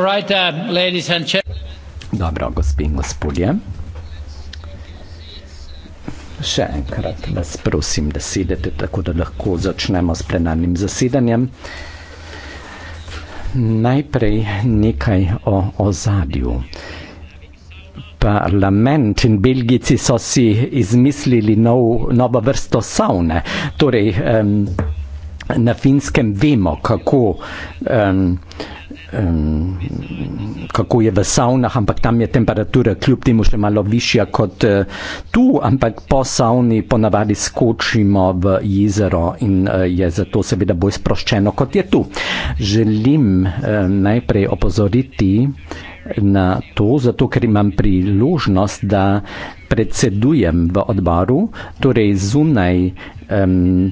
Right, uh, and... Dobro, gospe in gospodje. Še enkrat vas prosim, da sedete tako, da lahko začnemo s plenarnim zasedanjem. Najprej nekaj o ozadju. Parlament in Belgici so si izmislili nov, novo vrsto savne. Torej, um, na finskem vemo, kako um, kako je v saunah, ampak tam je temperatura kljub temu še malo višja kot eh, tu, ampak po sauni ponavadi skočimo v jezero in eh, je zato seveda bolj sproščeno kot je tu. Želim eh, najprej opozoriti na to, zato ker imam priložnost, da predsedujem v odboru, torej zunaj um,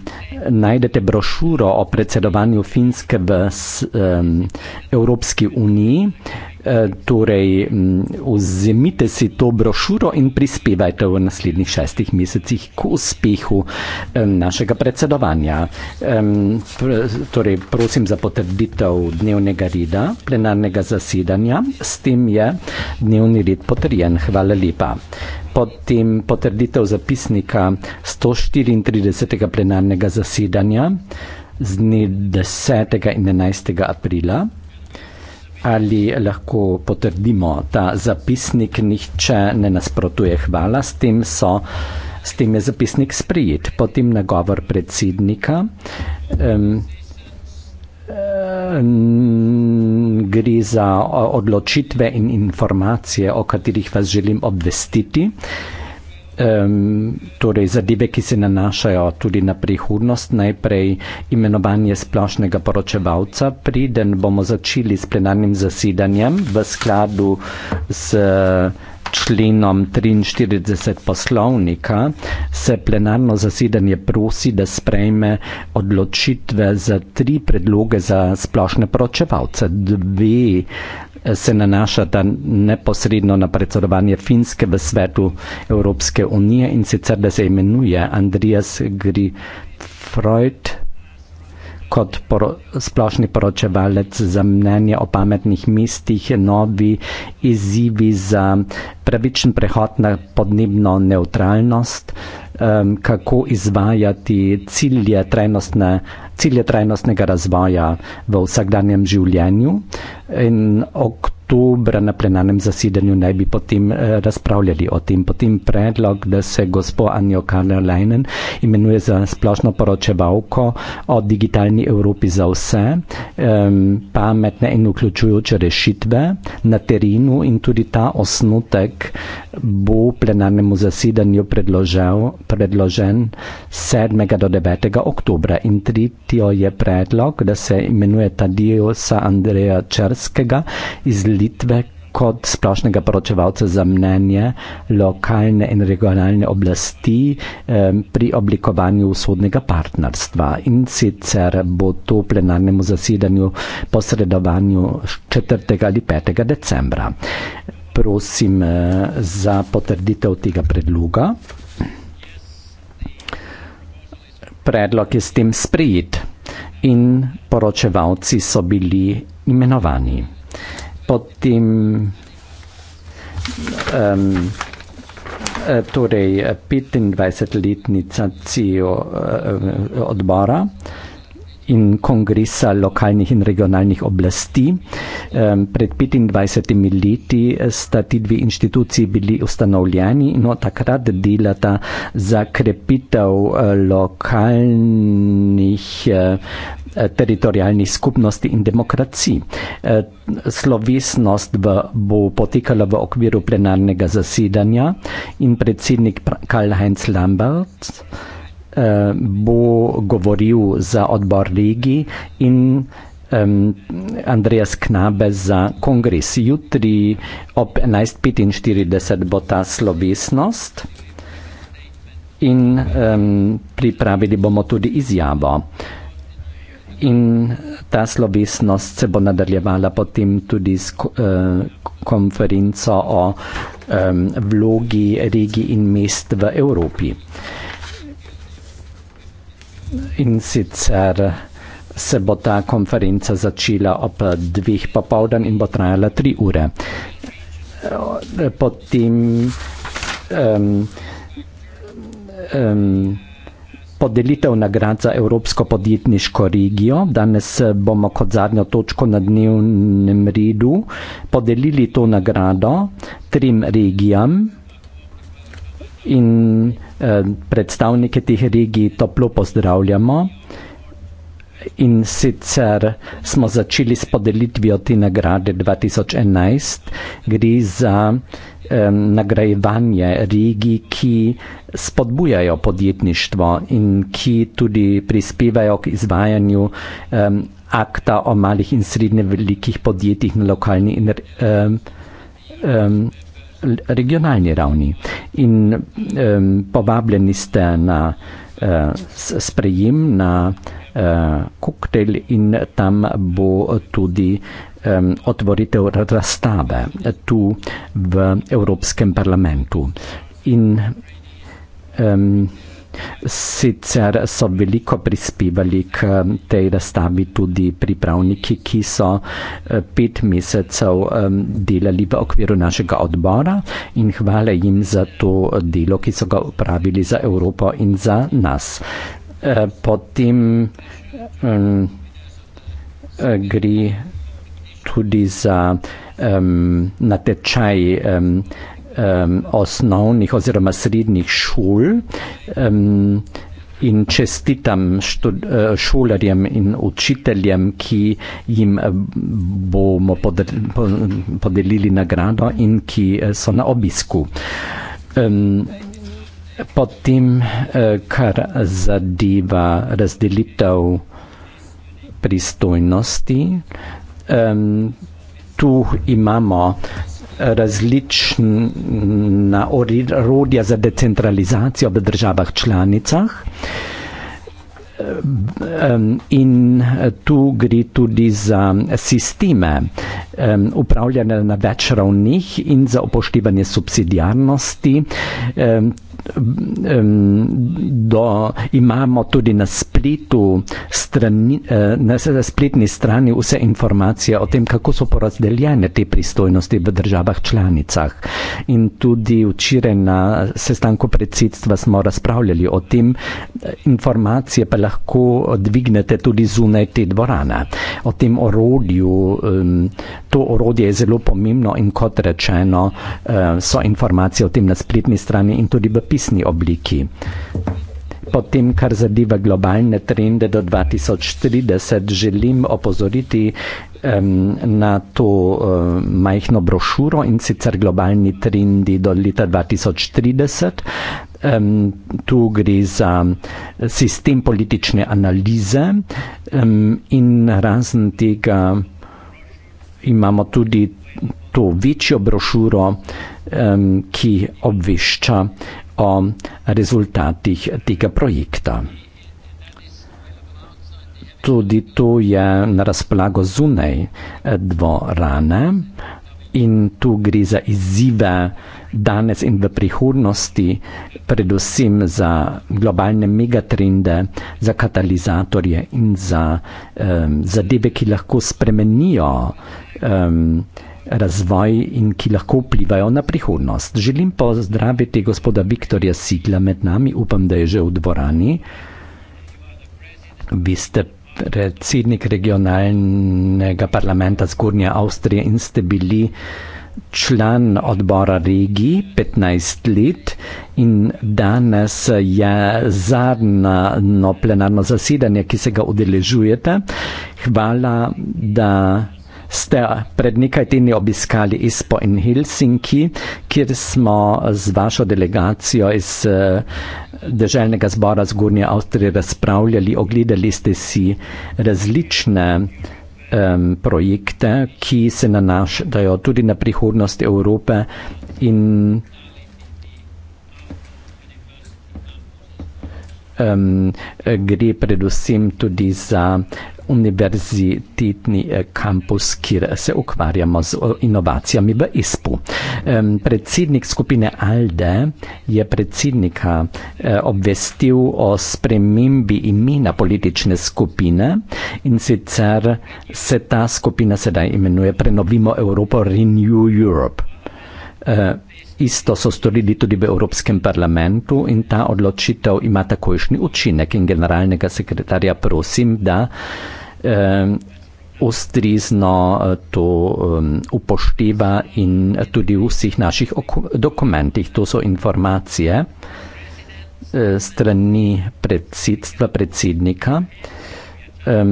najdete brošuro o predsedovanju Finske v um, Evropski uniji. E, torej, vzemite si to brošuro in prispevajte v naslednjih šestih mesecih k uspehu našega predsedovanja. Torej, prosim za potrditev dnevnega reda, plenarnega zasedanja. S tem je dnevni red potrjen. Hvala lepa. Po potem potrditev zapisnika 134. plenarnega zasedanja z dne 10. in 11. aprila. Ali lahko potrdimo ta zapisnik, nihče ne nasprotuje hvala, s tem, so, s tem je zapisnik sprijet. Potem nagovor predsednika. Um, gre za odločitve in informacije, o katerih vas želim obvestiti. Um, torej, zadeve, ki se nanašajo tudi na prihodnost, najprej imenovanje splošnega poročevalca, preden bomo začeli s plenarnim zasedanjem v skladu s. Uh, členom 43 poslovnika se plenarno zasedanje prosi, da sprejme odločitve za tri predloge za splošne pročevalce. Dve eh, se nanašata neposredno na predsedovanje Finske v svetu Evropske unije in sicer, da se imenuje Andrijas Grifreud kot poro, splošni poročevalec za mnenje o pametnih mestih, novi izzivi za pravičen prehod na podnebno neutralnost, um, kako izvajati cilje, trajnostne, cilje trajnostnega razvoja v vsakdanjem življenju in oktober oktobra na plenarnem zasedanju naj bi potem eh, razpravljali o tem. Potem predlog, da se gospod Anjo Karlajnen imenuje za splošno poročevalko o digitalni Evropi za vse, eh, pametne in vključujoče rešitve na terenu in tudi ta osnutek bo plenarnemu zasedanju predložen 7. do 9. oktobra. In tretjo je predlog, da se imenuje Tadijo sa Andreja Črskega iz delitve kot splošnega poročevalca za mnenje lokalne in regionalne oblasti pri oblikovanju usodnega partnerstva. In sicer bo to plenarnemu zasedanju posredovanju 4. ali 5. decembra. Prosim eh, za potrditev tega predloga. Predlog je s tem sprejet in poročevalci so bili imenovani pod tem, um, torej 25-letnica CEO e, e, odbora in kongresa lokalnih in regionalnih oblasti. Pred 25 leti eh, sta ti dve inštituciji bili ustanovljeni in no, od takrat delata za krepitev eh, lokalnih eh, teritorijalnih skupnosti in demokraciji. Slovesnost bo potekala v okviru plenarnega zasedanja in predsednik Karl-Heinz Lambert Eh, bo govoril za odbor Ligi in um, Andreas Knabe za kongres. Jutri ob 11.45 bo ta slovesnost in um, pripravili bomo tudi izjavo. In ta slovesnost se bo nadaljevala potem tudi s uh, konferenco o um, vlogi regij in mest v Evropi in sicer se bo ta konferenca začela ob dveh popovdan in bo trajala tri ure. Potem um, um, podelitev nagrad za Evropsko podjetniško regijo. Danes bomo kot zadnjo točko na dnevnem redu podelili to nagrado trim regijam in Eh, predstavnike teh regij toplo pozdravljamo. In sicer smo začeli s podelitvijo te nagrade 2011. Gre za um, nagrajevanje regij, ki spodbujajo podjetništvo in ki tudi prispevajo k izvajanju um, akta o malih in srednje velikih podjetjih na lokalni in, um, um, regionalni ravni in um, povabljeni ste na uh, sprejem na uh, eh, koktejl in tam bo tudi um, otvoritev razstave tu v Evropskem parlamentu. In, um, Sicer so veliko prispevali k um, tej razstavi tudi pripravniki, ki so eh, pet mesecev um, delali v okviru našega odbora in hvala jim za to delo, ki so ga upravili za Evropo in za nas. Eh, potem um, eh, gre tudi za um, natečaj. Um, um, osnovnih oziroma srednjih šol. Um, In čestitam eh, šolarjem in učiteljem, ki jim eh, bomo podelili nagrado in ki eh, so na obisku. Potem, kar zadeva razdelitev pristojnosti, tu imamo različna orodja za decentralizacijo v državah članicah. In eh, tu gre tudi za sisteme upravljanja na več ravnih in za upoštevanje subsidijarnosti. Do, imamo tudi na, strani, eh, na spletni strani vse informacije o tem, kako so porazdeljene te pristojnosti v državah članicah. In tudi včeraj na sestanku predsedstva smo razpravljali o tem, eh, informacije pa lahko lahko dvignete tudi zunaj te dvorane. O tem orodju, um, to orodje je zelo pomembno in kot rečeno, uh, so informacije o tem na spletni strani in tudi v pisni obliki. Potem, kar zadeva globalne trende do 2030, želim opozoriti um, na to um, majhno brošuro in sicer globalni trendi do leta 2030. Um, tu gre za sistem politične analize um, in razen tega imamo tudi to večjo brošuro, um, ki obvešča o rezultatih tega projekta. Tudi tu je na razpolago zunaj eh, dvorane in tu gre za izzive danes in v prihodnosti, predvsem za globalne megatrende, za katalizatorje in za um, zadeve, ki lahko spremenijo um, razvoj in ki lahko vplivajo na prihodnost. Želim pozdraviti gospoda Viktorja Sigla med nami, upam, da je že v dvorani. Vi ste predsednik regionalnega parlamenta Zgornje Avstrije in ste bili član odbora regiji 15 let in danes je zadnjo plenarno zasedanje, ki se ga udeležujete. Hvala, da ste eh, pred nekaj tedni obiskali ISPO in Helsinki, kjer smo z vašo delegacijo iz eh, Državnega zbora Zgornje Avstrije razpravljali, ogledali ste si različne um, projekte, ki se nanašajo tudi na prihodnost Evrope in um, gre predvsem tudi za univerzitetni eh, kampus, kjer se ukvarjamo z inovacijami v ISPU. Um, predsednik skupine ALDE je predsednika uh, obvestil o spremembi imena politične skupine in sicer se ta skupina sedaj imenuje Prenovimo Evropo, Renew Europe. Uh, isto so storili tudi v Evropskem parlamentu in ta odločitev ima takojšnji učinek in generalnega sekretarja prosim, da eh, ustrizno to eh, upošteva in tudi v vseh naših dokumentih. To so informacije eh, strani predsedstva predsednika. Eh,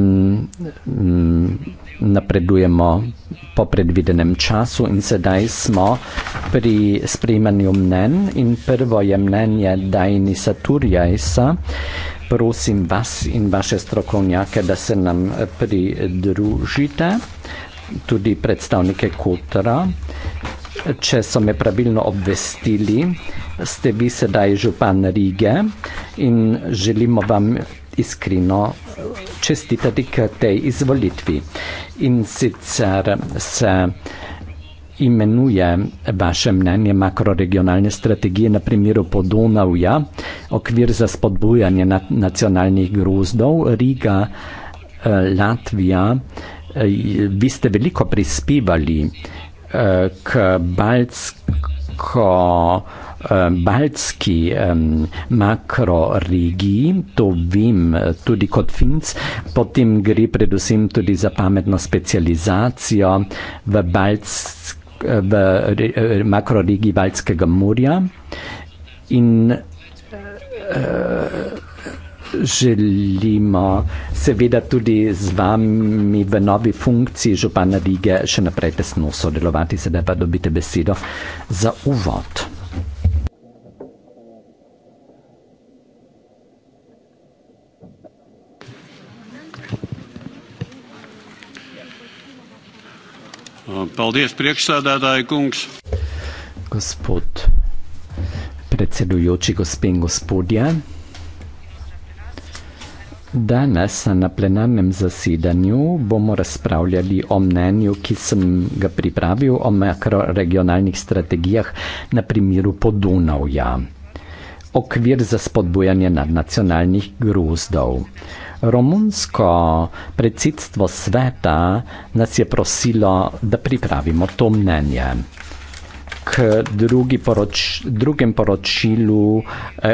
napredujemo po predvidenem času in sedaj smo pri sprejemanju mnen in prvo je mnenje Dajni Saturjajsa. Prosim vas in vaše strokovnjake, da se nam pridružite, tudi predstavnike kultura. Če so me pravilno obvestili, ste vi sedaj župan Rige in želimo vam iskreno čestitati k tej izvolitvi. In sicer se imenuje vaše mnenje makroregionalne strategije na primeru Podonavja, okvir za spodbujanje na nacionalnih grozdov, Riga, eh, Latvija. Eh, vi ste veliko prispevali eh, k baltsko Eh, baltski um, makroregiji, to vem eh, tudi kot finc, potem gre predvsem tudi za pametno specializacijo v, v eh, makroregiji Baltskega morja in uh, želimo seveda tudi z vami v novi funkciji župana Rige še naprej tesno sodelovati, sedaj pa dobite besedo za uvod. Paldies, priekšsēdētāji, kungs. Gospod predsedujoči, gospod in gospodje. Danes na plenarnem zasedanju bomo razpravljali o mnenju, ki sem ga pripravil o makroregionalnih strategijah na primeru Podunavja. Okvir za spodbujanje nadnacionalnih grozdov. Romunsko predsedstvo sveta nas je prosilo, da pripravimo to mnenje. K drugi poroč, drugem poročilu eh,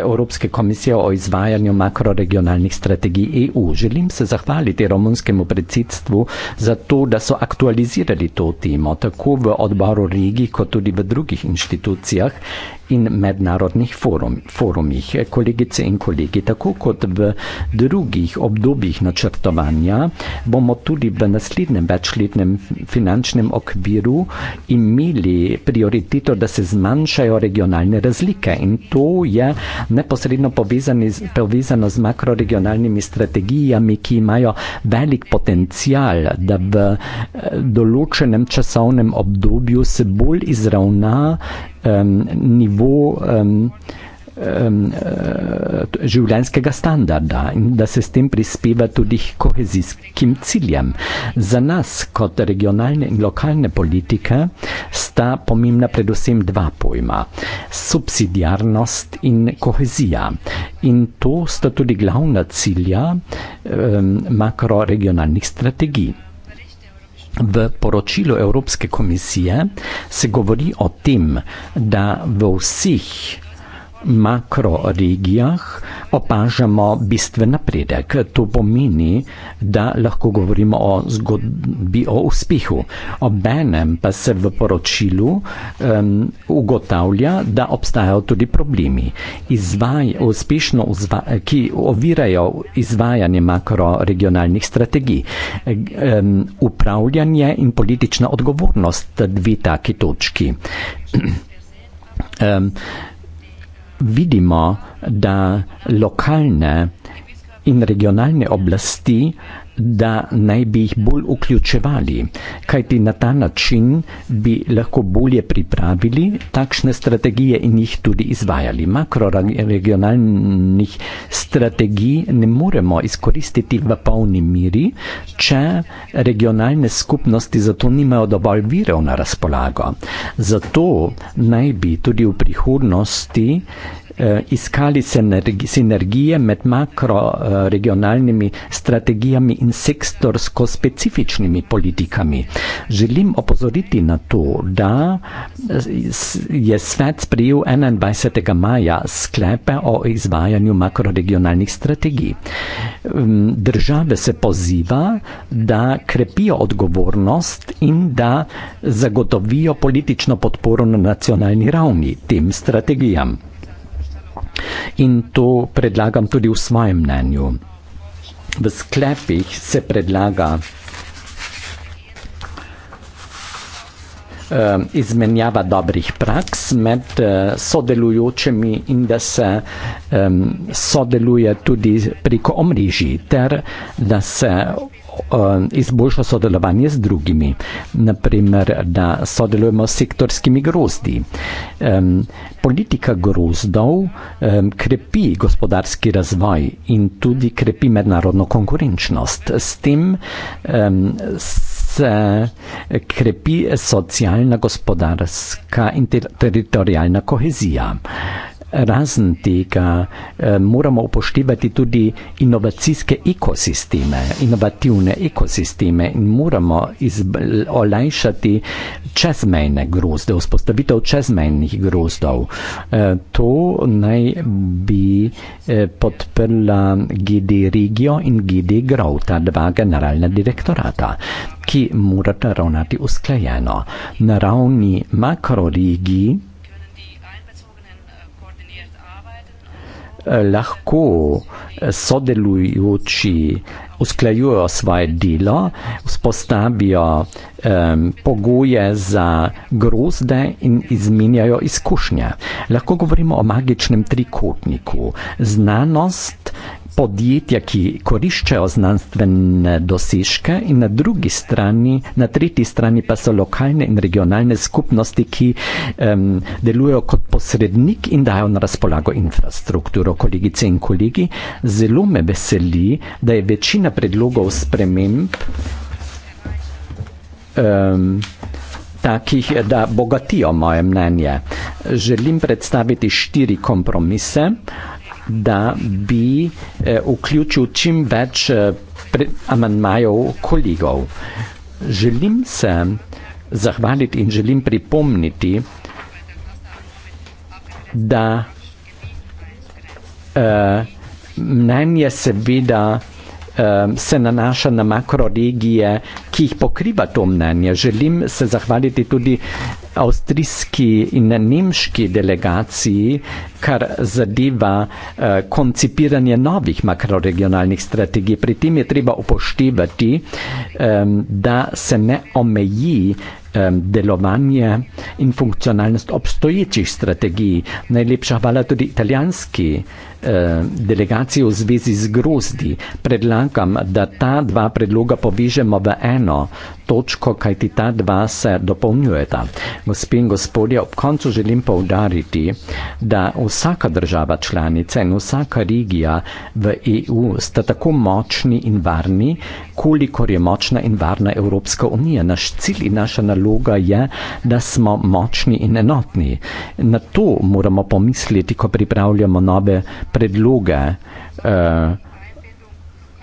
Evropske komisije o izvajanju makroregionalnih strategij EU. Želim se zahvaliti romunskemu predsedstvu za to, da so aktualizirali to temo tako v odboru regij, kot tudi v drugih inštitucijah in mednarodnih forum, forumih. Kolegice in kolegi, tako kot v drugih obdobjih načrtovanja, bomo tudi v naslednjem večletnem finančnem okviru imeli prioriteto, da se zmanjšajo regionalne razlike in to je neposredno povezano z makroregionalnimi strategijami, ki imajo velik potencial, da v eh, določenem časovnem obdobju se bolj izravna um, nivo um, um, uh, življenjskega standarda in da se s tem prispeva tudi k kohezijskim ciljem. Za nas kot regionalne in lokalne politike sta pomembna predvsem dva pojma - subsidiarnost in kohezija. In to sta tudi glavna cilja um, makroregionalnih strategij. V poročilu Evropske komisije se govori o tem, da v vseh makroregijah opažamo bistven napredek. To pomeni, da lahko govorimo o zgodbi, o uspehu. Obenem pa se v poročilu um, ugotavlja, da obstajajo tudi problemi, izvaj, uspešno, ki ovirajo izvajanje makroregionalnih strategij. Um, upravljanje in politična odgovornost, dve taki točki. um, vidimo, da lokalne in regionalne oblasti da naj bi jih bolj vključevali, kajti na ta način bi lahko bolje pripravili takšne strategije in jih tudi izvajali. Makroregionalnih strategij ne moremo izkoristiti v polni miri, če regionalne skupnosti za to nimajo dovolj virov na razpolago. Zato naj bi tudi v prihodnosti Eh, iskali sinergije med makroregionalnimi eh, strategijami in sektorsko-specifičnimi politikami. Želim opozoriti na to, da eh, je svet sprijel 21. maja sklepe o izvajanju makroregionalnih strategij. Mm, države se poziva, da krepijo odgovornost in da zagotovijo politično podporo na nacionalni ravni tem strategijam in to predlagam tudi v svojem mnenju. V sklepih se predlaga ehm, izmenjava dobrih praks med eh, sodelujočimi in da se ehm, sodeluje tudi preko omrežji ter da se Eh, izboljša sodelovanje z drugimi, naprimer, da sodelujemo s sektorskimi grozdi. Politika grozdov krepi gospodarski razvoj in tudi krepi mednarodno konkurenčnost. S tem se krepi socialna, gospodarska in teritorijalna kohezija razen tega eh, moramo upoštevati tudi inovacijske ekosisteme, inovativne ekosisteme in moramo olajšati čezmejne grozde, vzpostavitev čezmejnih grozdov. Eh, to naj bi eh, podprla GD Regio in GD Grau, ta dva generalna direktorata ki morata ravnati usklajeno. Na ravni makroregiji lahko eh, sodelujoči usklajujejo svoje delo, vzpostavijo eh, pogoje za grozde in izmenjajo izkušnje. Lahko govorimo o magičnem trikotniku. Znanost, podjetja, ki koriščajo znanstvene dosežke in na drugi strani, na tretji strani pa so lokalne in regionalne skupnosti, ki um, delujejo kot posrednik in dajo na razpolago infrastrukturo. Kolegice in kolegi, zelo me veseli, da je večina predlogov sprememb um, takih, da bogatijo moje mnenje. Želim predstaviti štiri kompromise da bi eh, vključil čim več eh, amantmajev kolegov. Želim se zahvaliti in želim pripomniti, da eh, mnenje seveda se nanaša na makroregije, ki jih pokriva to mnenje. Želim se zahvaliti tudi avstrijski in nemški delegaciji, kar zadeva eh, koncipiranje novih makroregionalnih strategij. Pri tem je treba upoštevati, eh, da se ne omeji eh, delovanje in funkcionalnost obstoječih strategij. Najlepša hvala tudi italijanski eh, delegacijo v zvezi z grozdi. Predlagam, da ta dva predloga povežemo v eno točko, kajti ta dva se dopolnjujeta. Gospe in gospodje, ob koncu želim povdariti, da vsaka država članica in vsaka regija v EU sta tako močni in varni, kolikor je močna in varna Evropska unija. Naš cilj in naša naloga je, da smo močni in enotni. Na to moramo pomisliti, ko pripravljamo nove predloge eh,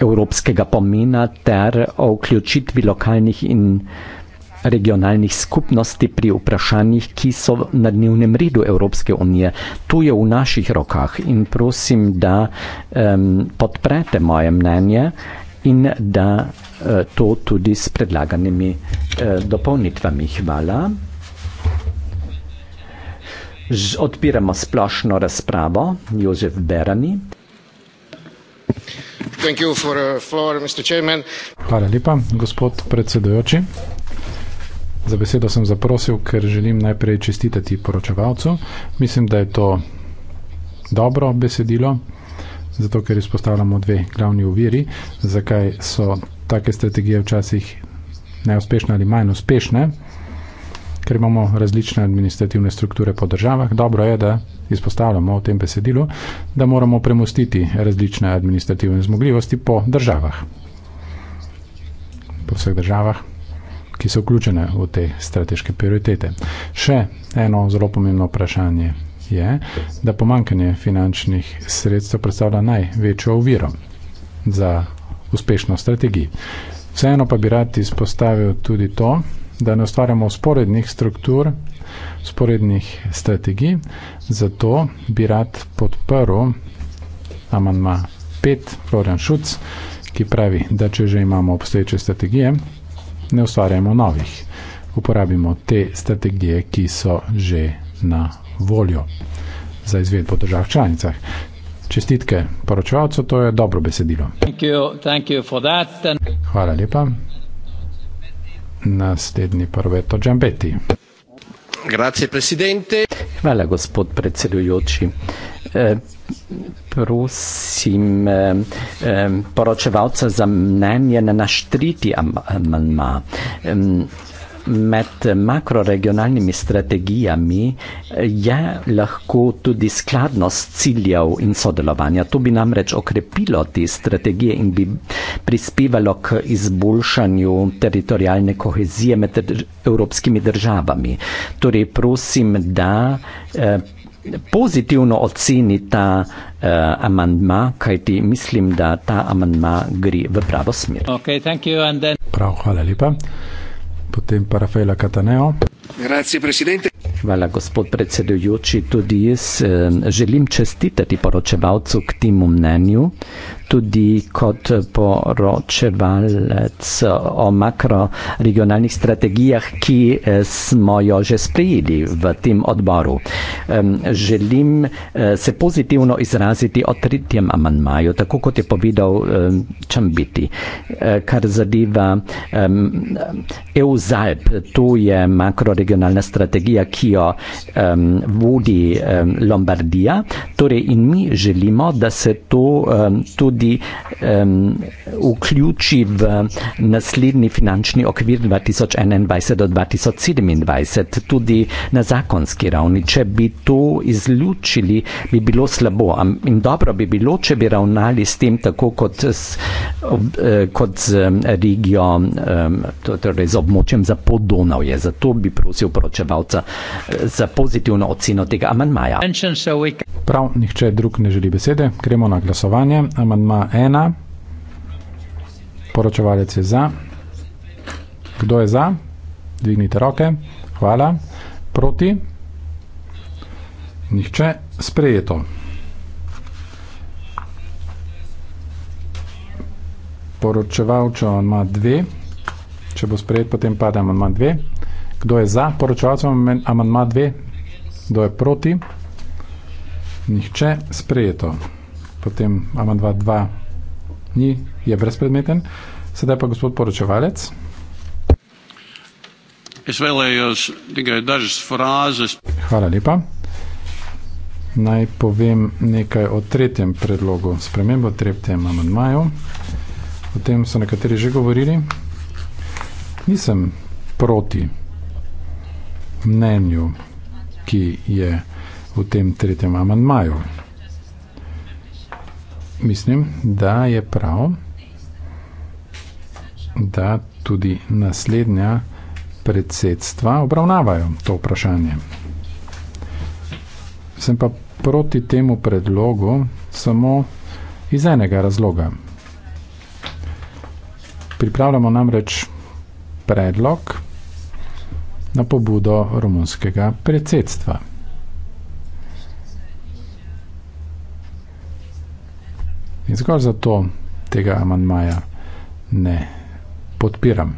evropskega pomena ter o vključitvi lokalnih in regionalnih skupnosti pri vprašanjih, ki so na dnevnem redu Evropske unije. To je v naših rokah in prosim, da um, podprete moje mnenje in da uh, to tudi s predlaganimi uh, dopolnitvami. Hvala. Odpiramo splošno razpravo, Jozef Berani. Uh, floor, Hvala lepa, gospod predsedojoči. Za besedo sem zaprosil, ker želim najprej čestitati poročevalcu. Mislim, da je to dobro besedilo, zato ker izpostavljamo dve glavni uviri, zakaj so take strategije včasih neuspešne ali manj uspešne ker imamo različne administrativne strukture po državah, dobro je, da izpostavljamo v tem besedilu, da moramo premustiti različne administrativne zmogljivosti po državah. Po vseh državah, ki so vključene v te strateške prioritete. Še eno zelo pomembno vprašanje je, da pomankanje finančnih sredstev predstavlja največjo oviro za uspešno strategijo. Vseeno pa bi rad izpostavil tudi to, da ne ustvarjamo sporednih struktur, sporednih strategij. Zato bi rad podprl amanma 5, Florian Šuc, ki pravi, da če že imamo obstoječe strategije, ne ustvarjamo novih. Uporabimo te strategije, ki so že na voljo za izvedbo držav članicah. Čestitke poročevalcu, to je dobro besedilo. Thank you, thank you Hvala lepa naslednji prveto Džambeti. Grazie, presidente. Hvala, gospod predsedujoči. E, prosim e, poročevalca za mnenje na naš tretji amandma. E, Med makroregionalnimi strategijami je lahko tudi skladnost ciljev in sodelovanja. To bi namreč okrepilo te strategije in bi prispevalo k izboljšanju teritorijalne kohezije med evropskimi državami. Torej, prosim, da eh, pozitivno oceni ta uh, eh, amandma, kajti mislim, da ta amandma gre v pravo smer. Okay, then... Prav, hvala lepa potem pa Rafaela Cataneo. Grazie, presidente. Hvala, gospod predsedujoči. Tudi jaz želim čestitati poročevalcu k temu mnenju. Tudi kot poročevalec o makroregionalnih strategijah, ki eh, smo jo že sprejeli v tem odboru. Želim eh, se pozitivno izraziti o tretjem amantmaju, tako kot je povedal Čambiti, eh, kar zadeva EU ZAEP, to je makroregionalna strategija, ki jo um, vodi um, Lombardija. Torej, in mi želimo, da se to um, tudi um, vključi v naslednji finančni okvir 2021 do 2027, tudi na zakonski ravni. Če bi to izlučili, bi bilo slabo. In dobro bi bilo, če bi ravnali s tem tako kot z, eh, kot z regijo, torej z območjem rečem za podonavje. Zato bi prosil poročevalca eh, za pozitivno oceno tega amandmaja. Prav, nihče drug ne želi besede. Gremo na glasovanje. Amandma ena. Poročevalec je za. Kdo je za? Dvignite roke. Hvala. Proti? Nihče. Sprejeto. Poročevalčo ima dve če bo sprejet, potem pade amandma 2. Kdo je za poročevalcem amandma 2? Kdo je proti? Nihče sprejeto. Potem amandma 2 ni, je brezpredmeten. Sedaj pa gospod poročevalec. Hvala lepa. Naj povem nekaj o tretjem predlogu spremembo, o tretjem amandmaju. O tem so nekateri že govorili. Nisem proti mnenju, ki je v tem tretjem amandmaju. Mislim, da je prav, da tudi naslednja predsedstva obravnavajo to vprašanje. Sem pa proti temu predlogu samo iz enega razloga. Pripravljamo namreč predlog na pobudo romunskega predsedstva. In zgolj zato tega amandmaja ne podpiram.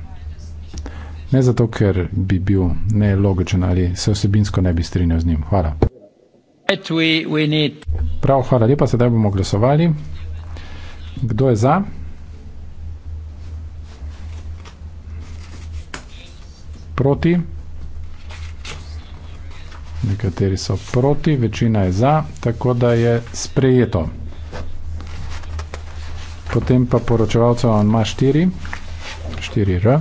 Ne zato, ker bi bil nelogičen ali se osebinsko ne bi strinjal z njim. Hvala. Prav, hvala lepa, sedaj bomo glasovali. Kdo je za? Kdo je za? proti. Nekateri so proti, večina je za, tako da je sprejeto. Potem pa poročevalcev ima 4, 4 R.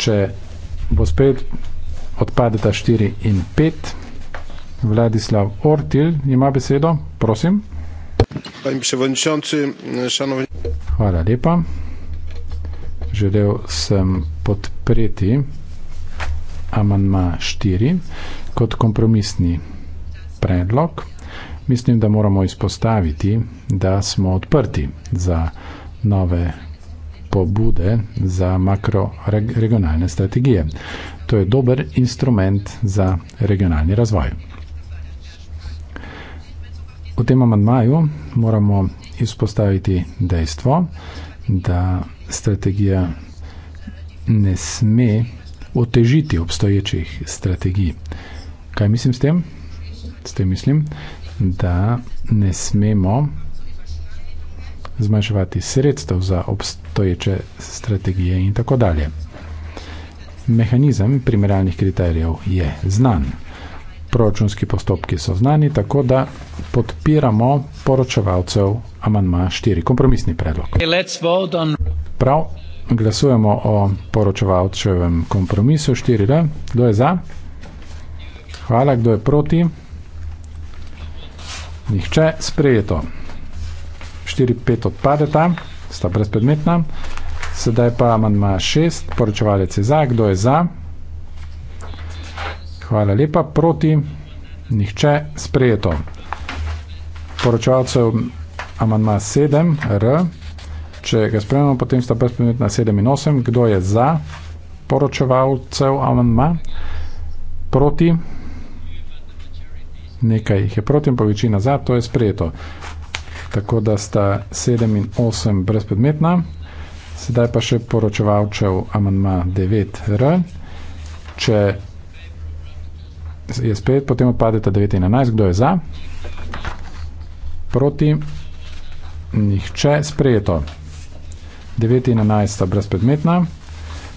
Če bo spet odpadeta 4 in 5, Vladislav Ortil ima besedo, prosim. Hvala lepa želel sem podpreti amanma 4 kot kompromisni predlog. Mislim, da moramo izpostaviti, da smo odprti za nove pobude za makroregionalne strategije. To je dober instrument za regionalni razvoj. V tem amandmaju moramo izpostaviti dejstvo, da strategija ne sme otežiti obstoječih strategij. Kaj mislim s tem? S tem mislim, da ne smemo zmanjševati sredstev za obstoječe strategije in tako dalje. Mehanizem primeralnih kriterijev je znan proračunski postopki so znani, tako da podpiramo poročevalcev amanma 4, kompromisni predlog. Prav, glasujemo o poročevalčevem kompromisu 4, da. Kdo je za? Hvala, kdo je proti? Nihče, sprejeto. 4-5 odpadeta, sta brezpredmetna. Sedaj pa amanma 6, poročevalec je za, kdo je za? Hvala lepa. Proti? Nihče. Sprejeto. Poročevalcev amandma 7, R. Če ga spremljamo, potem sta predpomenutna 7 in 8. Kdo je za poročevalcev amandma? Proti? Nekaj jih je proti, pa večina za, to je sprejeto. Tako da sta 7 in 8 brezpredmetna. Sedaj pa še poročevalčev amandma 9R. Če je spet, potem opadeta 9 in 11, kdo je za, proti, nihče, sprejeto. 9 in 11 sta brezpredmetna,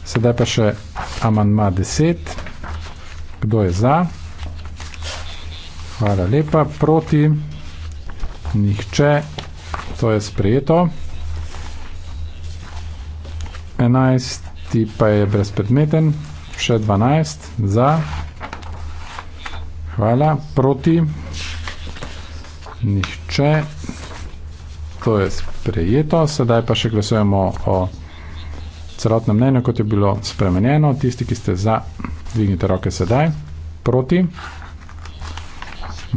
sedaj pa še amanma 10, kdo je za, hvala lepa, proti, nihče, to je sprejeto. 11 pa je brezpredmeten, še 12 za, Hvala. Proti? Nihče. To je sprejeto. Sedaj pa še glasujemo o celotnem mnenju, kot je bilo spremenjeno. Tisti, ki ste za, dvignite roke sedaj. Proti?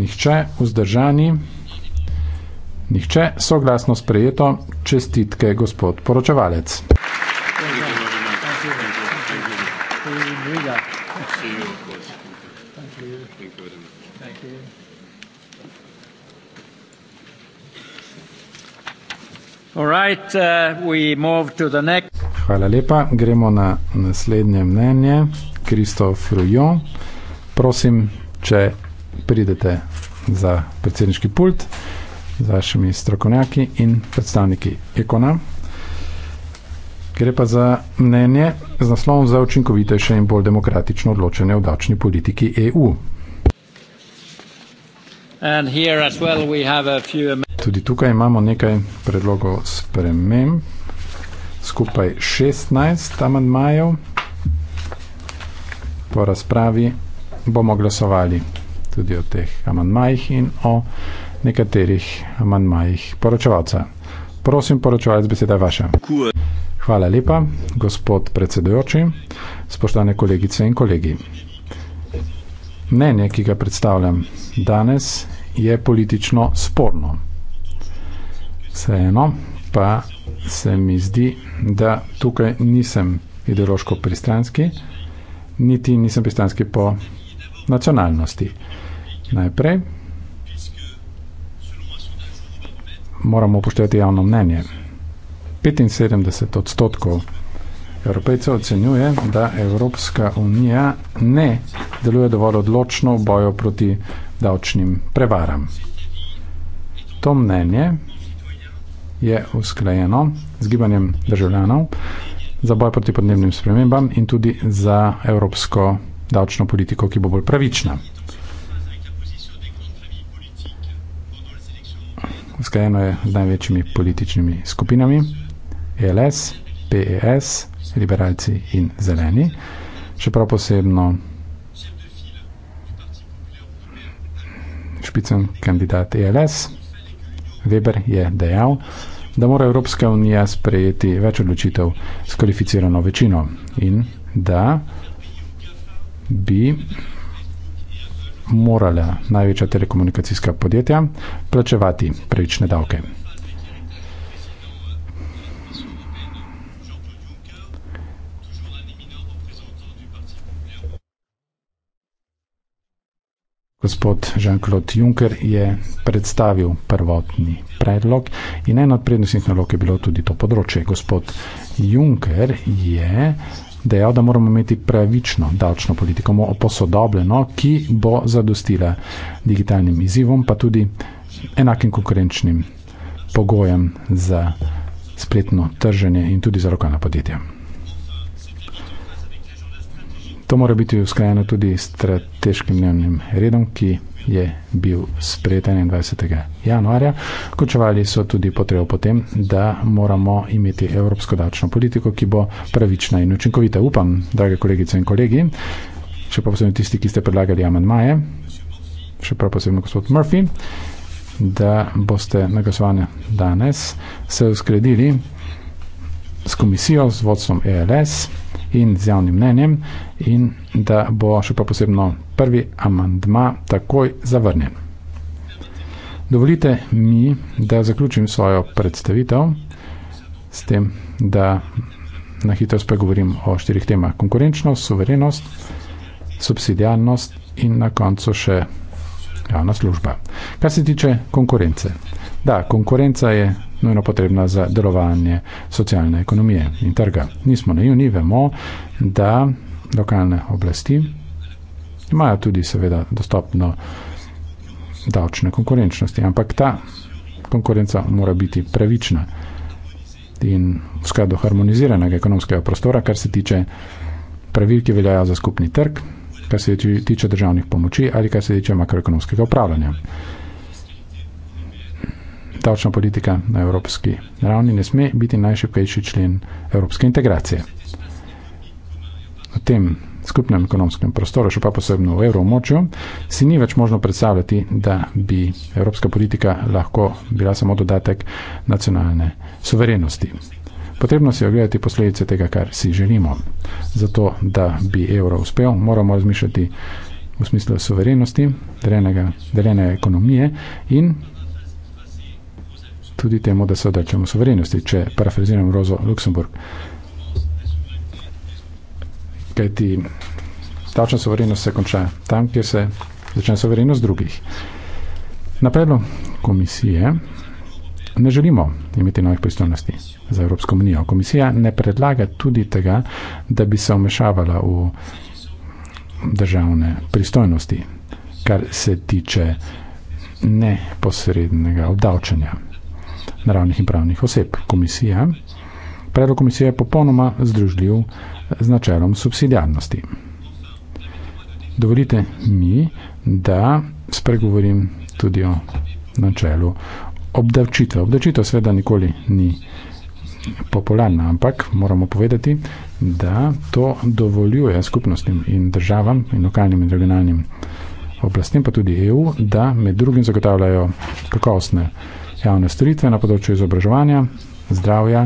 Nihče. Vzdržani? Nihče. Soglasno sprejeto. Čestitke, gospod poročevalec. Thank you. Right, uh, Hvala lepa. Gremo na naslednje mnenje. Kristof Rujo, prosim, če pridete za predsedniški pult z vašimi strokovnjaki in predstavniki Ekona. Gre pa za mnenje z naslovom za učinkovitejše in bolj demokratično odločanje v davčni politiki EU. Tudi tukaj imamo nekaj predlogov spremem, skupaj 16 amandmajev. Po razpravi bomo glasovali tudi o teh amandmajih in o nekaterih amandmajih poročevalca. Prosim, poročevalec, beseda je vaša. Hvala lepa, gospod predsedujoči, spoštovane kolegice in kolegi. Mnenje, ki ga predstavljam danes, je politično sporno. Vseeno pa se mi zdi, da tukaj nisem ideološko pristranski, niti nisem pristranski po nacionalnosti. Najprej moramo upoštevati javno mnenje. 75 odstotkov Evropejce ocenjuje, da Evropska unija ne deluje dovolj odločno v boju proti davčnim prevaram. To mnenje je usklajeno z gibanjem državljanov za boj proti podnebnim spremembam in tudi za evropsko davčno politiko, ki bo bolj pravična. Usklajeno je z največjimi političnimi skupinami ELS, PES, liberalci in zeleni, čeprav posebno špicen kandidat ELS, Weber je dejal, da mora Evropska unija sprejeti več odločitev s kvalificirano večino in da bi morala največja telekomunikacijska podjetja plačevati prejične davke. gospod Jean-Claude Juncker je predstavil prvotni predlog in ena od prednostnih nalog je bilo tudi to področje. Gospod Juncker je dejal, da moramo imeti pravično davčno politiko, posodobljeno, ki bo zadostila digitalnim izzivom, pa tudi enakim konkurenčnim pogojem za spletno trženje in tudi za lokalna podjetja. To mora biti usklajeno tudi s strateškim dnevnim redom, ki je bil sprejet 21. januarja. Končevali so tudi potrebo potem, da moramo imeti evropsko davčno politiko, ki bo pravična in učinkovita. Upam, drage kolegice in kolegi, še posebno tisti, ki ste predlagali amandmaje, še prav posebno gospod Murphy, da boste na glasovanje danes se uskredili s komisijo, z vodstvom ELS in z javnim mnenjem, in da bo še pa posebno prvi amandma takoj zavrnjen. Dovolite mi, da zaključim svojo predstavitev s tem, da na hitro spregovorim o štirih temah: konkurenčnost, suverenost, subsidijarnost in na koncu še javna služba. Kar se tiče konkurence. Da, konkurenca je nujno potrebna za delovanje socialne ekonomije in trga. Nismo naivni, vemo, da lokalne oblasti imajo tudi seveda dostopno davčne konkurenčnosti, ampak ta konkurenca mora biti pravična in v skladu harmoniziranega ekonomskega prostora, kar se tiče pravil, ki veljajo za skupni trg, kar se tiče državnih pomoči ali kar se tiče makroekonomskega upravljanja davčna politika na evropski ravni ne sme biti najšipkejši člen evropske integracije. V tem skupnem ekonomskem prostoru, še pa posebno v evromočju, si ni več možno predstavljati, da bi evropska politika lahko bila samo dodatek nacionalne suverenosti. Potrebno si ogledati posledice tega, kar si želimo. Zato, da bi evro uspel, moramo razmišljati v smislu suverenosti, deljene ekonomije in tudi temu, da se odrečemo soverenosti, če parafraziram Rozo Luksemburg. Kaj ti davčna soverenost se konča tam, kjer se začne soverenost drugih. Na predlog komisije ne želimo imeti novih pristojnosti za Evropsko unijo. Komisija ne predlaga tudi tega, da bi se omešavala v državne pristojnosti, kar se tiče neposrednega obdavčanja naravnih in pravnih oseb. Komisija. Predlog komisije je popolnoma združljiv z načelom subsidijarnosti. Dovolite mi, da spregovorim tudi o načelu obdavčitve. Obdavčitev sveda nikoli ni popularna, ampak moramo povedati, da to dovoljuje skupnostim in državam in lokalnim in regionalnim oblastem, pa tudi EU, da med drugim zagotavljajo kakovostne javne storitve na področju izobraževanja, zdravja,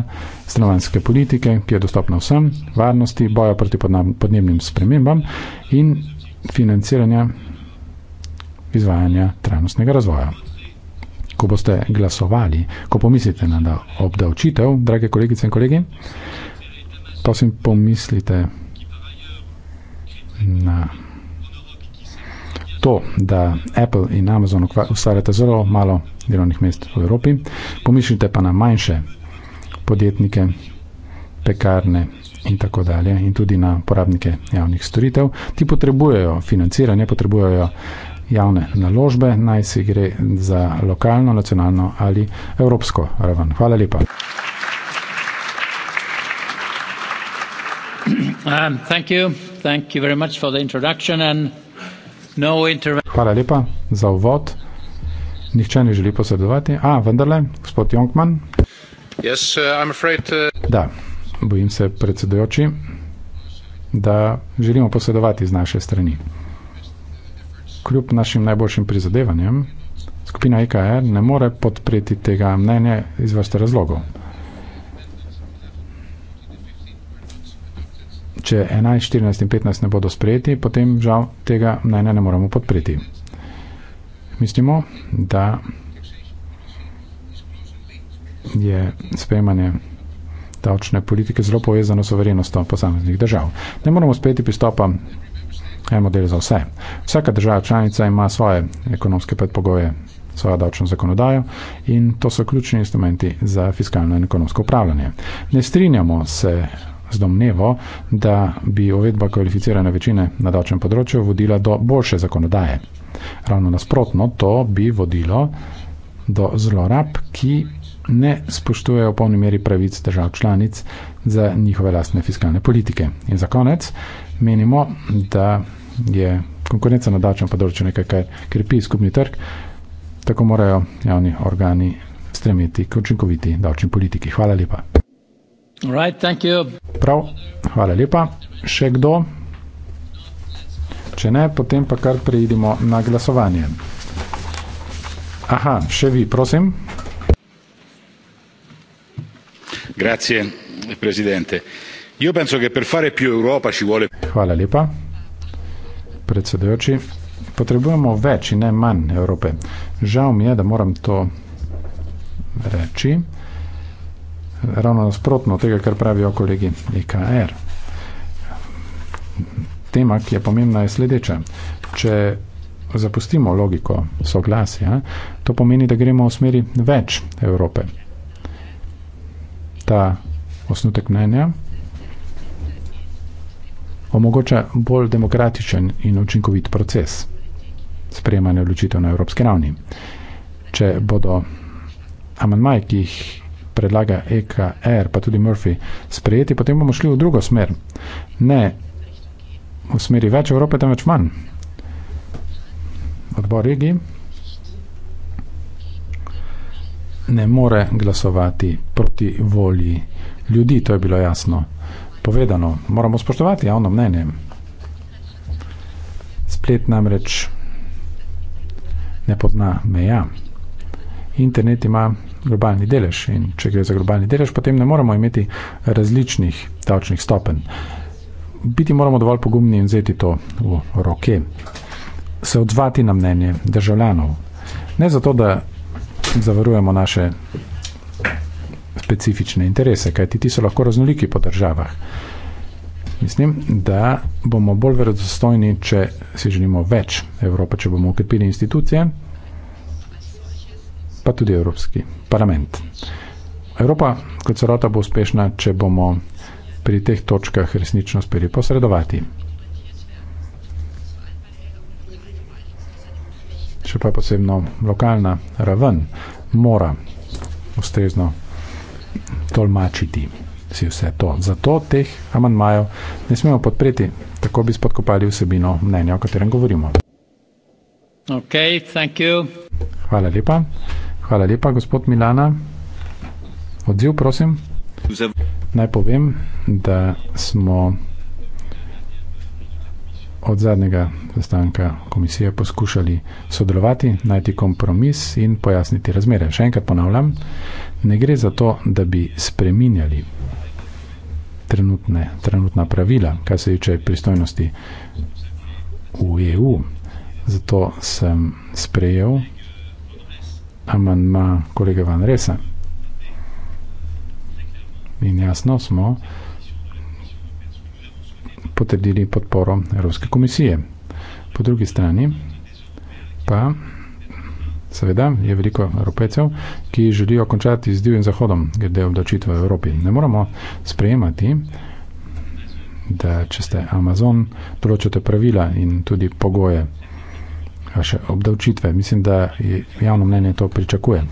stanovanske politike, ki je dostopna vsem, varnosti, boja proti podnebnim spremembam in financiranja izvajanja trajnostnega razvoja. Ko boste glasovali, ko pomislite na obdavčitev, drage kolegice in kolegi, prosim pomislite na to, da Apple in Amazon ustvarjata zelo malo delovnih mest v Evropi, pomišljite pa na manjše podjetnike, pekarne in tako dalje in tudi na porabnike javnih storitev. Ti potrebujejo financiranje, potrebujejo javne naložbe, naj si gre za lokalno, nacionalno ali evropsko raven. Hvala lepa. Um, thank you. Thank you very much for the introduction and No Hvala lepa za uvod. Nihče ne želi posredovati. A, vendarle, gospod Jonkman. Yes, uh, afraid, uh... Da, bojim se predsedujoči, da želimo posredovati z naše strani. Kljub našim najboljšim prizadevanjem, skupina IKR e ne more podpreti tega mnenja iz vrste razlogov. Če 11, 14 in 15 ne bodo sprejeti, potem žal tega mnenja ne moremo podpreti. Mislimo, da je sprejemanje davčne politike zelo povezano s soverenostjo posameznih držav. Ne moramo sprejeti pristopa en model za vse. Vsaka država članica ima svoje ekonomske predpogoje, svojo davčno zakonodajo in to so ključni instrumenti za fiskalno in ekonomsko upravljanje. Ne strinjamo se z domnevo, da bi uvedba kvalificirane večine na davčnem področju vodila do boljše zakonodaje. Ravno nasprotno, to bi vodilo do zlorab, ki ne spoštujejo v polni meri pravic držav članic za njihove lastne fiskalne politike. In za konec menimo, da je konkurenca na davčnem področju nekaj, kar krepi skupni trg, tako morajo javni organi stremeti k učinkoviti davčni politiki. Hvala lepa. Prav, hvala lepa. Še kdo? Če ne, potem pa kar preidimo na glasovanje. Aha, še vi, prosim. Grazie, presidente. Io penso che per fare più Europa ci vuole... Hvala lepa, predsedujoči. Potrebujemo več in ne manj Evrope. Žal mi je, da moram to reči ravno nasprotno tega, kar pravijo kolegi EKR. Tema, ki je pomembna, je sledeča. Če zapustimo logiko soglasja, to pomeni, da gremo v smeri več Evrope. Ta osnutek mnenja omogoča bolj demokratičen in učinkovit proces sprejemanja odločitev na evropski ravni. Če bodo amantmaji, ki jih predlaga EKR, pa tudi Murphy, sprejeti, potem bomo šli v drugo smer. Ne v smeri več Evrope, temveč manj. Odbor regi ne more glasovati proti volji ljudi, to je bilo jasno povedano. Moramo spoštovati javno mnenje. Splet namreč ne pozna meja. Internet ima globalni delež. In če gre za globalni delež, potem ne moramo imeti različnih davčnih stopen. Biti moramo dovolj pogumni in vzeti to v roke, se odzvati na mnenje državljanov. Ne zato, da zavarujemo naše specifične interese, kajti ti so lahko raznoliki po državah. Mislim, da bomo bolj verodostojni, če si želimo več Evrope, če bomo ukrepili institucije, pa tudi Evropski parlament. Evropa kot celota bo uspešna, če bomo pri teh točkah resnično uspeli posredovati. Še pa posebno lokalna raven mora ustrezno tolmačiti si vse to. Zato teh amandmajev ne smemo podpreti, tako bi spodkopali vsebino mnenja, o katerem govorimo. Okay, thank you. Hvala lepa. Hvala lepa, gospod Milana. Odziv, prosim. Naj povem, da smo od zadnjega zastanka komisije poskušali sodelovati, najti kompromis in pojasniti razmere. Še enkrat ponavljam, ne gre za to, da bi spreminjali trenutne, trenutna pravila, kar se tiče pristojnosti v EU. Zato sem sprejel amandma kolega Van Resa. In jasno smo potrdili podporo Evropske komisije. Po drugi strani pa seveda je veliko Evropecev, ki želijo končati z divjim zahodom, ker del obdočitva v Evropi. Ne moramo sprejemati, da če ste Amazon, določate pravila in tudi pogoje naše obdavčitve. Mislim, da je javno mnenje to pričakuje.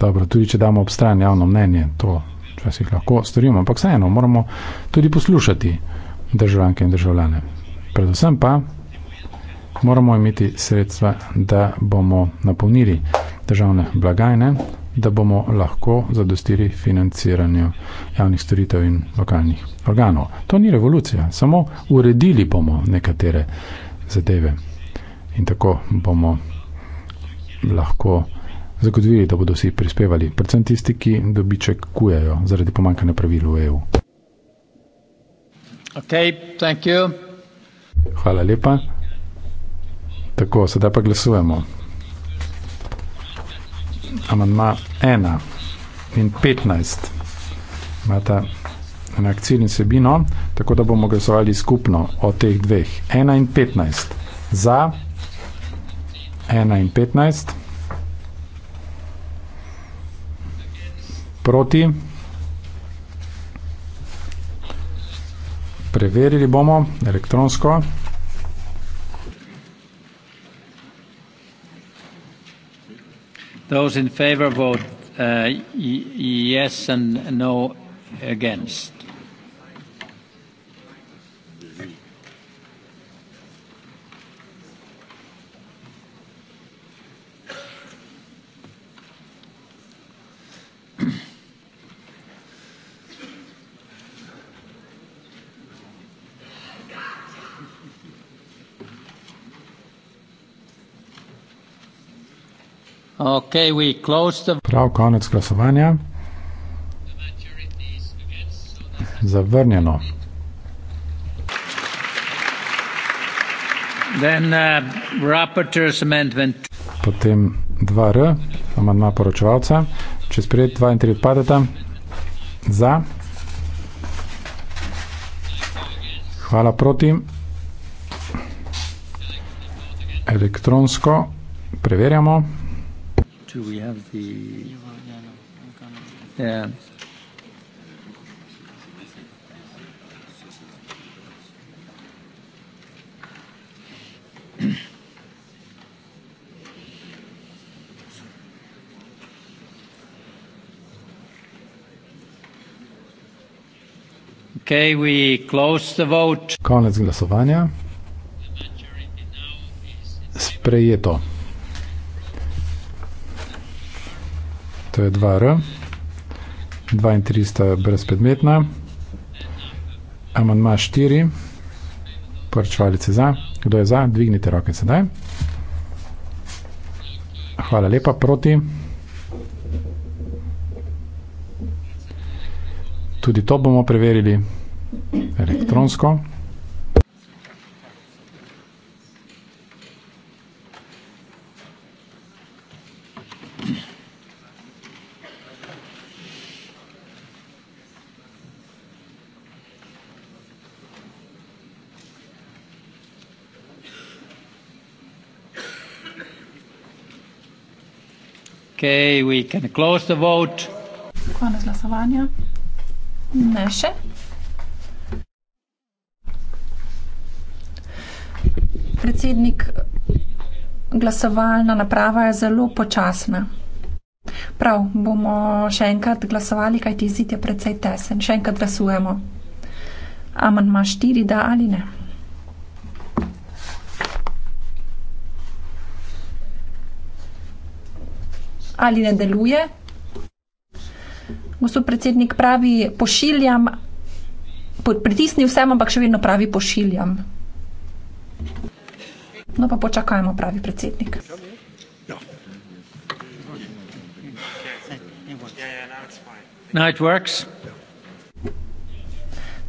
Dobro, tudi če damo ob stran javno mnenje, to včasih lahko storimo, ampak vseeno moramo tudi poslušati državljanke in državljane. Predvsem pa moramo imeti sredstva, da bomo napolnili državne blagajne, da bomo lahko zadostili financiranju javnih storitev in lokalnih organov. To ni revolucija, samo uredili bomo nekatere zadeve in tako bomo lahko zagotovili, da bodo vsi prispevali, predvsem tisti, ki dobiček kujajo zaradi pomankanja pravil v EU. Okay, thank you. Hvala lepa. Tako, sedaj pa glasujemo. Amandma ena in 15 imata enak cilj in sebino, tako da bomo glasovali skupno o teh dveh. 1 in 15 za, 1 in 15 proti, preverili bomo elektronsko, Those in favor vote uh, yes and no against. Prav konec glasovanja. Zavrnjeno. Uh, Potem 2R, amandma poročevalca. Če sprejeti 2 in 3 odpadeta, za. Hvala proti. Elektronsko preverjamo. Hvala proti should we have the yeah Okay, we close the vote. Konec glasovanja. Sprejeto. to je 2R, 2 in 3 sta brezpredmetna, amandma 4, prčvalice za, kdo je za, dvignite roke sedaj. Hvala lepa, proti. Tudi to bomo preverili elektronsko. Mm -hmm. Okay, we can close the vote. Konec glasovanja. Ne še. Predsednik, glasovalna naprava je zelo počasna. Prav, bomo še enkrat glasovali, kaj ti izid je precej tesen. Še enkrat glasujemo. Aman ima štiri, da ali ne. ali ne deluje. Gospod predsednik pravi, pošiljam, pritisnil sem, ampak še vedno pravi, pošiljam. No pa počakajmo, pravi predsednik. Ja. Night works.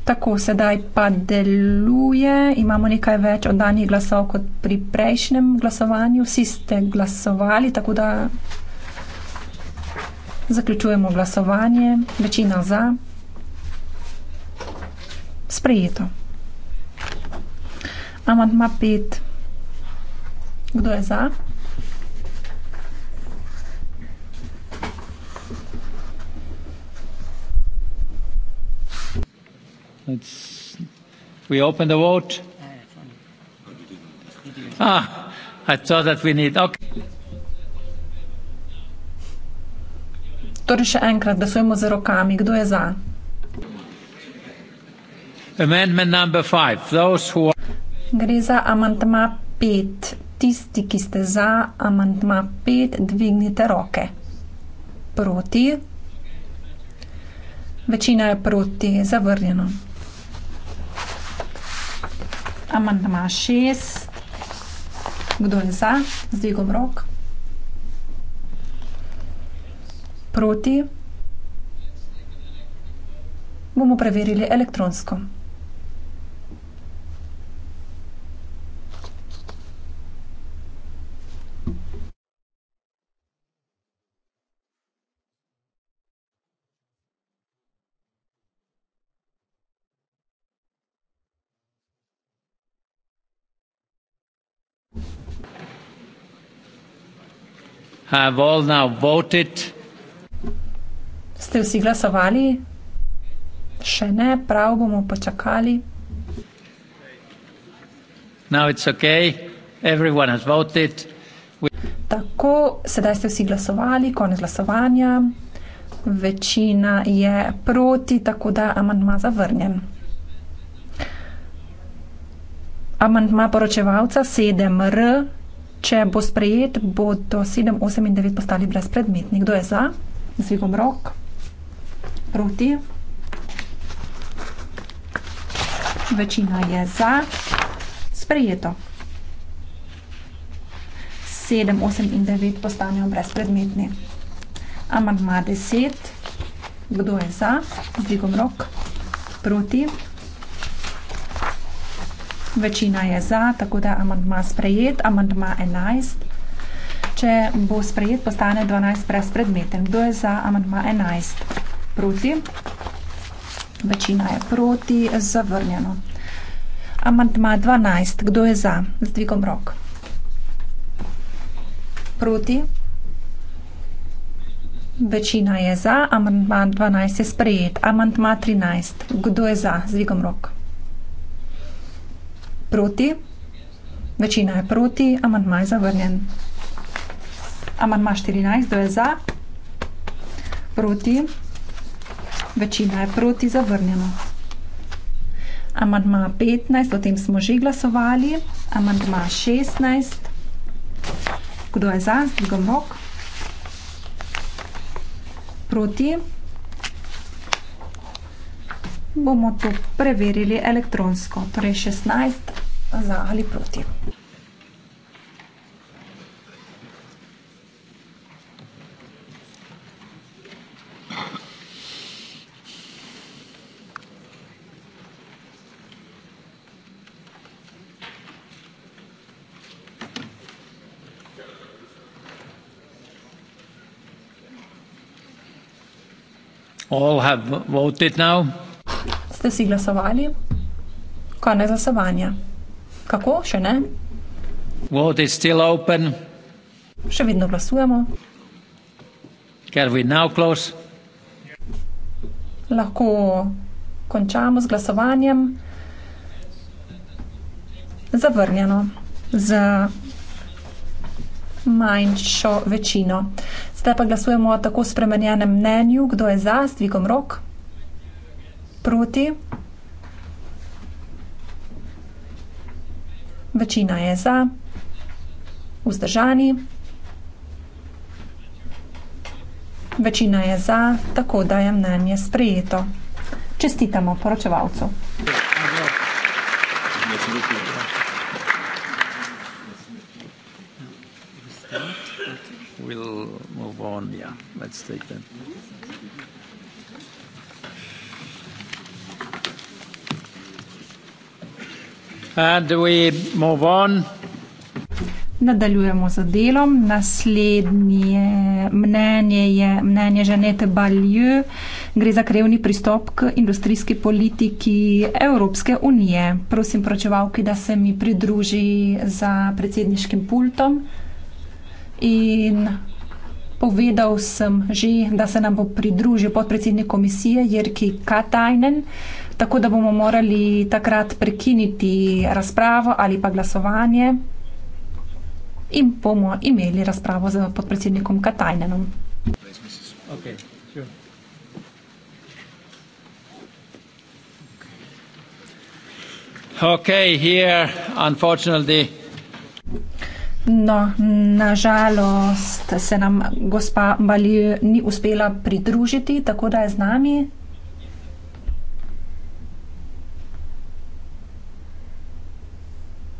Tako, sedaj pa deluje. Imamo nekaj več oddanih glasov kot pri prejšnjem glasovanju. Vsi ste glasovali, tako da Zaključujemo glasovanje. Večina za. Sprejeto. Amantma pet. Kdo je za? Let's, we open the vote. Ah, I thought that we need, okay. Torej še enkrat, da sojmo z rokami, kdo je za. Gre za amantma 5. Tisti, ki ste za amantma 5, dvignite roke. Proti. Večina je proti, zavrnjeno. Amantma 6. Kdo je za? Zdvigom rok. Proti? Bomo preverili elektronsko. I have all now voted Ste vsi glasovali? Še ne, prav bomo počakali. Okay. We... Tako, sedaj ste vsi glasovali, konec glasovanja. Večina je proti, tako da amandma zavrnjen. Amandma poročevalca 7R, če bo sprejet, bodo 7, 8 in 9 postali brezpredmetni. Kdo je za? Zvigom rok proti. Večina je za. Sprejeto. Sedem, osem in devet postanejo brezpredmetni. Amadma deset. Kdo je za? Zdigom rok. Proti. Večina je za, tako da amadma sprejet. Amadma enajst. Če bo sprejet, postane dvanajst brezpredmeten. Kdo je za? Amadma enajst. Amadma enajst proti. Večina je proti, zavrnjeno. Amantma 12. Kdo je za? Z dvigom rok. Proti. Večina je za. Amantma 12 je sprejet. Amantma 13. Kdo je za? Z dvigom rok. Proti. Večina je proti. Amantma je zavrnjen. Amantma 14. Kdo je za? Proti. Proti večina je proti zavrnjeno. Amandma 15, o tem smo že glasovali. Amandma 16, kdo je za, zdigom rok. Proti. Bomo to preverili elektronsko, torej 16 za ali proti. Ste si glasovali? Konec glasovanja. Kako? Še ne? Vote is still open. Še vedno glasujemo. Can we now close? Lahko končamo z glasovanjem. Zavrnjeno. Z manjšo večino. Zdaj pa glasujemo o tako spremenjenem mnenju. Kdo je za, s dvigom rok? Proti? Večina je za. Vzdržani? Večina je za, tako da je mnenje sprejeto. Čestitamo poročevalcu. We'll on, yeah, let's take that. And we move on. Nadaljujemo za delom. Naslednje mnenje je mnenje Ženete Balju. Gre za krevni pristop k industrijski politiki Evropske unije. Prosim, pročevalki, da se mi pridruži za predsedniškim pultom. In Povedal sem že, da se nam bo pridružil podpredsednik komisije Jerki Katajnen, tako da bomo morali takrat prekiniti razpravo ali pa glasovanje in bomo imeli razpravo z podpredsednikom Katajnenom. Okay. Okay, here, unfortunately, No, nažalost se nam gospa Bali ni uspela pridružiti, tako da je z nami.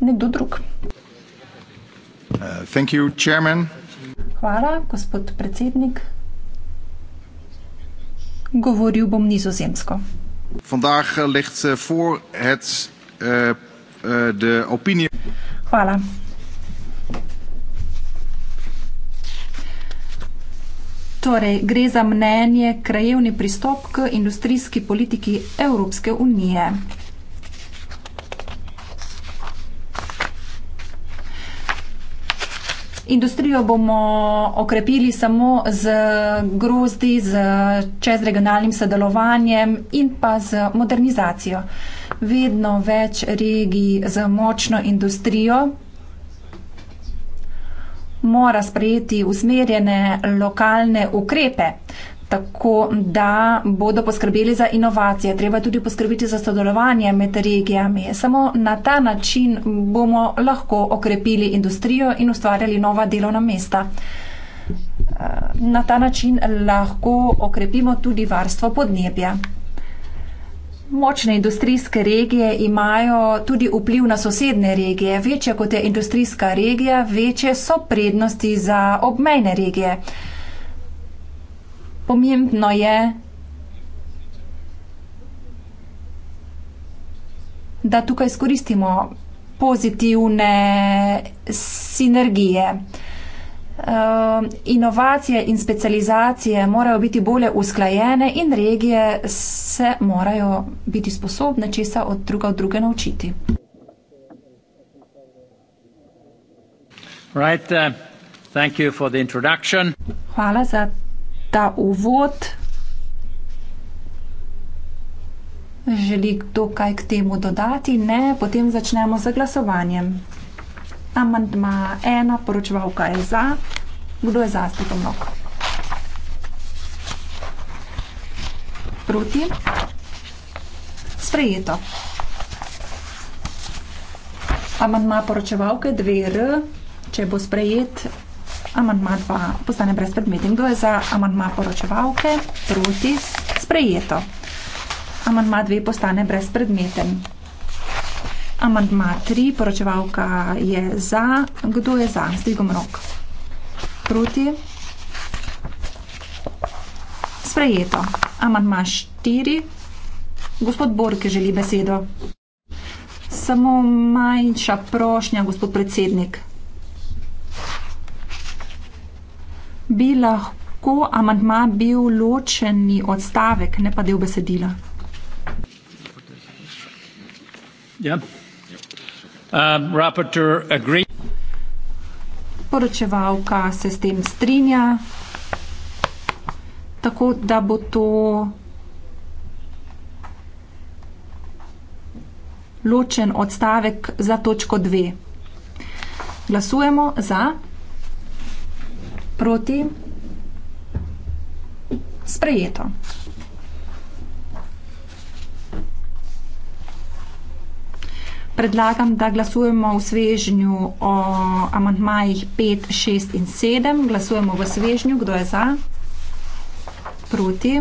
Nekdo drug. Uh, thank you, chairman. Hvala, gospod predsednik. Govoril bom nizozemsko. Vandaag eh, ligt voor het uh, uh, de opinie. Hvala. Torej, gre za mnenje krajevni pristop k industrijski politiki Evropske unije. Industrijo bomo okrepili samo z grozdi, z čezregionalnim sodelovanjem in pa z modernizacijo. Vedno več regij z močno industrijo mora sprejeti usmerjene lokalne ukrepe, tako da bodo poskrbeli za inovacije. Treba tudi poskrbiti za sodelovanje med regijami. Samo na ta način bomo lahko okrepili industrijo in ustvarjali nova delovna mesta. Na ta način lahko okrepimo tudi varstvo podnebja. Močne industrijske regije imajo tudi vpliv na sosedne regije. Večja kot je industrijska regija, večje so prednosti za obmejne regije. Pomembno je, da tukaj skoristimo pozitivne sinergije. Ehm, inovacije in specializacije morajo biti bolje usklajene in regije se morajo biti sposobne česa od druga od druge naučiti. Right, uh, Hvala za ta uvod. Želi kdo kaj k temu dodati? Ne, potem začnemo z glasovanjem amandma ena, poročevalka je za. Kdo je za, stiko mnogo? Proti? Sprejeto. Amandma poročevalke 2R, če bo sprejet, amandma 2 postane brez predmeti. Kdo je za amandma poročevalke? Proti? Sprejeto. Amandma 2 postane brez predmeten. Amandma 3, poročevalka je za. Kdo je za? Zdigom rok. Proti. Sprejeto. Amandma 4. Gospod Borke želi besedo. Samo manjša prošnja, gospod predsednik. Bi lahko amandma bil ločeni odstavek, ne pa del besedila? Ja. Um, Poročevalka se s tem strinja, tako da bo to ločen odstavek za točko 2. Glasujemo za, proti, sprejeto. predlagam, da glasujemo v svežnju o amantmajih 5, 6 in 7. Glasujemo v svežnju. Kdo je za? Proti.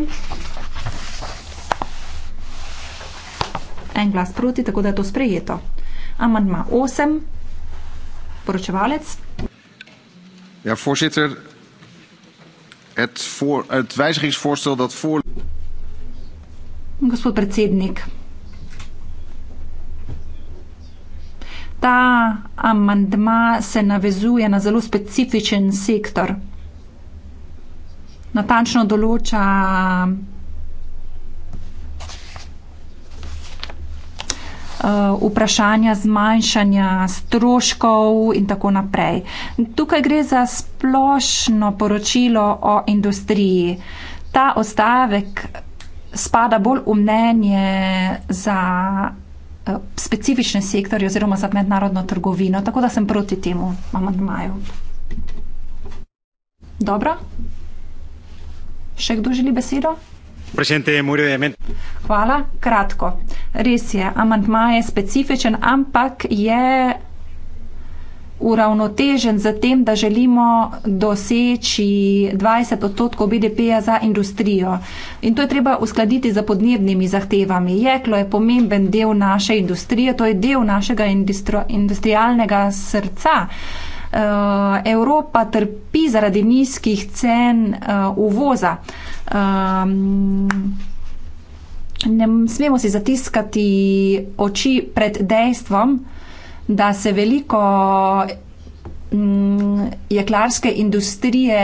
En glas proti, tako da je to sprejeto. Amantma 8. Poročevalec. Ja, voorzitter. Het, voor, het wijzigingsvoorstel dat voor... Gospod predsednik, ta amandma se navezuje na zelo specifičen sektor. Natančno določa eh, vprašanja zmanjšanja stroškov in tako naprej. Tukaj gre za splošno poročilo o industriji. Ta ostavek spada bolj v mnenje za Eh, specifične sektorje oziroma za mednarodno trgovino, tako da sem proti temu amandmaju. Dobro? Še kdo želi besedo? Hvala, kratko. Res je, amantma je specifičen, ampak je uravnotežen z tem, da želimo doseči 20 odstotkov BDP-ja za industrijo. In to je treba uskladiti z podnebnimi zahtevami. Jeklo je pomemben del naše industrije, to je del našega industrialnega srca. Eh, Evropa trpi zaradi nizkih cen eh, uvoza. Ne smemo si zatiskati oči pred dejstvom, da se veliko mm, jeklarske industrije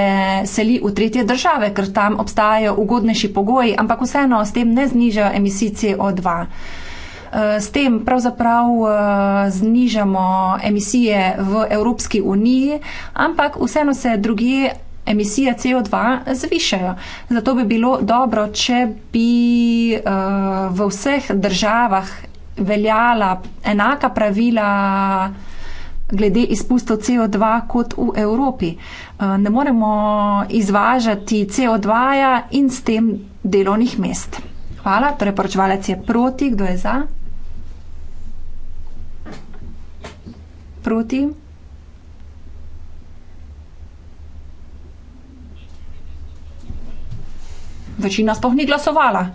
seli v tretje države, ker tam obstajajo ugodnejši pogoji, ampak vseeno s tem ne znižajo emisij CO2. Eh, s tem pravzaprav eh, znižamo emisije v Evropski uniji, ampak vseeno se druge emisije CO2 zvišajo. Zato bi bilo dobro, če bi eh, v vseh državah veljala enaka pravila glede izpustov CO2 kot v Evropi. Eh, ne moremo izvažati CO2 -ja in s tem delovnih mest. Hvala, torej poročevalec je proti, kdo je za? Proti. Večina sploh ni glasovala.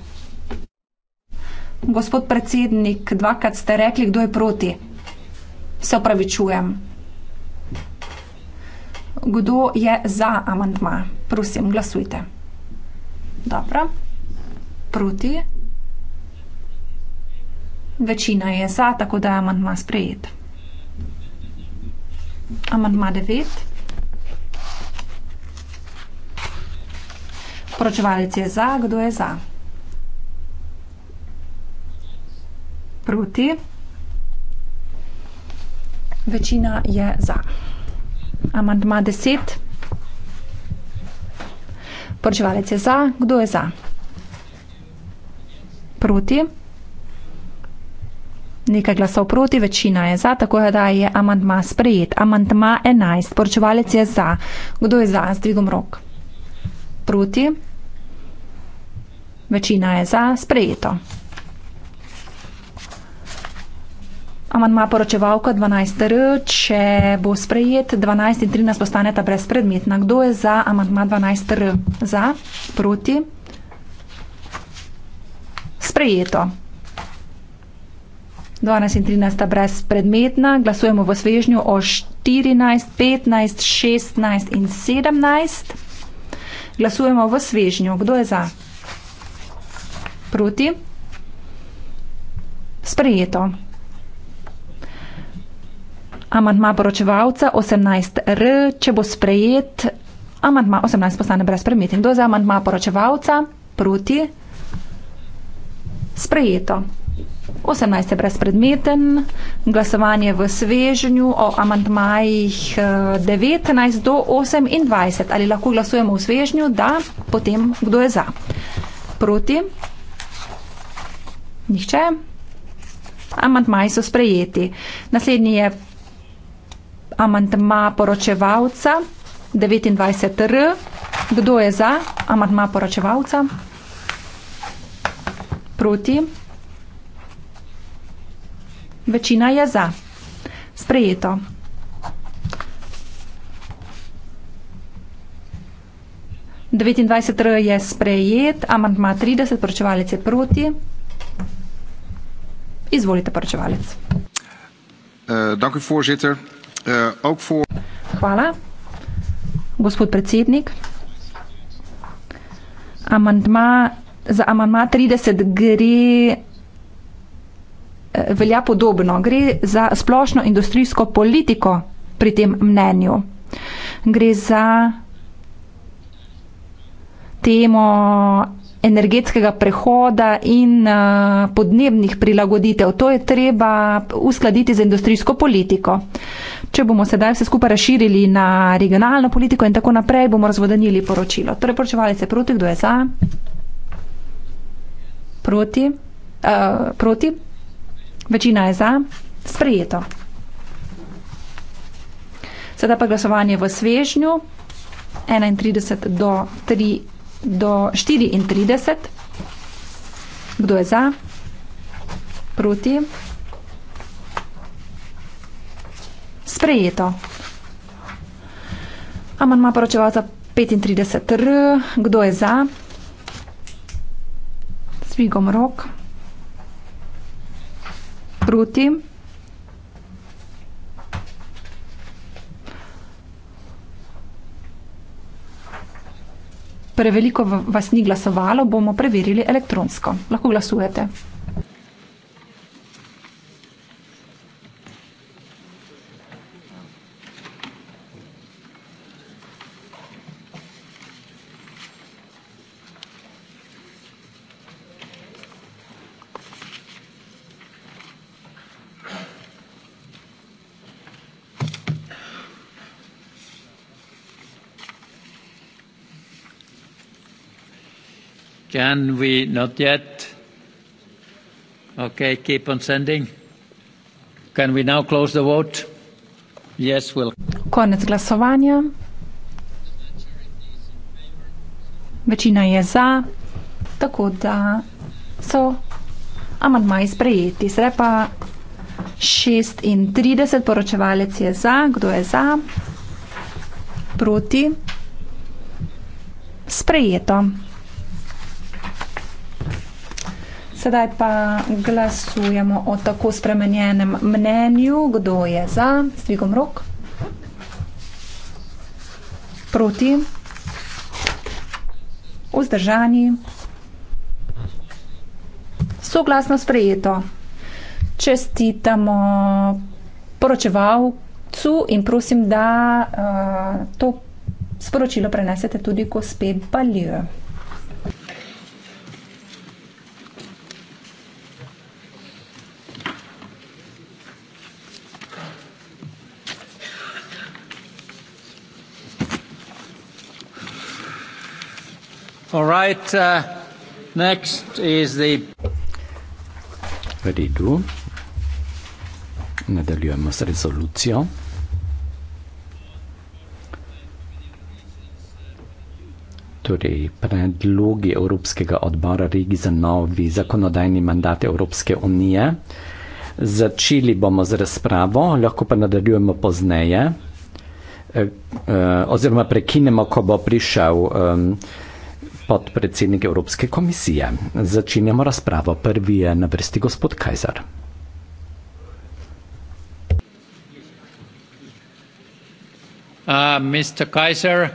Gospod predsednik, dvakrat ste rekli, kdo je proti. Se opravičujem. Kdo je za amantma? Prosim, glasujte. Dobro. Proti. Večina je za, tako da je amantma sprejet. Amantma devet. Poročevalec je za, kdo je za? proti. Večina je za. Amandma 10. Poročevalec je za. Kdo je za? Proti. Nekaj glasov proti, večina je za, tako da je amandma sprejet. Amandma 11. Poročevalec je za. Kdo je za? Z dvigom rok. Proti. Večina je za. Sprejeto. Amandma poročevalka 12.r. Če bo sprejet, 12 in 13 postaneta brezpredmetna. Kdo je za amandma 12.r? Za, proti? Sprejeto. 12 in 13 brezpredmetna. Glasujemo v svežnju o 14, 15, 16 in 17. Glasujemo v svežnju. Kdo je za? Proti? Sprejeto. Amantma poročevalca 18R, če bo sprejet, amantma 18 postane brezpredmeten. Kdo za amantma poročevalca? Proti. Sprejeto. 18 je brezpredmeten, glasovanje v svežnju o amantmajih 19 eh, do 28. Ali lahko glasujemo v svežnju? Da. Potem, kdo je za? Proti. Nihče. Amantmaji so sprejeti. Naslednji je amantma poročevalca 29R. Kdo je za amantma poročevalca? Proti? Večina je za. Sprejeto. Devetindvajset R je sprejet, amantma trideset, poročevalec je proti. Izvolite, poročevalec. Uh, Dank u voorzitter. Eh, Hvala. Gospod predsednik, amandma, za amandma trideset gre, eh, velja podobno, gre za splošno industrijsko politiko pri tem mnenju. Gre za temo energetskega prehoda in eh, podnebnih prilagoditev. To je treba uskladiti z industrijsko politiko. Če bomo sedaj vse skupaj razširili na regionalno politiko in tako naprej, bomo razvodanili poročilo. Torej, poročevalec je proti, kdo je za? Proti. Uh, proti. Večina je za. Sprejeto. Sedaj pa glasovanje v svežnju 31 do 3 do 34. Kdo je za? Proti? Sprejeto. Amanma poročevalca 35. R. Kdo je za? Svigom rok. Proti? Proti? preveliko vas ni glasovalo, bomo preverili elektronsko. Lahko glasujete. Can we not yet? Okay, keep on sending. Can we now close the vote? Yes, we'll. Konec glasovanja. Večina je za, tako da so amantmaji sprejeti. Zdaj pa 36 poročevalec je za, kdo je za, proti, sprejeto. Sedaj pa glasujemo o tako spremenjenem mnenju. Kdo je za? Stvigom rok. Proti. Vzdržani. Soglasno sprejeto. Čestitamo poročevalcu in prosim, da uh, to sporočilo prenesete tudi gospe Baljo. All right, uh, next is the. Redu. Nadaljujemo s rezolucijo. Torej, predlogi Evropskega odbora regi za novi zakonodajni mandat Evropske unije. Začeli bomo z razpravo, lahko pa nadaljujemo pozneje, eh, eh, oziroma prekinemo, ko bo prišel. Eh, podpredsednik Evropske komisije. Začenjamo razpravo. Prvi je na vrsti gospod Kajzer. Uh, Mr. Kajzer.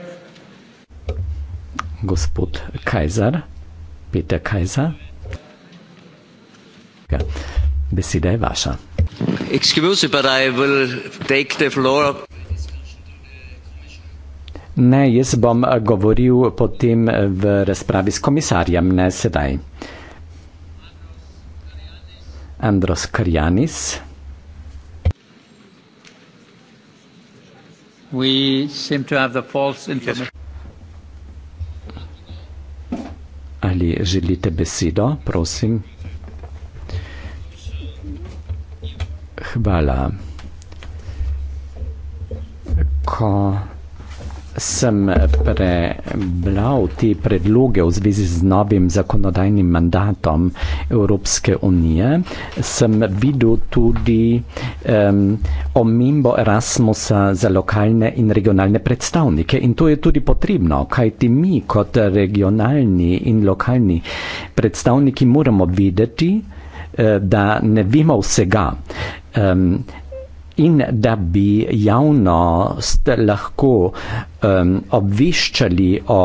Gospod Kajzer, Peter Kajzer. Ja. Beseda je vaša. Excuse me, but I will take the floor. Ne, jaz bom eh, govoril potem eh, v razpravi s komisarjem, ne sedaj. Andros Karjanis. Ali želite besedo, prosim? Hvala. Ko sem prebral te predloge v zvezi z novim zakonodajnim mandatom Evropske unije, sem videl tudi um, omembo Erasmusa za lokalne in regionalne predstavnike in to je tudi potrebno, kaj ti mi kot regionalni in lokalni predstavniki moramo vedeti, eh, da ne vemo vsega. Um, in da bi javnost lahko um, obveščali o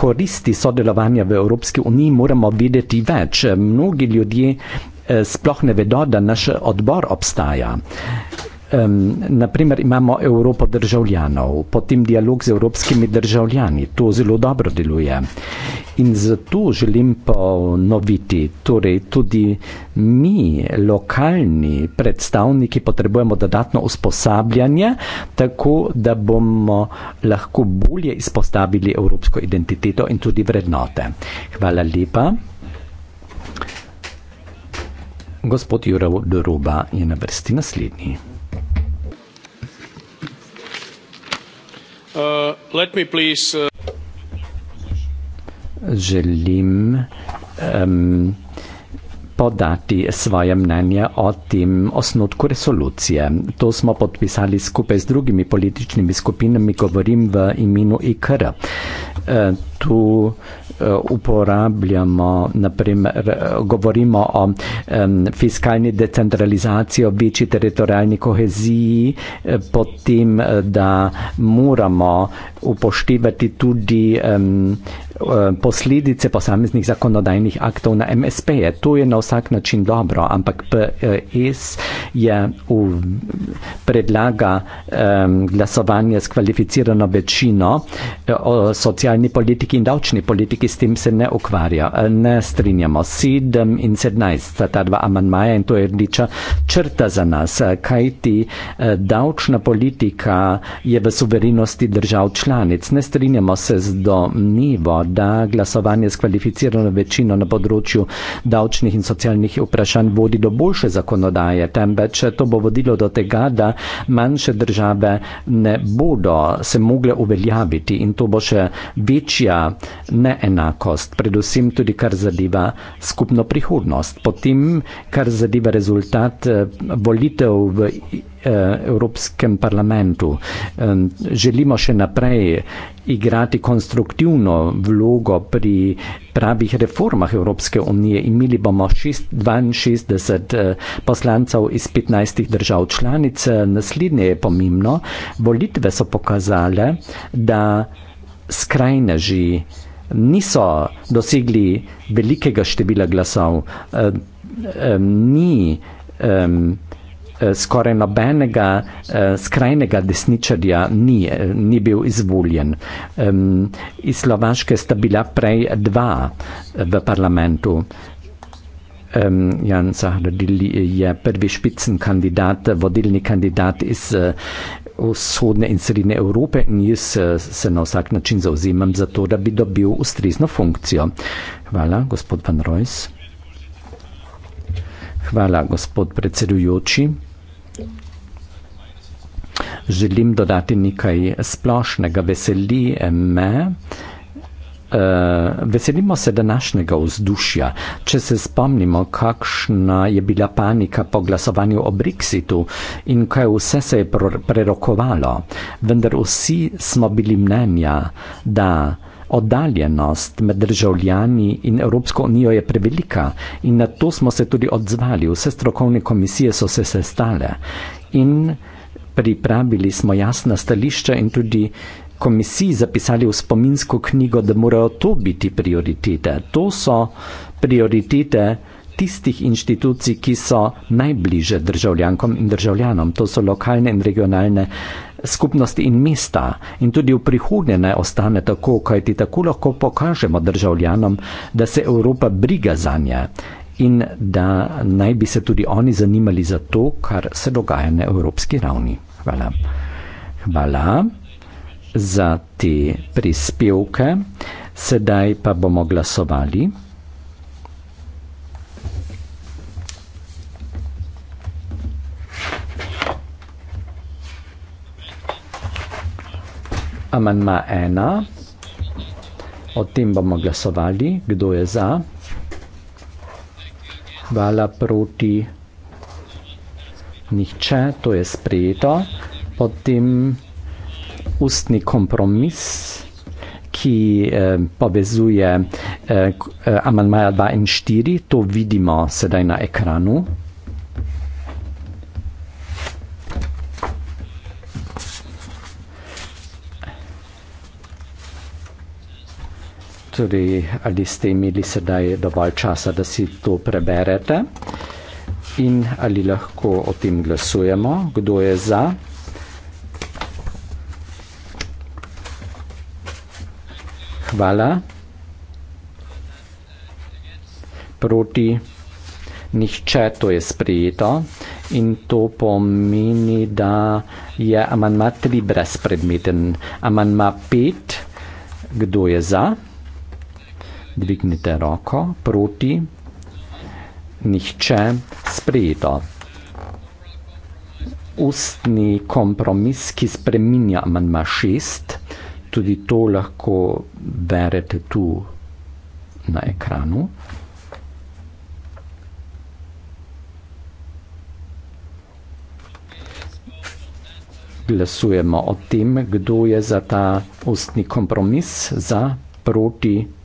koristi sodelovanja v Evropski uniji, moramo vedeti več. Mnogi ljudje eh, sploh ne vedo, da naš odbor obstaja. Um, naprimer, imamo Evropo državljanov, potem dialog z evropskimi državljani, to zelo dobro deluje. In zato želim ponoviti, torej tudi mi, lokalni predstavniki, potrebujemo dodatno usposabljanje, tako da bomo lahko bolje izpostavili evropsko identiteto in tudi vrednote. Hvala lepa. Gospod Jurov Doruba je na vrsti naslednji. Uh, let me please, uh... Želim um, podati svoje mnenje o tem osnutku resolucije. To smo podpisali skupaj z drugimi političnimi skupinami, govorim v imenu IKR. Eh, tu eh, uporabljamo, naprimer, govorimo o fiskalni decentralizaciji, o večji teritorijalni koheziji, eh, potem, da moramo upoštevati tudi. Um, Eh, posledice posameznih zakonodajnih aktov na MSP-je. To je na vsak način dobro, ampak PS e je v predlaga um, glasovanje s kvalificirano večino eh, o socialni politiki in davčni politiki, s tem se ne ukvarja. Eh, ne strinjamo. 7 in 17 sta ta dva amanmaja in to je rdiča črta za nas, kajti davčna politika je v suverenosti držav članic. Ne strinjamo se z domnivo, da glasovanje s kvalificirano večino na področju davčnih in socialnih vprašanj vodi do boljše zakonodaje, temveč to bo vodilo do tega, da manjše države ne bodo se mogle uveljaviti in to bo še večja neenakost, predvsem tudi kar zadeva skupno prihodnost. Potem, kar zadeva rezultat eh, volitev v. Eh, Evropskem parlamentu. Želimo še naprej igrati konstruktivno vlogo pri pravih reformah Evropske unije. Imeli bomo 62 eh, poslancev iz 15 držav članic. Naslednje je pomembno. Volitve so pokazale, da skrajneži niso dosegli velikega števila glasov. Ni Eh, skoraj nobenega eh, skrajnega desničarja ni, eh, ni bil izvoljen. Iz Slovaške sta bila prej dva v parlamentu. Um, Jan Zahradil je prvi špicen kandidat, vodilni kandidat iz vzhodne uh, in srednje Evrope in jaz se, se na vsak način zauzimam za to, da bi dobil ustrezno funkcijo. Hvala, gospod Van Rojs. Hvala, gospod predsedujoči. Želim dodati nekaj splošnega. Veseli me. Uh, veselimo se današnjega vzdušja. Če se spomnimo, kakšna je bila panika po glasovanju o Brexitu in kaj vse se je prerokovalo, vendar vsi smo bili mnenja, da oddaljenost med državljani in Evropsko unijo je prevelika in na to smo se tudi odzvali. Vse strokovne komisije so se sestale in pripravili smo jasna stališča in tudi komisiji zapisali v spominsko knjigo, da morajo to biti prioritete. To so prioritete tistih inštitucij, ki so najbliže državljankom in državljanom. To so lokalne in regionalne skupnosti in mesta. In tudi v prihodnje naj ostane tako, kajti tako lahko pokažemo državljanom, da se Evropa briga za nje in da naj bi se tudi oni zanimali za to, kar se dogaja na evropski ravni hvala. Hvala za te prispevke. Sedaj pa bomo glasovali. Amanma ena. O tem bomo glasovali. Kdo je za? Hvala proti. Hvala proti nihče, to je sprejeto. Potem ustni kompromis, ki eh, povezuje eh, eh amandmaja 2 in 4, to vidimo sedaj na ekranu. Tudi, torej, ali ste imeli sedaj dovolj časa, da si to preberete. Uh, in ali lahko o tem glasujemo, kdo je za. Hvala. Proti nihče to je sprejeto in to pomeni, da je amanma 3 brezpredmeten. Amanma 5, kdo je za? Dvignite roko. Proti nihče to je sprejeto nihče spredo. Ustni kompromis, ki spreminja manjma šest, tudi to lahko berete tu na ekranu. Glasujemo o tem, kdo je za ta ustni kompromis, za, proti, proti,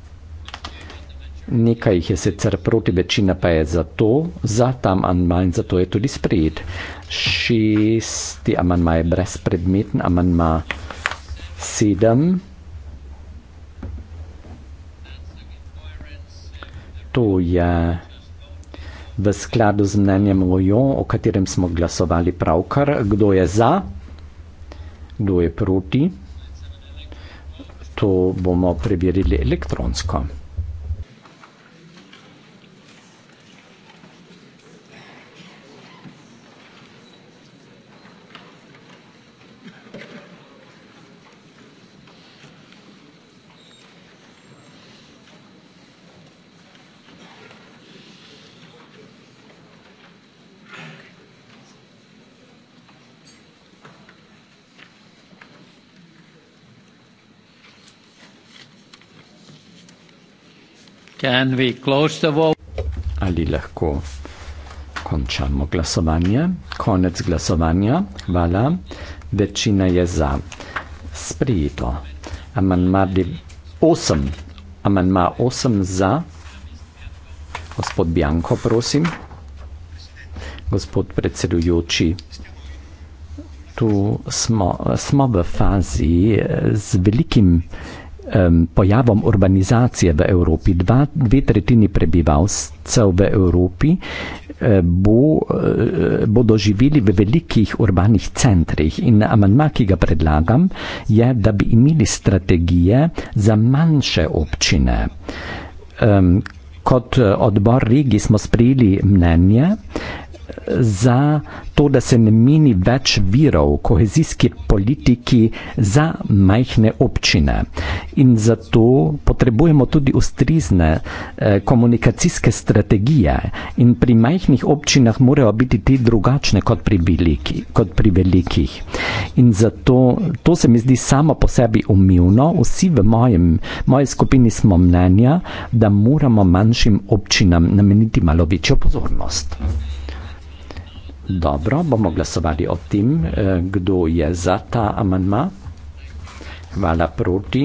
Nekaj jih je sicer proti, večina pa je za to, za tam amandma in zato je tudi sprejet. Šesti amandma je brezpredmeten, amandma sedem. To je v skladu z mnenjem OJO, o katerem smo glasovali pravkar. Kdo je za, kdo je proti, to bomo preverili elektronsko. Ali lahko končamo glasovanje? Konec glasovanja. Hvala. Večina je za. Sprijeto. Amanma 8. Amanma 8 za. Gospod Bjanko, prosim. Gospod predsedujoči, tu smo, smo v fazi eh, z velikim um, pojavom urbanizacije v Evropi, dva, dve tretjini prebivalcev v Evropi eh, bo, eh, bo doživeli v velikih urbanih centrih. In amandma, ki ga predlagam, je, da bi imeli strategije za manjše občine. Um, kot eh, odbor regi smo sprejeli mnenje, za to, da se nameni več virov kohezijski politiki za majhne občine. In zato potrebujemo tudi ustrizne eh, komunikacijske strategije. In pri majhnih občinah morajo biti ti drugačne kot pri, veliki, kot pri velikih. In zato to se mi zdi samo po sebi umivno. Vsi v mojem, moji skupini smo mnenja, da moramo manjšim občinam nameniti malo večjo pozornost. Dobro, bomo glasovali o tem, eh, kdo je za ta amanma. Hvala proti.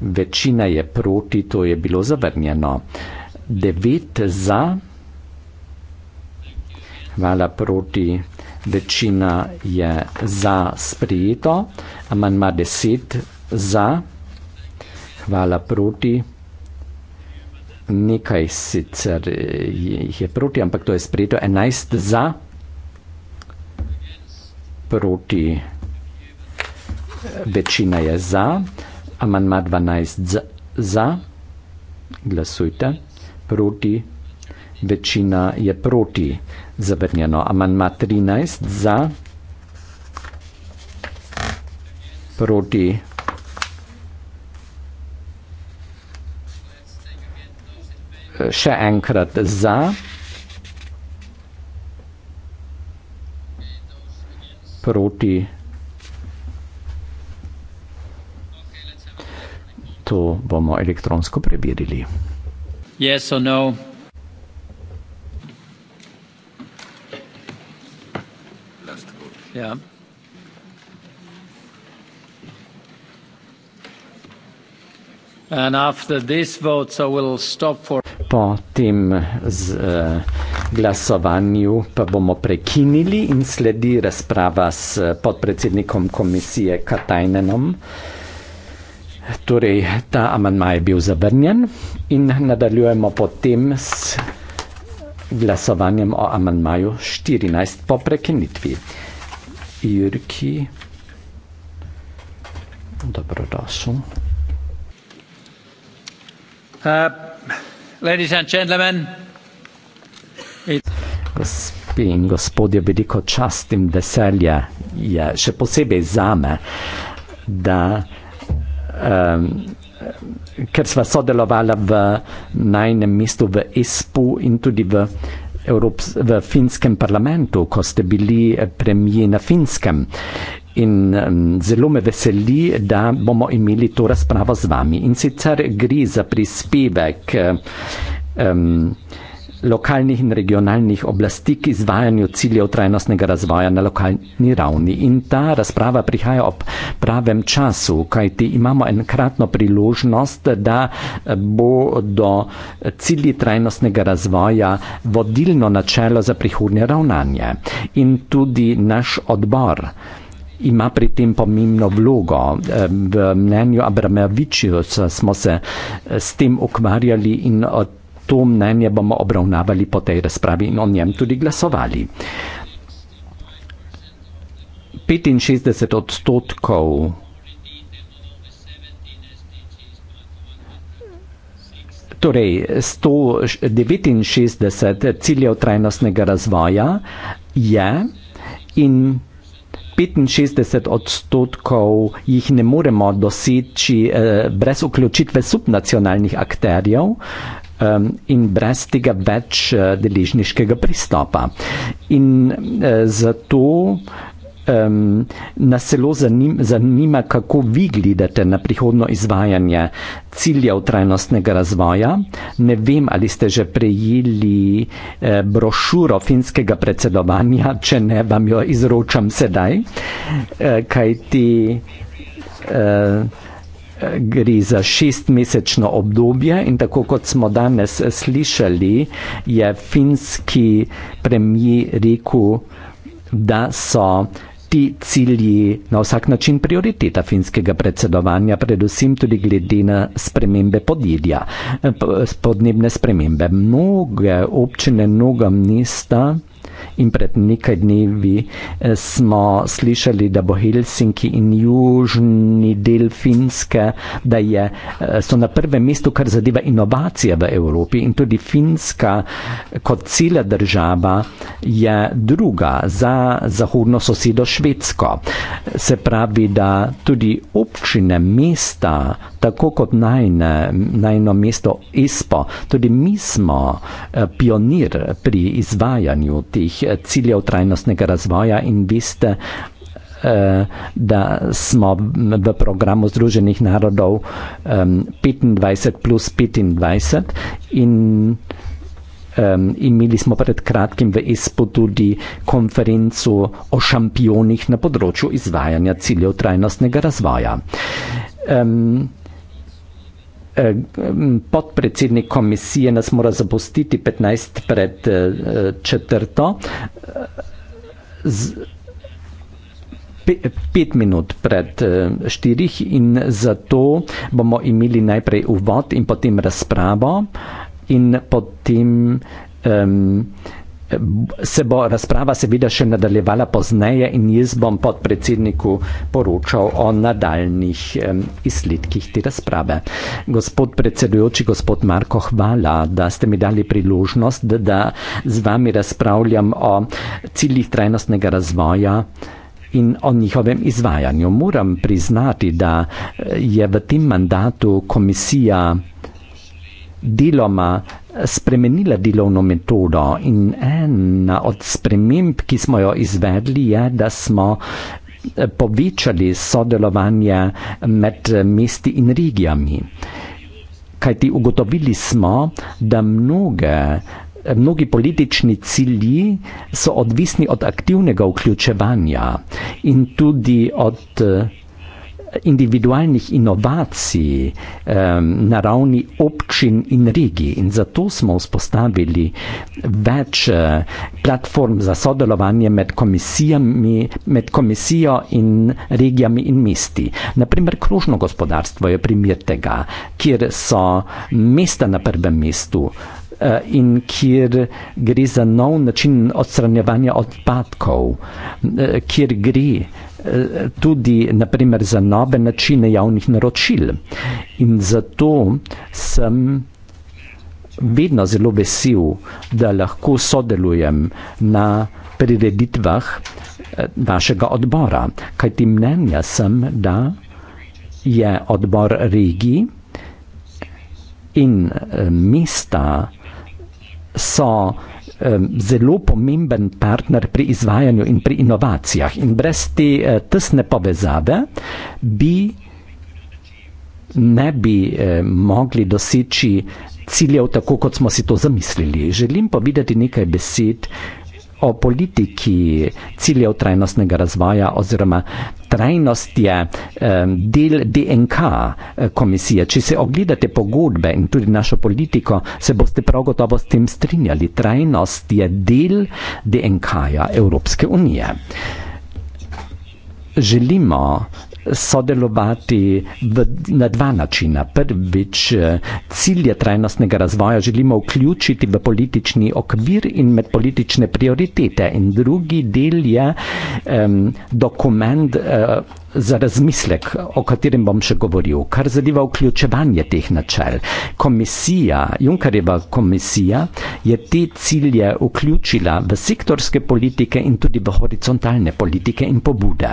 Večina je proti, to je bilo zavrnjeno. Devet za. Hvala proti. Večina je za sprejeto. Amanma deset za. Hvala proti nekaj sicer jih je proti, ampak to je sprejeto 11 za, proti večina je za, amanma 12 za, glasujte, proti večina je proti, zavrnjeno, amanma 13 za, proti večina je proti, še enkrat za. Proti. To bomo elektronsko preverili. Yes or no. Ja. And after this vote, so we'll stop for po tem z, uh, glasovanju pa bomo prekinili in sledi razprava s podpredsednikom komisije Katajnenom. Torej, ta amandma je bil zabrnjen in nadaljujemo potem s glasovanjem o amandmaju 14 po prekinitvi. Jurki, dobrodošel. Eh, Gospi in gospodje, veliko čast in veselje je še posebej zame, da um, ker sva sodelovala v najnem mestu v ISPU in tudi v, Evrops v finskem parlamentu, ko ste bili eh, premije na finskem in um, zelo me veseli, da bomo imeli to razpravo z vami. In sicer gre za prispevek um, lokalnih in regionalnih oblasti k izvajanju ciljev trajnostnega razvoja na lokalni ravni. In ta razprava prihaja ob pravem času, kajti imamo enkratno priložnost, da bodo cilji trajnostnega razvoja vodilno načelo za prihodnje ravnanje. In tudi naš odbor ima pri tem pomembno vlogo. V mnenju Abramevičevca smo se eh, s tem ukvarjali in to mnenje bomo obravnavali po tej razpravi in o njem tudi glasovali. 65 odstotkov Torej, 169 ciljev trajnostnega razvoja je in 65 odstotkov jih ne moremo doseči eh, brez vključitve subnacionalnih akterjev eh, in brez tega več eh, deležniškega pristopa. In eh, zato um, nas celo zanim, zanima, kako vi gledate na prihodno izvajanje ciljev trajnostnega razvoja. Ne vem, ali ste že prejeli eh, brošuro finskega predsedovanja, če ne, vam jo izročam sedaj, eh, kaj ti. Eh, Gre za šestmesečno obdobje in tako kot smo danes slišali, je finski premijer rekel, da so Ti cilji na vsak način prioriteta finskega predsedovanja, predvsem tudi glede na spremembe podjedja, eh, podnebne spremembe. Mnoge občine, mnoga mesta In pred nekaj dnevi eh, smo slišali, da bo Helsinki in južni del Finske, da je, eh, so na prvem mestu, kar zadeva inovacije v Evropi in tudi Finska eh, kot cela država je druga za zahodno sosedo Švedsko. Se pravi, da tudi občine mesta, tako kot najne, najno mesto ISPO, tudi mi smo pionir pri izvajanju teh tih eh, ciljev trajnostnega razvoja in vi ste eh, da smo v programu Združenih narodov 25 plus 25 in imeli smo pred kratkim v ESPO tudi konferencu o šampionih na področju izvajanja ciljev trajnostnega razvoja. Eh, podpredsednik komisije nas mora zapustiti 15 pred eh, četrto. Eh, z, pet minut pred štirih in zato bomo imeli najprej uvod in potem razpravo in potem um, se bo razprava seveda še nadaljevala pozneje in jaz bom podpredsedniku poročal o nadaljnih izsledkih te razprave. Gospod predsedujoči, gospod Marko, hvala, da ste mi dali priložnost, da, da z vami razpravljam o ciljih trajnostnega razvoja. In o njihovem izvajanju moram priznati, da eh, je v tem mandatu komisija deloma spremenila delovno metodo in ena od sprememb, ki smo jo izvedli, je, da smo eh, povečali sodelovanje med mesti in regijami. Kaj ti ugotovili smo, da mnoge, mnogi politični cilji so odvisni od aktivnega vključevanja in tudi od eh, individualnih inovacij na ravni občin in regij. In zato smo vzpostavili več eh, platform za sodelovanje med, med komisijo in regijami in mesti. Naprimer, krožno gospodarstvo je primer tega, kjer so mesta na prvem mestu. Eh, in kjer gre za nov način odstranjevanja odpadkov, eh, kjer gre eh, tudi naprimer, za nove načine javnih naročil. In zato sem vedno zelo vesel, da lahko sodelujem na prireditvah vašega odbora, kajti mnenja sem, da je odbor regij in mesta, so eh, zelo pomemben partner pri izvajanju in pri inovacijah. In brez te eh, tesne povezave bi ne bi eh, mogli doseči ciljev tako, kot smo si to zamislili. Želim pa videti nekaj besed o politiki ciljev trajnostnega razvoja oziroma trajnost je del DNK eh, komisije. Če se ogledate pogodbe in tudi našo politiko, se boste prav gotovo s tem strinjali. Trajnost je del DNK-ja Evropske unije. Želimo sodelovati v, na dva načina. Prvič, eh, cilje trajnostnega razvoja želimo vključiti v politični okvir in med politične prioritete. In drugi del je um, dokument. Uh, za razmislek, o katerem bom še govoril, kar zadeva vključevanje teh načel. Komisija, Junkareva komisija, je te cilje vključila v sektorske politike in tudi v horizontalne politike in pobude.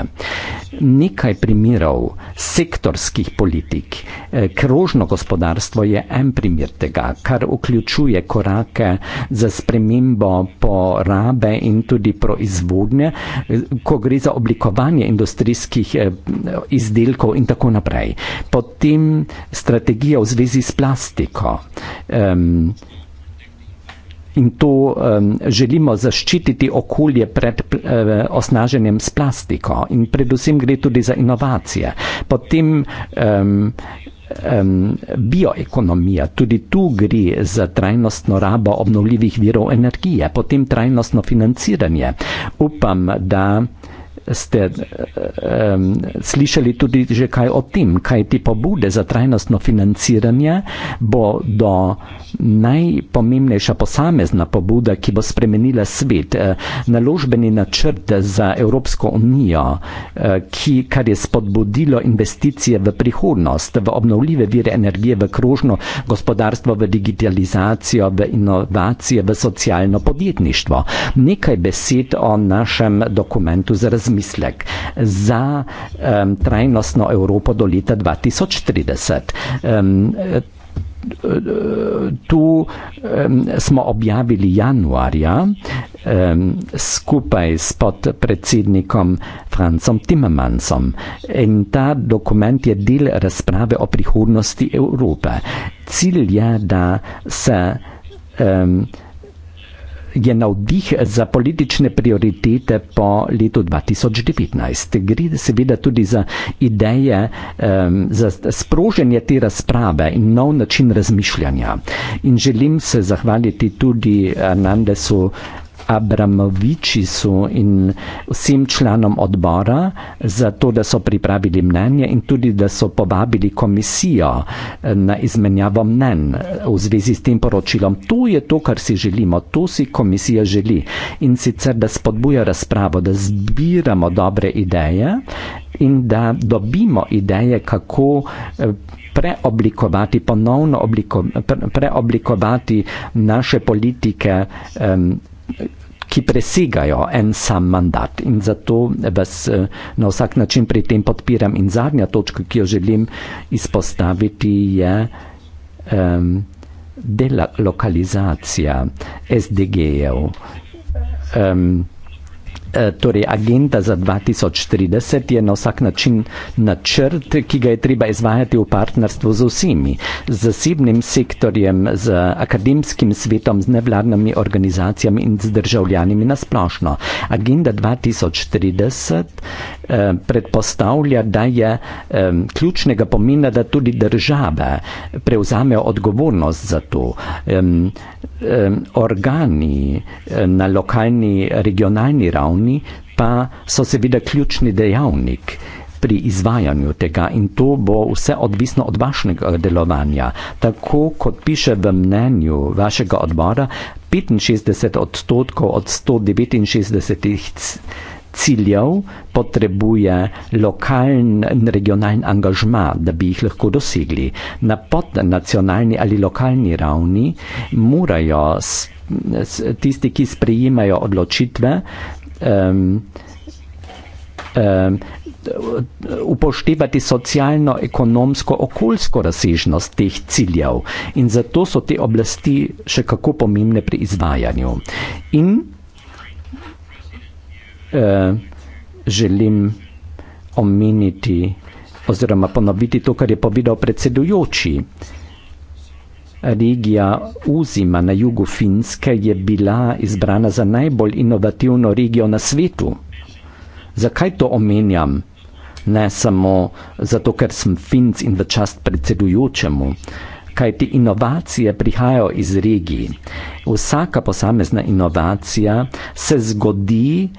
Nekaj primerov sektorskih politik, e, krožno gospodarstvo je en primer tega, kar vključuje korake za spremembo porabe in tudi proizvodnje, e, ko gre za oblikovanje industrijskih e, Eh, izdelkov in tako naprej. Potem strategija v zvezi s plastiko. Um, In to um, želimo zaščititi okolje pred uh, osnaženjem s plastiko in predvsem gre tudi za inovacije. Potem um, um, bioekonomija, tudi tu gre za trajnostno rabo obnovljivih virov energije, potem trajnostno financiranje. Upam, da ste um, slišali tudi že kaj o tem, kaj ti pobude za trajnostno financiranje bo do najpomembnejša posamezna pobuda, ki bo spremenila svet. Eh, naložbeni načrt za Evropsko unijo, eh, ki, kar je spodbudilo investicije v prihodnost, v obnovljive vire energije, v krožno gospodarstvo, v digitalizacijo, v inovacije, v socialno podjetništvo. Nekaj besed o našem dokumentu za razmišljanje razmislek za um, trajnostno Evropo do leta 2030. Um, e, Tu um, smo objavili januarja um, skupaj s podpredsednikom Francom Timmermansom in ta dokument je del razprave o prihodnosti Evrope. Cilj je, da se um, je navdih za politične prioritete po letu 2019. Gre seveda tudi za ideje, um, za sproženje te razprave in nov način razmišljanja. In želim se zahvaliti tudi Anandesu. Uh, Abramovičisu in vsem članom odbora za to, da so pripravili mnenje in tudi, da so povabili komisijo eh, na izmenjavo mnen eh, v zvezi s tem poročilom. To je to, kar si želimo, to si komisija želi in sicer, da spodbuja razpravo, da zbiramo dobre ideje in da dobimo ideje, kako eh, preoblikovati, ponovno obliko, pre, preoblikovati naše politike. Um, ki presegajo en sam mandat. In zato vas eh, na vsak način pri tem podpiram. In zadnja točka, ki jo želim izpostaviti, je um, delokalizacija SDG-jev. Um, ehm, Eh, torej agenda za 2030 je na vsak način načrt, ki ga je treba izvajati v partnerstvu z vsemi, z zasebnim sektorjem, z akademskim svetom, z nevladnimi organizacijami in z državljanimi nasplošno. Agenda 2030 eh, predpostavlja, da je eh, ključnega pomena, da tudi države prevzamejo odgovornost za to. Eh, organi na lokalni, regionalni ravni pa so seveda ključni dejavnik pri izvajanju tega in to bo vse odvisno od vašega delovanja. Tako kot piše v mnenju vašega odbora, 65 odstotkov od 169 ciljev potrebuje lokalen, regionalen angažma, da bi jih lahko dosegli. Na podnacionalni ali lokalni ravni morajo s, s, tisti, ki sprejemajo odločitve, um, upoštevati socialno-ekonomsko-okoljsko razsežnost teh ciljev in zato so te oblasti še kako pomembne pri izvajanju. In Eh, želim omeniti oziroma ponoviti to, kar je povedal predsedujoči. Regija Uzima na jugu Finske je bila izbrana za najbolj inovativno regijo na svetu. Zakaj to omenjam? Ne samo zato, ker sem Finc in v čast predsedujočemu, kaj ti inovacije prihajajo iz regiji. Vsaka posamezna inovacija se zgodi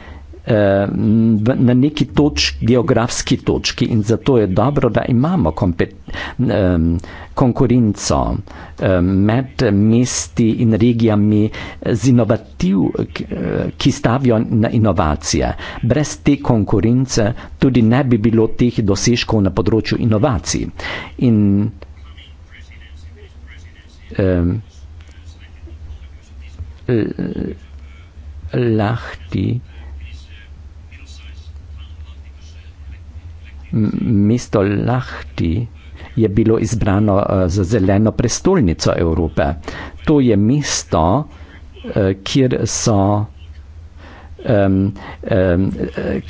na neki točki, geografski točki in zato je dobro, da imamo konkurenco med mesti in regijami z inovativ, ki stavijo na inovacije. Brez te konkurence tudi ne bi bilo teh dosežkov na področju inovacij. In lahko mesto Lahti je bilo izbrano eh, za zeleno prestolnico Evrope. To je mesto, eh, kjer so Um, um,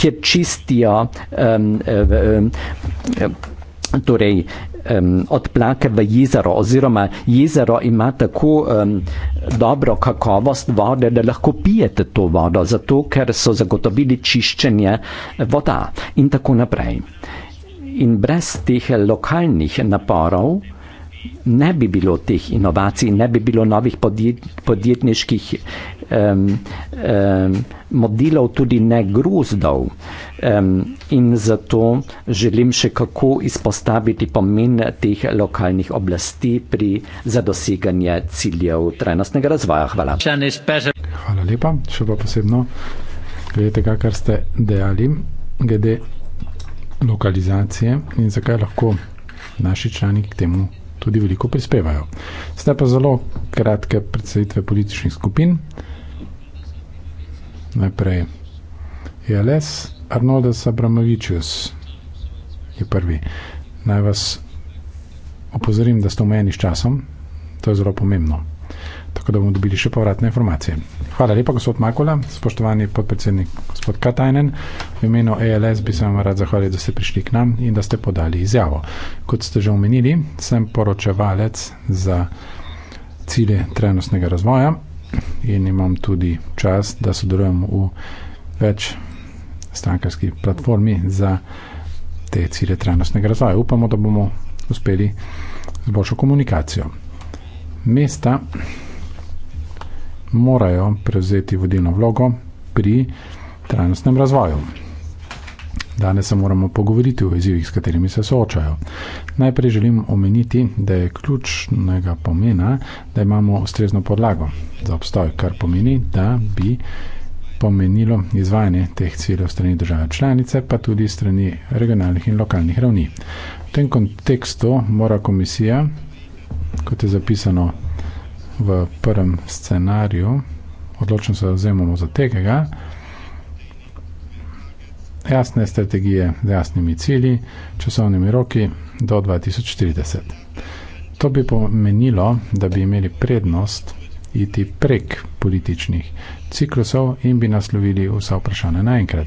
kjer čistijo um, um, um, torej, um, odplake v jezero, oziroma jezero ima tako um, dobro kakovost vode, da lahko pijete to vodo, zato ker so zagotovili čiščenje voda in tako naprej. In brez teh lokalnih naporov ne bi bilo teh inovacij, ne bi bilo novih podjet, podjetniških um, um, modilov tudi ne grozdov. Um, in zato želim še kako izpostaviti pomen teh lokalnih oblasti pri zadoseganju ciljev trajnostnega razvoja. Hvala. Hvala lepa, še pa posebno glede tega, kar ste dejali, glede lokalizacije in zakaj lahko naši člani k temu tudi veliko prispevajo. Zdaj pa zelo kratke predstavitve političnih skupin najprej. Jales Arnoldas Abramovičius je prvi. Naj vas opozorim, da ste omejeni s časom. To je zelo pomembno. Tako da bomo dobili še povratne informacije. Hvala lepa, gospod Makola, spoštovani podpredsednik, gospod Katajnen. V imenu ALS bi se vam rad zahvalil, da ste prišli k nam in da ste podali izjavo. Kot ste že omenili, sem poročevalec za cilje trenostnega razvoja in imam tudi čas, da sodelujem v več strankarskih platformi za te cilje trajnostnega razvoja. Upamo, da bomo uspeli z boljšo komunikacijo. Mesta morajo prevzeti vodilno vlogo pri trajnostnem razvoju. Danes se moramo pogovoriti o izzivih, s katerimi se soočajo. Najprej želim omeniti, da je ključnega pomena, da imamo ustrezno podlago za obstoj, kar pomeni, da bi pomenilo izvajanje teh ciljev strani države članice, pa tudi strani regionalnih in lokalnih ravni. V tem kontekstu mora komisija, kot je zapisano v prvem scenariju, odločno se zauzemamo za tega, jasne strategije z jasnimi cilji, časovnimi roki do 2040. To bi pomenilo, da bi imeli prednost iti prek političnih ciklusov in bi naslovili vsa vprašanja naenkrat.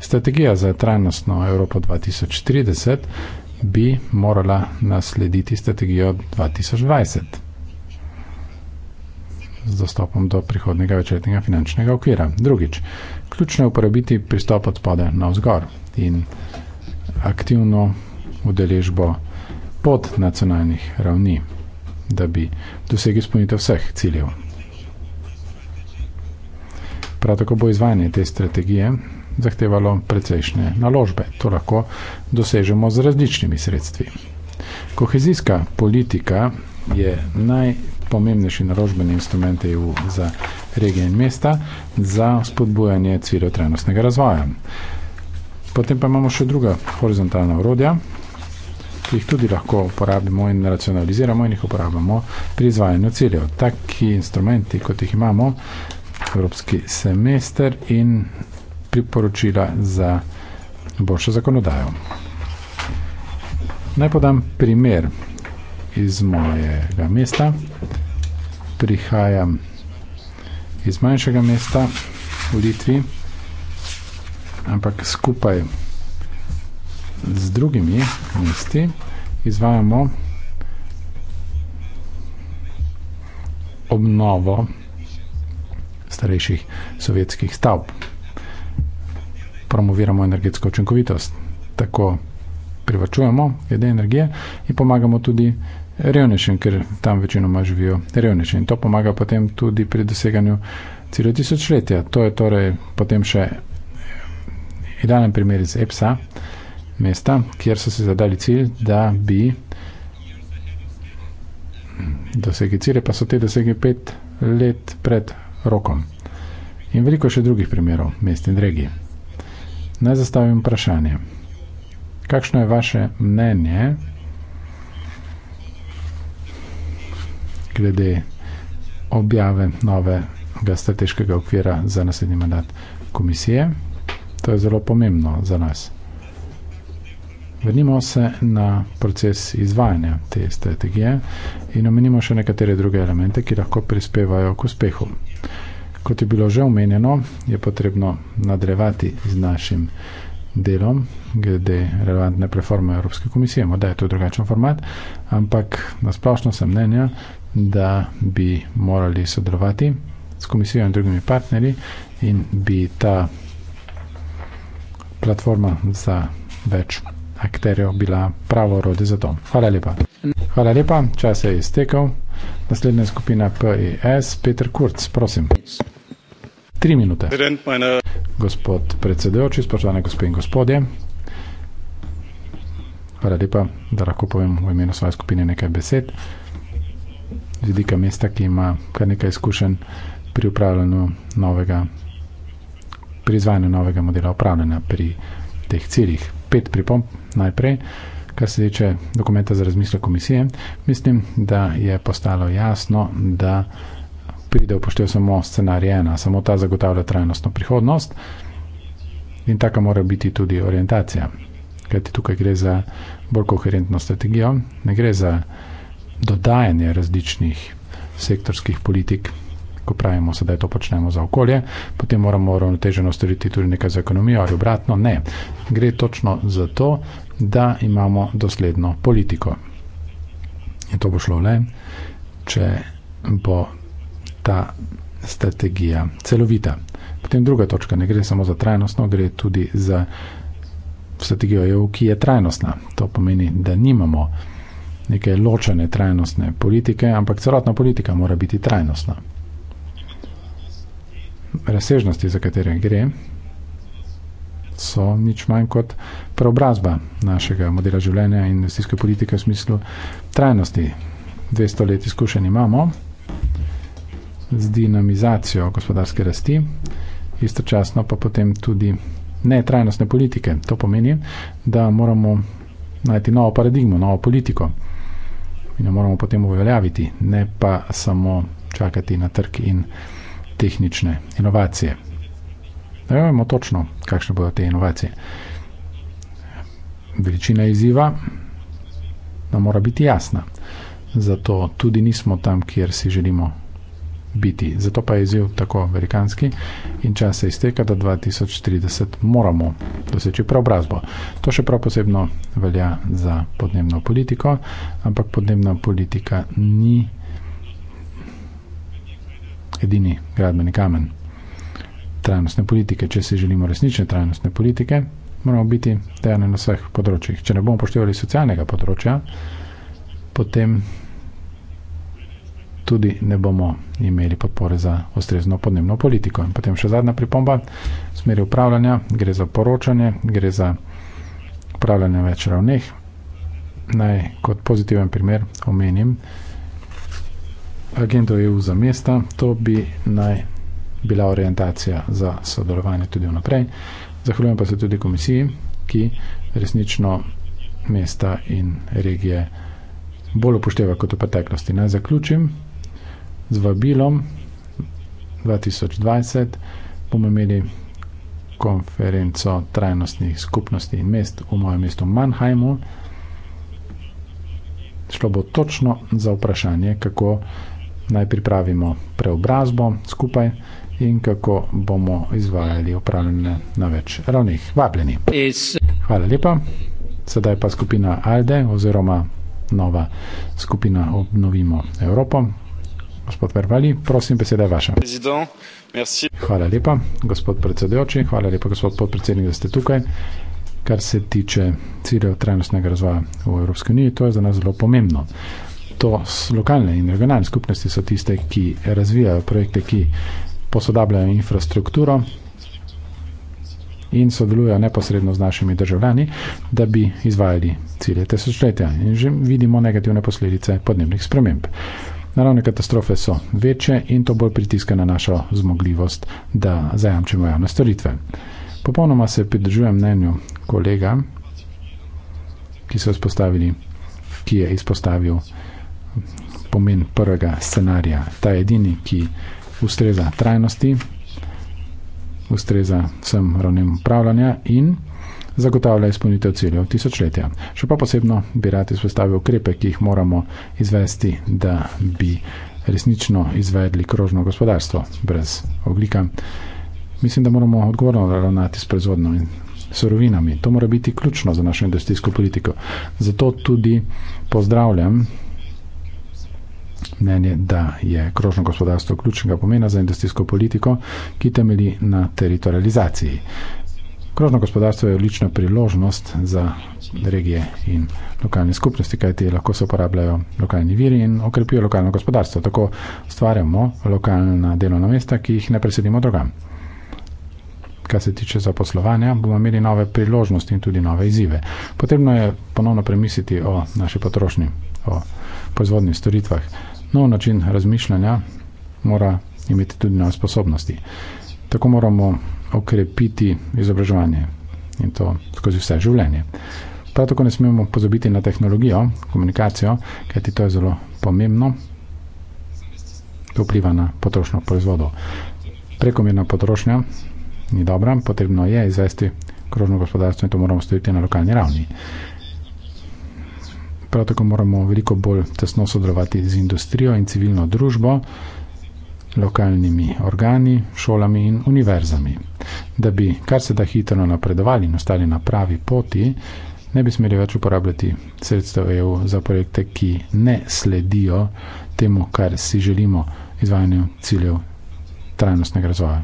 Strategija za trajnostno Evropo 2030 bi morala naslediti strategijo 2020 z dostopom do prihodnega večletnega finančnega okvira. Drugič, ključno je uporabiti pristop od spode na vzgor in aktivno udeležbo pod nacionalnih ravni, da bi dosegli izpolnitev vseh ciljev. Prav tako bo izvajanje te strategije zahtevalo precejšnje naložbe. To lahko dosežemo z različnimi sredstvi. Kohezijska politika je naj pomembnejši naložbeni instrument EU za regije in mesta za spodbujanje cvirov trajnostnega razvoja. Potem pa imamo še druga horizontalna orodja, ki jih tudi lahko uporabimo in racionaliziramo in jih uporabimo pri izvajanju ciljev. Taki instrumenti, kot jih imamo, Evropski semester in priporočila za boljšo zakonodajo. Naj podam primer iz mojega mesta, prihajam iz manjšega mesta v Litvi, ampak skupaj z drugimi mesti izvajamo obnovo starejših sovjetskih stavb. Promoviramo energetsko učinkovitost, tako privačujemo glede energije in pomagamo tudi revnejšim, ker tam večinoma živijo revnejšim. To pomaga potem tudi pri doseganju cilja tisočletja. To je torej potem še idealen primer iz EPSA, mesta, kjer so si zadali cilj, da bi dosegli cilje, pa so te dosegli pet let pred rokom. In veliko še drugih primerov, mest in regij. Naj zastavim vprašanje. Kakšno je vaše mnenje glede objave novega strateškega okvira za naslednji mandat komisije. To je zelo pomembno za nas. Vrnimo se na proces izvajanja te strategije in omenimo še nekatere druge elemente, ki lahko prispevajo k uspehu. Kot je bilo že omenjeno, je potrebno nadrevati z našim delom glede relevantne reforme Evropske komisije. Morda je to drugačen format, ampak nasplošno sem mnenja, da bi morali sodelovati s komisijo in drugimi partnerji in bi ta platforma za več akterjev bila pravo orodje za to. Hvala lepa. Hvala lepa, čas je iztekel. Naslednja skupina PES, Peter Kurz, prosim. Tri minute. Gospod predsedujoči, spoštovane gospe in gospodje, hvala lepa, da lahko povem v imenu svoje skupine nekaj besed z vidika mesta, ki ima kar nekaj izkušenj pri upravljanju novega, pri izvajanju novega modela upravljanja pri teh ciljih. Pet pripomp najprej, kar se tiče dokumenta za razmislek komisije, mislim, da je postalo jasno, da pride upoštev samo scenarij ena, samo ta zagotavlja trajnostno prihodnost in taka mora biti tudi orientacija. Kajti tukaj gre za bolj koherentno strategijo, ne gre za dodajanje različnih sektorskih politik, ko pravimo sedaj to počnemo za okolje, potem moramo ravnoteženo storiti tudi nekaj za ekonomijo ali obratno. Ne, gre točno za to, da imamo dosledno politiko. In to bo šlo le, če bo ta strategija celovita. Potem druga točka, ne gre samo za trajnostno, gre tudi za strategijo EU, ki je trajnostna. To pomeni, da nimamo neke ločene trajnostne politike, ampak celotna politika mora biti trajnostna. Razsežnosti, za katere gre, so nič manj kot preobrazba našega modela življenja in investicijske politike v smislu trajnosti. 200 let izkušenj imamo z dinamizacijo gospodarske rasti, istočasno pa potem tudi netrajnostne politike. To pomeni, da moramo najti novo paradigmo, novo politiko in jo moramo potem uveljaviti, ne pa samo čakati na trg in tehnične inovacije. Da vemo točno, kakšne bodo te inovacije. Veličina izziva nam mora biti jasna. Zato tudi nismo tam, kjer si želimo biti. Zato pa je izziv tako amerikanski in čas se izteka, da 2030 moramo doseči preobrazbo. To še prav posebno velja za podnebno politiko, ampak podnebna politika ni edini gradbeni kamen trajnostne politike. Če si želimo resnične trajnostne politike, moramo biti dejani na vseh področjih. Če ne bomo poštevali socialnega področja, potem tudi ne bomo imeli podpore za ustrezno podnebno politiko. In potem še zadnja pripomba v smeri upravljanja, gre za poročanje, gre za upravljanje več ravneh. Naj kot pozitiven primer omenim agendo EU za mesta, to bi naj bila orientacija za sodelovanje tudi vnaprej. Zahvaljujem pa se tudi komisiji, ki resnično mesta in regije bolj upošteva kot v preteklosti. Naj zaključim z vabilom 2020 bomo imeli konferenco trajnostnih skupnosti in mest v mojem mestu Mannheimu. Šlo bo točno za vprašanje, kako naj pripravimo preobrazbo skupaj in kako bomo izvajali upravljanje na več ravnih. Vabljeni. Hvala lepa. Sedaj pa skupina ALDE oziroma nova skupina Obnovimo Evropo gospod Vervali, prosim, beseda je vaša. Hvala lepa, gospod predsedujoči, hvala lepa, gospod podpredsednik, da ste tukaj. Kar se tiče ciljev trajnostnega razvoja v Evropski uniji, to je za nas zelo pomembno. To lokalne in regionalne skupnosti so tiste, ki razvijajo projekte, ki posodabljajo infrastrukturo in sodelujejo neposredno z našimi državljani, da bi izvajali cilje tesočletja. In že vidimo negativne posledice podnebnih sprememb. Naravne katastrofe so večje in to bolj pritiska na našo zmogljivost, da zajamčimo javne storitve. Popolnoma se pridržujem mnenju kolega, ki, so ki je izpostavil pomen prvega scenarija, ta edini, ki ustreza trajnosti, ustreza vsem ravnem upravljanja in zagotavlja izpolnitev ciljev tisočletja. Še pa posebno bi rad izpostavil ukrepe, ki jih moramo izvesti, da bi resnično izvedli krožno gospodarstvo brez oglika. Mislim, da moramo odgovorno ravnati s proizvodnjo in sorovinami. To mora biti ključno za našo industrijsko politiko. Zato tudi pozdravljam mnenje, da je krožno gospodarstvo ključnega pomena za industrijsko politiko, ki temelji na teritorializaciji. Krožno gospodarstvo je odlična priložnost za regije in lokalne skupnosti, kajti lahko se uporabljajo lokalni viri in okrepijo lokalno gospodarstvo. Tako stvarjamo lokalna delovna mesta, ki jih ne presedimo drugam. Kar se tiče zaposlovanja, bomo imeli nove priložnosti in tudi nove izzive. Potrebno je ponovno premisliti o naši potrošnji, o proizvodnih storitvah. Nov način razmišljanja mora imeti tudi nove sposobnosti. Tako moramo okrepiti izobraževanje in to skozi vse življenje. Prav tako ne smemo pozabiti na tehnologijo, komunikacijo, kajti to je zelo pomembno. To vpliva na potrošnjo proizvodov. Prekomerna potrošnja ni dobra, potrebno je izvesti krožno gospodarstvo in to moramo storiti na lokalni ravni. Prav tako moramo veliko bolj tesno sodelovati z industrijo in civilno družbo lokalnimi organi, šolami in univerzami. Da bi kar se da hitro napredovali in ostali na pravi poti, ne bi smeli več uporabljati sredstev EU za projekte, ki ne sledijo temu, kar si želimo izvajanju ciljev trajnostnega razvoja.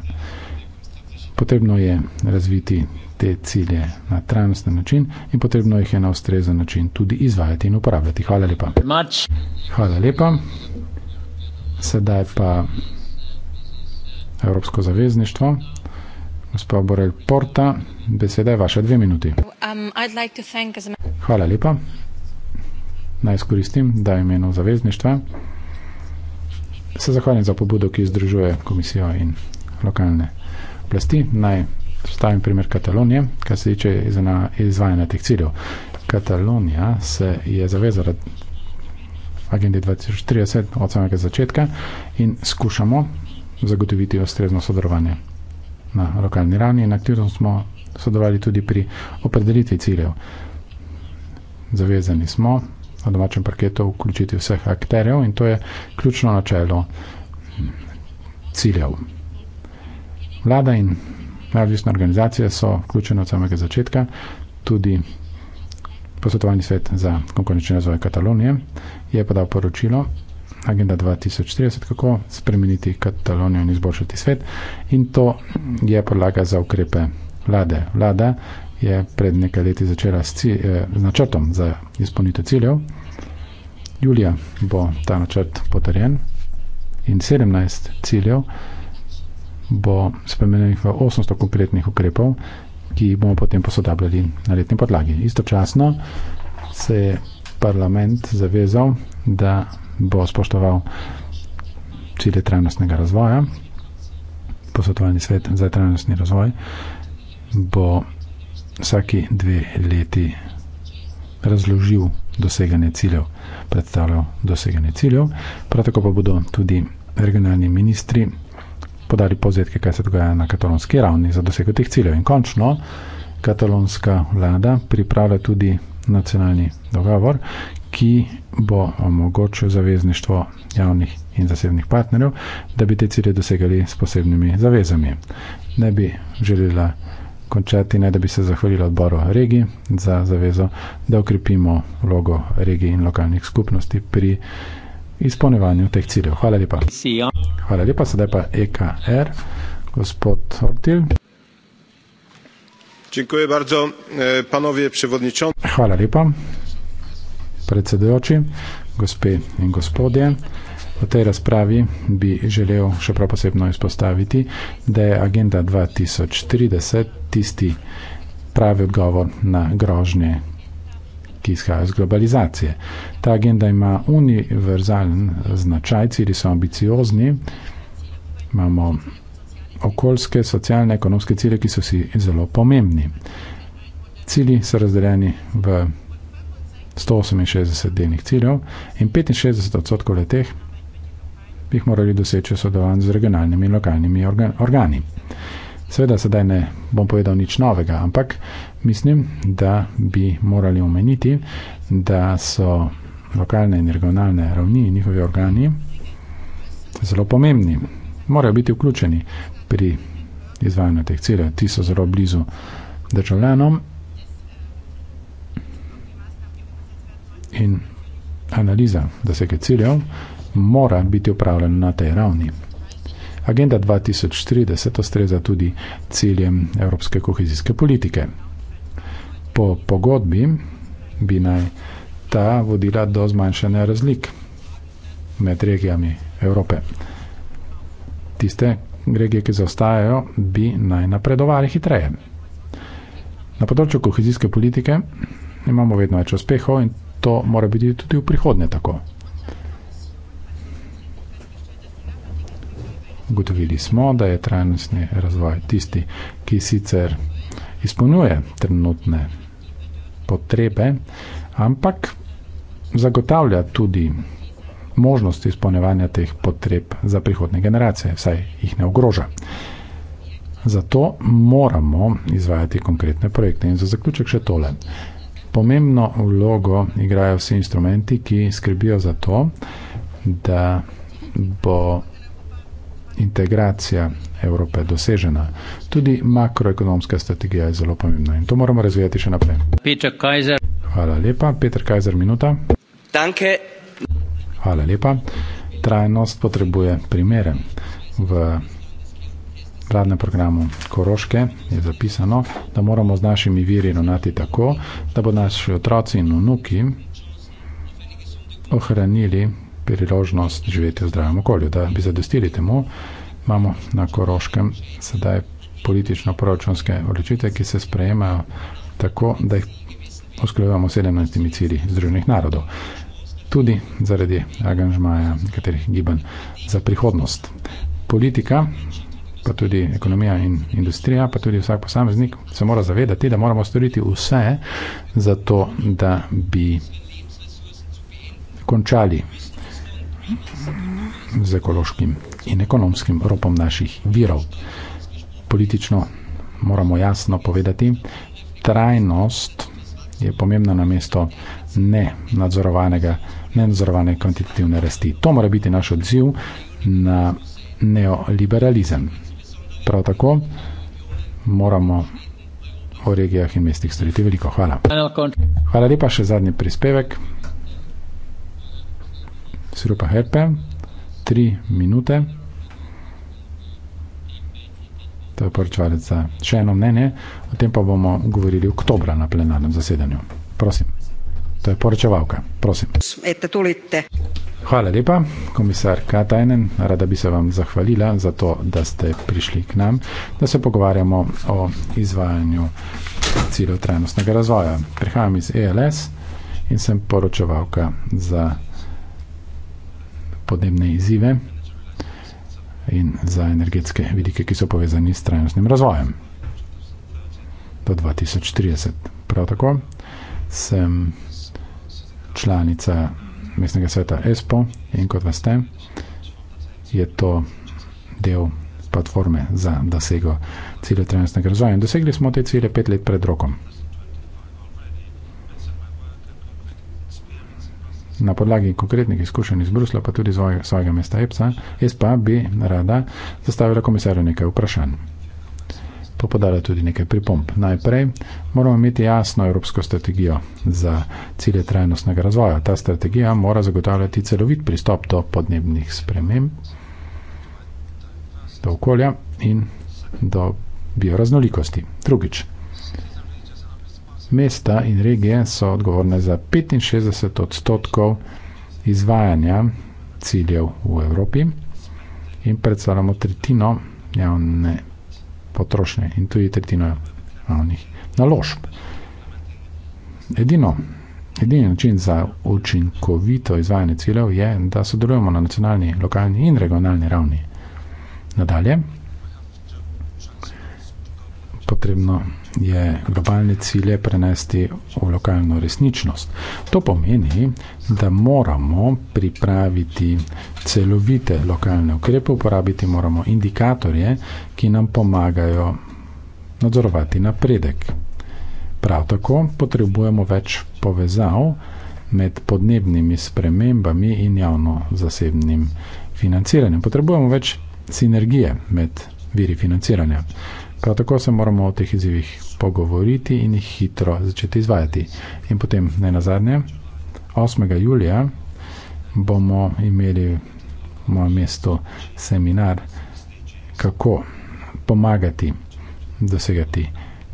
Potrebno je razviti te cilje na trajnostni način in potrebno jih je na ustrezen način tudi izvajati in uporabljati. Hvala lepa. Hvala lepa. Sedaj pa Evropsko zavezništvo. Gospod Borel Porta, beseda je vaše dve minuti. Um, Hvala lepa. Naj skoristim, da je imeno zavezništva. Se zahvaljam za pobudo, ki združuje komisijo in lokalne oblasti. Naj stavim primer Katalonije, kar se tiče izvajanja teh ciljev. Katalonija se je zavezala agendi 2030 od samega začetka in skušamo zagotoviti ustrezno sodelovanje na lokalni ravni in aktivno smo sodelovali tudi pri opredelitvi ciljev. Zavezani smo na domačem parketu vključiti vseh akterjev in to je ključno načelo hm, ciljev. Vlada in neodvisne organizacije so vključene od samega začetka, tudi posvetovalni svet za konkurenčni razvoj Katalonije je podal poročilo, Agenda 2030, kako spremeniti Katalonijo in izboljšati svet. In to je podlaga za ukrepe vlade. Vlada je pred nekaj leti začela s, cilj, eh, z načrtom za izpolnitev ciljev. Julija bo ta načrt potrjen in 17 ciljev bo spremenjenih v 800 konkretnih ukrepov, ki jih bomo potem posodabljali na letni podlagi. Istočasno se je parlament zavezal, da bo spoštoval cilje trajnostnega razvoja, posvetovalni svet za trajnostni razvoj bo vsaki dve leti razložil doseganje ciljev, predstavljal doseganje ciljev, prav tako pa bodo tudi regionalni ministri podali povzetke, kaj se dogaja na katalonski ravni za dosego teh ciljev. In končno, katalonska vlada pripravlja tudi nacionalni dogovor, ki bo omogočil zavezništvo javnih in zasebnih partnerjev, da bi te cilje dosegali s posebnimi zavezami. Ne bi želela končati, ne da bi se zahvalila odboru regij za zavezo, da okrepimo vlogo regij in lokalnih skupnosti pri izpolnevanju teh ciljev. Hvala lepa. Hvala lepa, sedaj pa EKR, gospod Ortil. Dziękuję bardzo. E, panowie przewodniczący. Hvala lepa, predsedujoči, gospe in gospodje. V tej razpravi bi želel še prav posebno izpostaviti, da je agenda 2030 tisti pravi odgovor na grožnje, ki izhajajo iz globalizacije. Ta agenda ima univerzalen značaj, cilji so ambiciozni, imamo okoljske, socialne, ekonomske cilje, ki so si zelo pomembni. Cilji so razdeljeni v 168 delnih ciljev in 65 odstotkov leteh bi jih morali doseči v sodelovanju z regionalnimi in lokalnimi organi. Seveda sedaj ne bom povedal nič novega, ampak mislim, da bi morali omeniti, da so lokalne in regionalne ravni in njihovi organi zelo pomembni. Morajo biti vključeni pri izvajanju teh ciljev. Ti so zelo blizu državljanom in analiza dosega ciljev mora biti upravljena na tej ravni. Agenda 2030 ostreza tudi ciljem evropske kohezijske politike. Po pogodbi bi naj ta vodila do zmanjšanja razlik med regijami Evrope. Tiste, regije, ki zaostajajo, bi naj napredovali hitreje. Na področju kohezijske politike imamo vedno več uspehov in to mora biti tudi v prihodnje tako. Ugotovili smo, da je trajnostni razvoj tisti, ki sicer izpolnjuje trenutne potrebe, ampak zagotavlja tudi možnost izpolnjevanja teh potreb za prihodne generacije, saj jih ne ogroža. Zato moramo izvajati konkretne projekte. In za zaključek še tole. Pomembno vlogo igrajo vsi instrumenti, ki skrbijo za to, da bo integracija Evrope dosežena. Tudi makroekonomska strategija je zelo pomembna in to moramo razvijati še naprej. Peter Kaiser. Hvala lepa. Peter Kaiser, minuta. Danke. Hvala lepa. Trajnost potrebuje primere. V radnem programu Koroške je zapisano, da moramo z našimi viri ravnati tako, da bo naši otroci in vnuki ohranili priložnost živeti v zdravem okolju. Da bi zadostili temu, imamo na Koroškem sedaj politično-proračunske odločitve, ki se sprejemajo tako, da jih usklajujemo 17. cilji Združenih narodov tudi zaradi angažmaja nekaterih gibanj za prihodnost. Politika, pa tudi ekonomija in industrija, pa tudi vsak posameznik se mora zavedati, da moramo storiti vse za to, da bi končali z ekološkim in ekonomskim ropom naših virov. Politično moramo jasno povedati, trajnost je pomembna na mesto ne nadzorovanega, ne nadzorovane kvantitativne rasti. To mora biti naš odziv na neoliberalizem. Prav tako moramo o regijah in mestih storiti veliko. Hvala. Hvala lepa, še zadnji prispevek. Sirupa Herpe, tri minute to je prvič varjica. Še eno mnenje, o tem pa bomo govorili oktobra na plenarnem zasedanju. Prosim. To je poročevalka. Prosim. Hvala lepa, komisar Katajnen. Rada bi se vam zahvalila za to, da ste prišli k nam, da se pogovarjamo o izvajanju ciljev trajnostnega razvoja. Prihajam iz ELS in sem poročevalka za podnebne izzive in za energetske vidike, ki so povezani s trajnostnim razvojem. Do 2030. Prav tako sem članica mestnega sveta ESPO in kot veste, je to del platforme za dosego cilja trajnostnega razvoja. In dosegli smo te cilje pet let pred rokom. na podlagi konkretnih izkušenj iz Brusla, pa tudi iz svojega mesta EPSA, jaz pa bi rada zastavila komisarju nekaj vprašanj. Pa podala tudi nekaj pripomp. Najprej moramo imeti jasno evropsko strategijo za cilje trajnostnega razvoja. Ta strategija mora zagotavljati celovit pristop do podnebnih sprememb, do okolja in do bioraznolikosti. Drugič, mesta in regije so odgovorne za 65 odstotkov izvajanja ciljev v Evropi in predstavljamo tretjino javne potrošnje in tudi tretjino javnih naložb. Edino, edini način za učinkovito izvajanje ciljev je, da sodelujemo na nacionalni, lokalni in regionalni ravni. Nadalje, potrebno je globalne cilje prenesti v lokalno resničnost. To pomeni, da moramo pripraviti celovite lokalne ukrepe, uporabiti moramo indikatorje, ki nam pomagajo nadzorovati napredek. Prav tako potrebujemo več povezav med podnebnimi spremembami in javno-zasebnim financiranjem. Potrebujemo več sinergije med viri financiranja. Prav tako se moramo o teh izzivih pogovoriti in jih hitro začeti izvajati. In potem, ne na zadnje, 8. julija bomo imeli v mojem mestu seminar, kako pomagati dosegati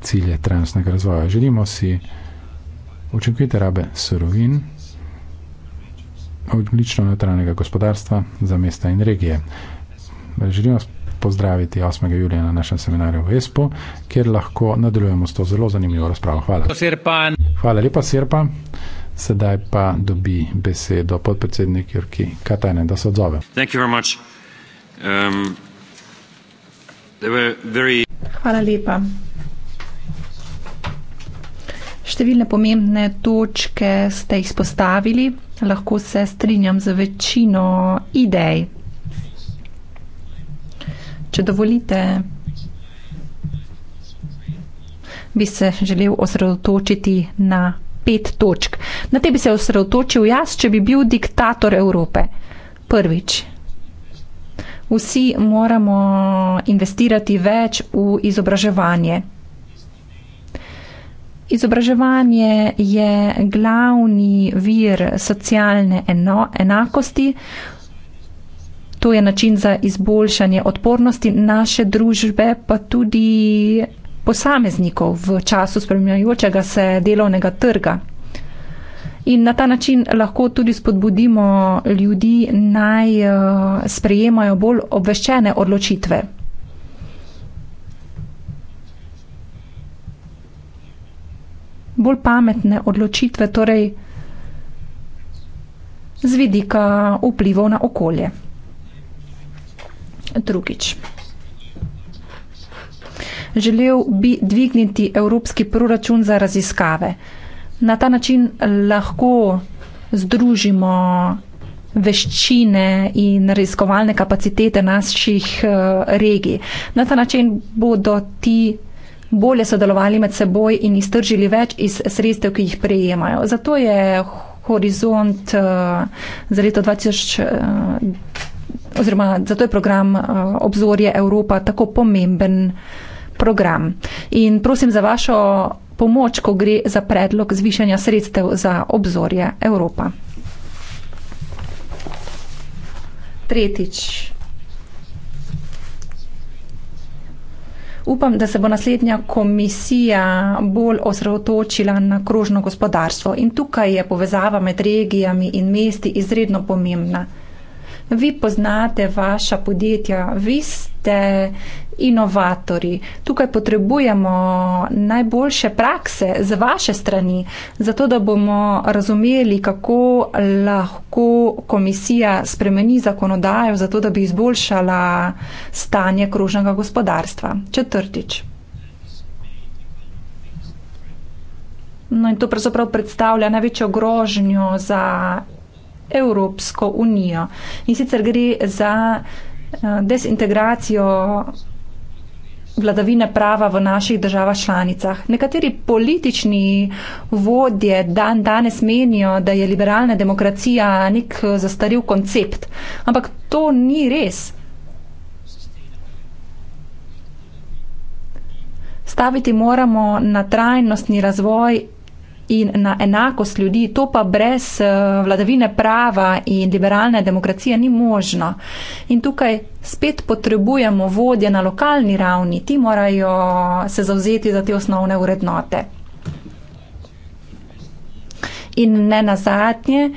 cilje trajnostnega razvoja. Želimo si učinkovite rabe surovin, odlično neutralnega gospodarstva za mesta in regije. Želimo pozdraviti 8. julija na našem seminarju v Espo, kjer lahko nadaljujemo s to zelo zanimivo razpravo. Hvala. Hvala lepa, Sirpa. Sedaj pa dobi besedo podpredsednik Jurki Katajne, da se odzove. Um, very... Hvala lepa. Številne pomembne točke ste izpostavili, lahko se strinjam z večino idej, Če dovolite, bi se želel osredotočiti na pet točk. Na te bi se osredotočil jaz, če bi bil diktator Evrope. Prvič. Vsi moramo investirati več v izobraževanje. Izobraževanje je glavni vir socialne eno, enakosti, To je način za izboljšanje odpornosti naše družbe, pa tudi posameznikov v času spremljajočega se delovnega trga. In na ta način lahko tudi spodbudimo ljudi naj eh, sprejemajo bolj obveščene odločitve. Bolj pametne odločitve, torej z vidika vplivov na okolje drugič. Želel bi dvigniti evropski proračun za raziskave. Na ta način lahko združimo veščine in raziskovalne kapacitete naših eh, regij. Na ta način bodo ti bolje sodelovali med seboj in iztržili več iz sredstev, ki jih prejemajo. Zato je horizont eh, za leto 2020 oziroma zato je program eh, Obzorje Evropa tako pomemben program. In prosim za vašo pomoč, ko gre za predlog zvišanja sredstev za Obzorje Evropa. Tretjič. Upam, da se bo naslednja komisija bolj osredotočila na krožno gospodarstvo. In tukaj je povezava med regijami in mesti izredno pomembna vi poznate vaša podjetja, vi ste inovatori. Tukaj potrebujemo najboljše prakse z vaše strani, zato da bomo razumeli, kako lahko komisija spremeni zakonodajo, zato da bi izboljšala stanje krožnega gospodarstva. Četrtič. No in to pravzaprav predstavlja največjo grožnjo za Evropsko unijo. In sicer gre za eh, desintegracijo vladavine prava v naših državah članicah. Nekateri politični vodje dan danes menijo, da je liberalna demokracija nek eh, zastaril koncept, ampak to ni res. Staviti moramo na trajnostni razvoj in na enakost ljudi. To pa brez eh, vladavine prava in liberalne demokracije ni možno. In tukaj spet potrebujemo vodje na lokalni ravni. Ti morajo se zauzeti za te osnovne urednote. In ne nazadnje,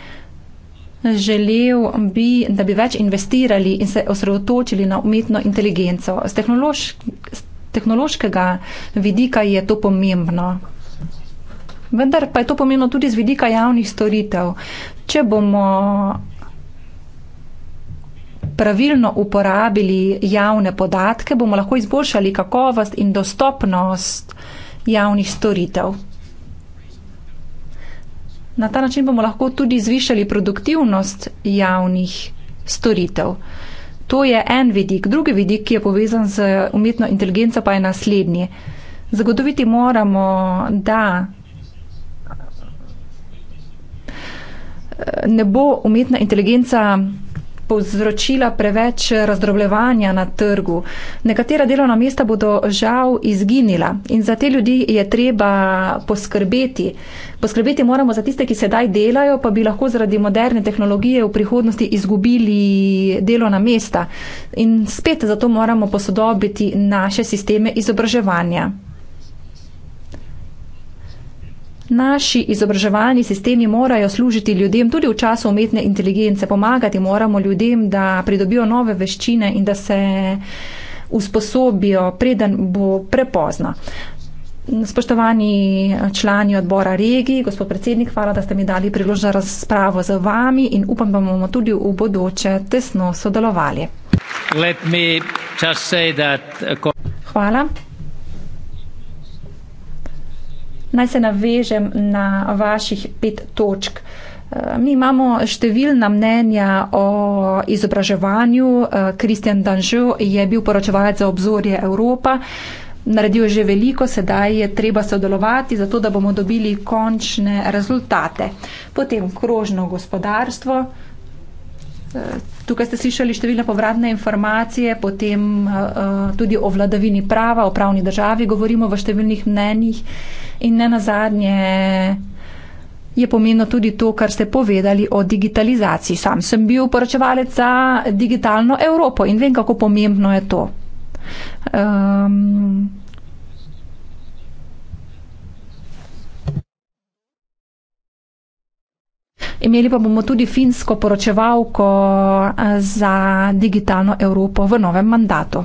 želel bi, da bi več investirali in se osredotočili na umetno inteligenco. Z tehnološkega vidika je to pomembno vendar pa je to pomembno tudi z vidika javnih storitev. Če bomo pravilno uporabili javne podatke, bomo lahko izboljšali kakovost in dostopnost javnih storitev. Na ta način bomo lahko tudi zvišali produktivnost javnih storitev. To je en vidik. Drugi vidik, ki je povezan z umetno inteligenco, pa je naslednji. Zagotoviti moramo, da ne bo umetna inteligenca povzročila preveč razdrobljevanja na trgu. Nekatera delovna mesta bodo žal izginila in za te ljudi je treba poskrbeti. Poskrbeti moramo za tiste, ki sedaj delajo, pa bi lahko zaradi moderne tehnologije v prihodnosti izgubili delovna mesta. In spet zato moramo posodobiti naše sisteme izobraževanja. naši izobraževalni sistemi morajo služiti ljudem tudi v času umetne inteligence, pomagati moramo ljudem, da pridobijo nove veščine in da se usposobijo, preden bo prepozno. Spoštovani člani odbora regiji, gospod predsednik, hvala, da ste mi dali priložnost razpravo z vami in upam, da bomo tudi v bodoče tesno sodelovali. Uh, hvala. Naj se navežem na vaših pet točk. Eh, mi imamo številna mnenja o izobraževanju. Kristjan eh, Danžel je bil poročevalec za obzorje Evropa. Naredil je že veliko, sedaj je treba sodelovati, zato da bomo dobili končne rezultate. Potem krožno gospodarstvo. Eh, tukaj ste slišali številne povratne informacije, potem eh, eh, tudi o vladavini prava, o pravni državi govorimo v številnih mnenjih in ne nazadnje je pomenilo tudi to, kar ste povedali o digitalizaciji. Sam sem bil poročevalec za digitalno Evropo in vem, kako pomembno je to. Um, Imeli pa bomo tudi finsko poročevalko eh, za digitalno Evropo v novem mandatu.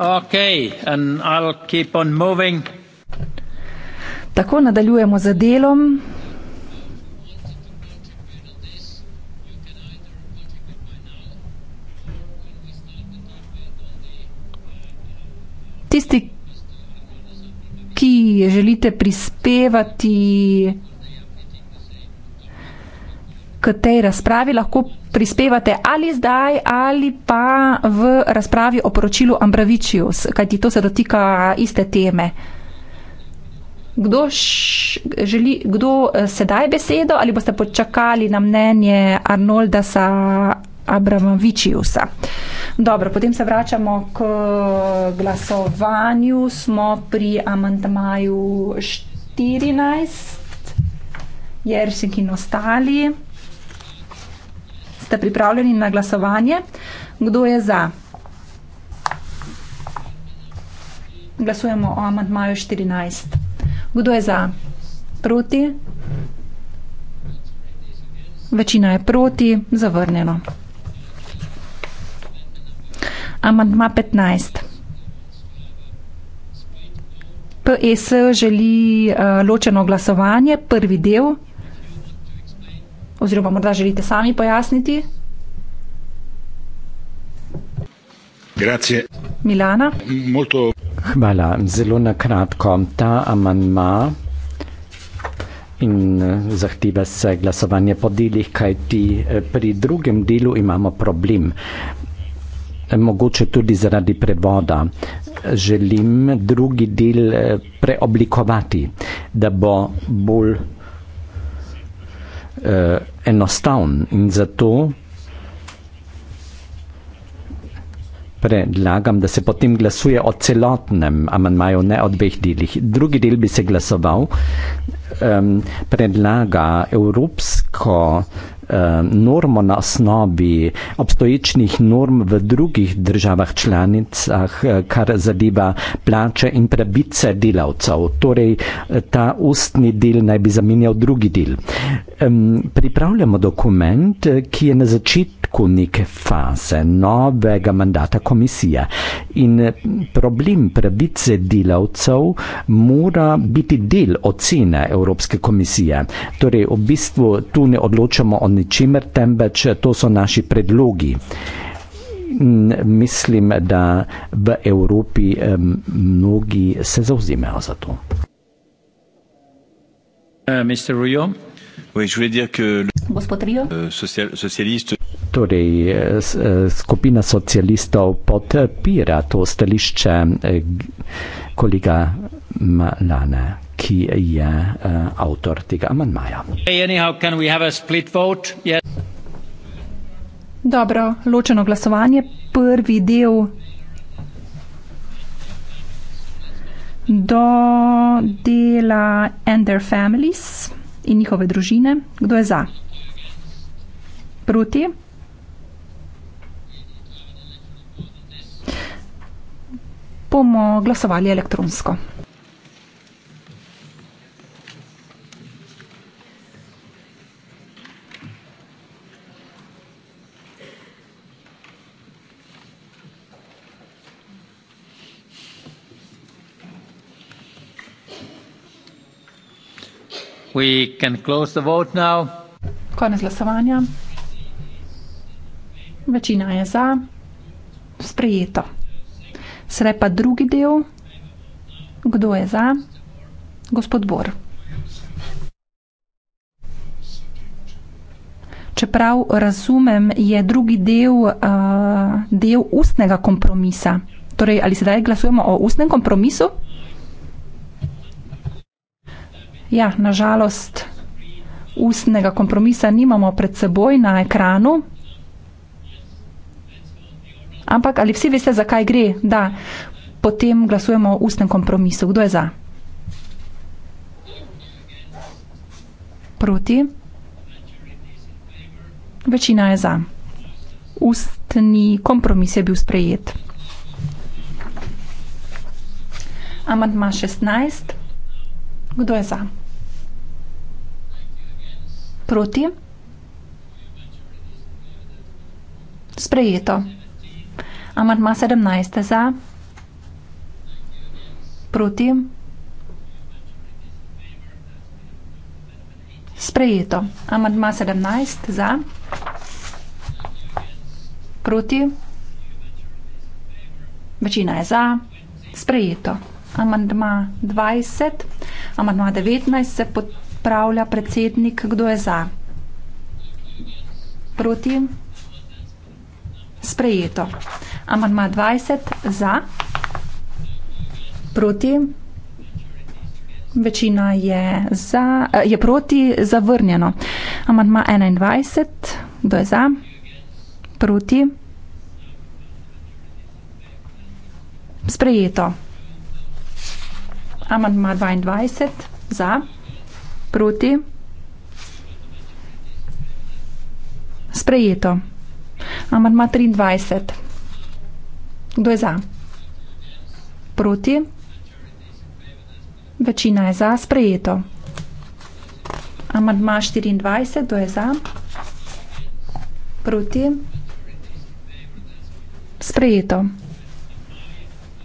Okay, and I'll keep on moving. Tako nadaljujemo z delom. ki želite prispevati k tej razpravi, lahko prispevate ali zdaj ali pa v razpravi o poročilu Ambravičiju, kajti to se dotika iste teme. Kdo, želi, kdo eh, sedaj besedo ali boste počakali na mnenje Arnolda sa Abramovičiusa. Dobro, potem se vračamo k glasovanju. Smo pri amantmaju 14, Jeršek in ostali. Ste pripravljeni na glasovanje? Kdo je za? Glasujemo o amantmaju 14. Kdo je za? Proti? Večina je proti, zavrnjeno. Amandma 15. PS e želi eh, ločeno glasovanje, prvi del, oziroma morda želite sami pojasniti. Grazie. Milana. Molto. Hvala, zelo na kratko. Ta amandma in eh, zahteva se glasovanje po delih, kajti eh, pri drugem delu imamo problem. Eh, mogoče tudi zaradi prevoda, želim drugi del eh, preoblikovati, da bo bolj eh, enostavn in zato predlagam, da se potem glasuje o celotnem amandmaju, ne o dveh delih. Drugi del bi se glasoval um, predlaga evropsko normo na osnovi obstoječnih norm v drugih državah članicah, eh, kar zadeva plače in pravice delavcev. Torej, eh, ta ustni del naj bi zamenjal drugi del. Pripravljamo dokument, eh, ki je na začetku neke faze novega mandata komisije in problem pravice delavcev mora biti del ocene Evropske unije. Evropske komisije. Torej, v bistvu tu ne odločamo o ničemer, temveč to so naši predlogi. Mislim, da v Evropi mnogi se zauzimajo za to. Eh, Gospod Rio, euh, socialist. Torej, eh, skupina socialistov podpira to stališče eh, kolega Lane, ki je uh, avtor tega amandmaja. Dobro, ločeno glasovanje, prvi del do dela and their families in njihove družine. Kdo je za? Proti? Bomo glasovali elektronsko. We can close the vote now. Konec glasovanja. Večina je za. Sprejeto. Sre pa drugi del. Kdo je za? Gospod Bor. Čeprav razumem, je drugi del uh, del ustnega kompromisa. Torej, ali sedaj glasujemo o ustnem kompromisu? Ja, nažalost, ustnega kompromisa nimamo pred seboj na ekranu. Ampak ali vsi veste, zakaj gre, da potem glasujemo o ustnem kompromisu? Kdo je za? Proti? Večina je za. Ustni kompromis je bil sprejet. Amandma 16. Kdo je za? Proti. Sprejeto. Amatma 17. Za. Proti. Sprejeto. Amatma 17. Za. Proti. Večina je za. Sprejeto. Amandma 20, amandma 19 se potem razpravlja predsednik, kdo je za? Proti? Sprejeto. Amandma dvajset za, proti? Večina je za, eh, je proti, zavrnjeno. Amandma enaindvajset, kdo je za? Proti? Sprejeto. Amandma dvaindvajset za. Proti. Sprejeto. Amandma 23. Kdo je za? Proti. Večina je za. Sprejeto. Amandma 24. Kdo je za? Proti. Sprejeto.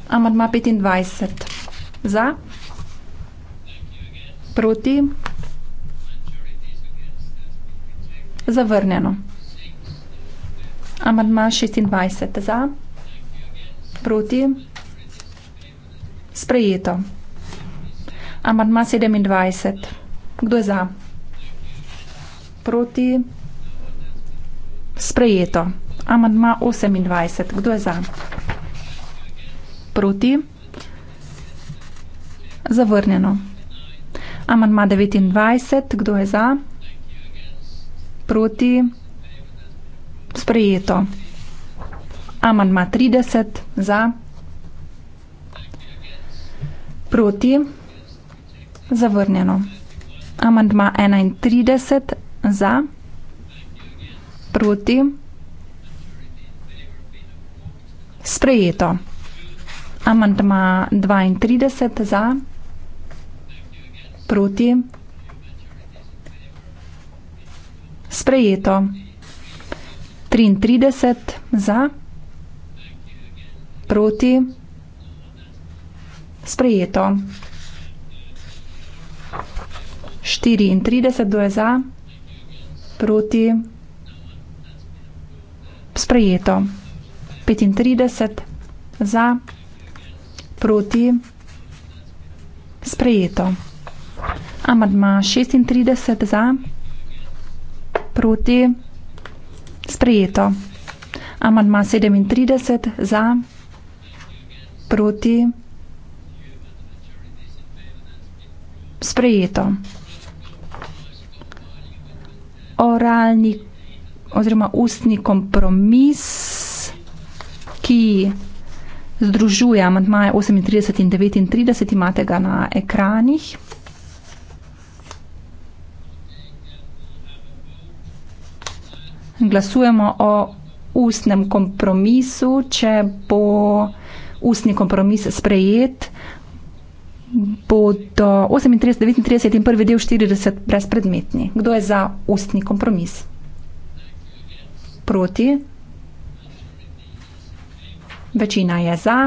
Amandma 25. Za. Proti. Zavrnjeno. Amadma 26 za, proti, sprejeto. Amadma 27, kdo je za, proti, sprejeto. Amadma 28, kdo je za, proti, zavrnjeno. Amadma 29, kdo je za, proti proti sprejeto. Amandma 30 za, proti zavrnjeno. Amandma 31 za, proti sprejeto. Amandma 32 za, proti sprejeto. Sprejeto. 33 za, proti, sprejeto. 34 do je za, proti, sprejeto. 35 za, proti, sprejeto. Amadma 36 za, proti, sprejeto proti sprejeto. Amandma 37 za proti sprejeto. Oralni oziroma ustni kompromis, ki združuje amandmaje 38 in 39, imate ga na ekranih. glasujemo o ustnem kompromisu, če bo ustni kompromis sprejet, bodo 38, 39 in prvi del 40 brezpredmetni. Kdo je za ustni kompromis? Proti? Večina je za.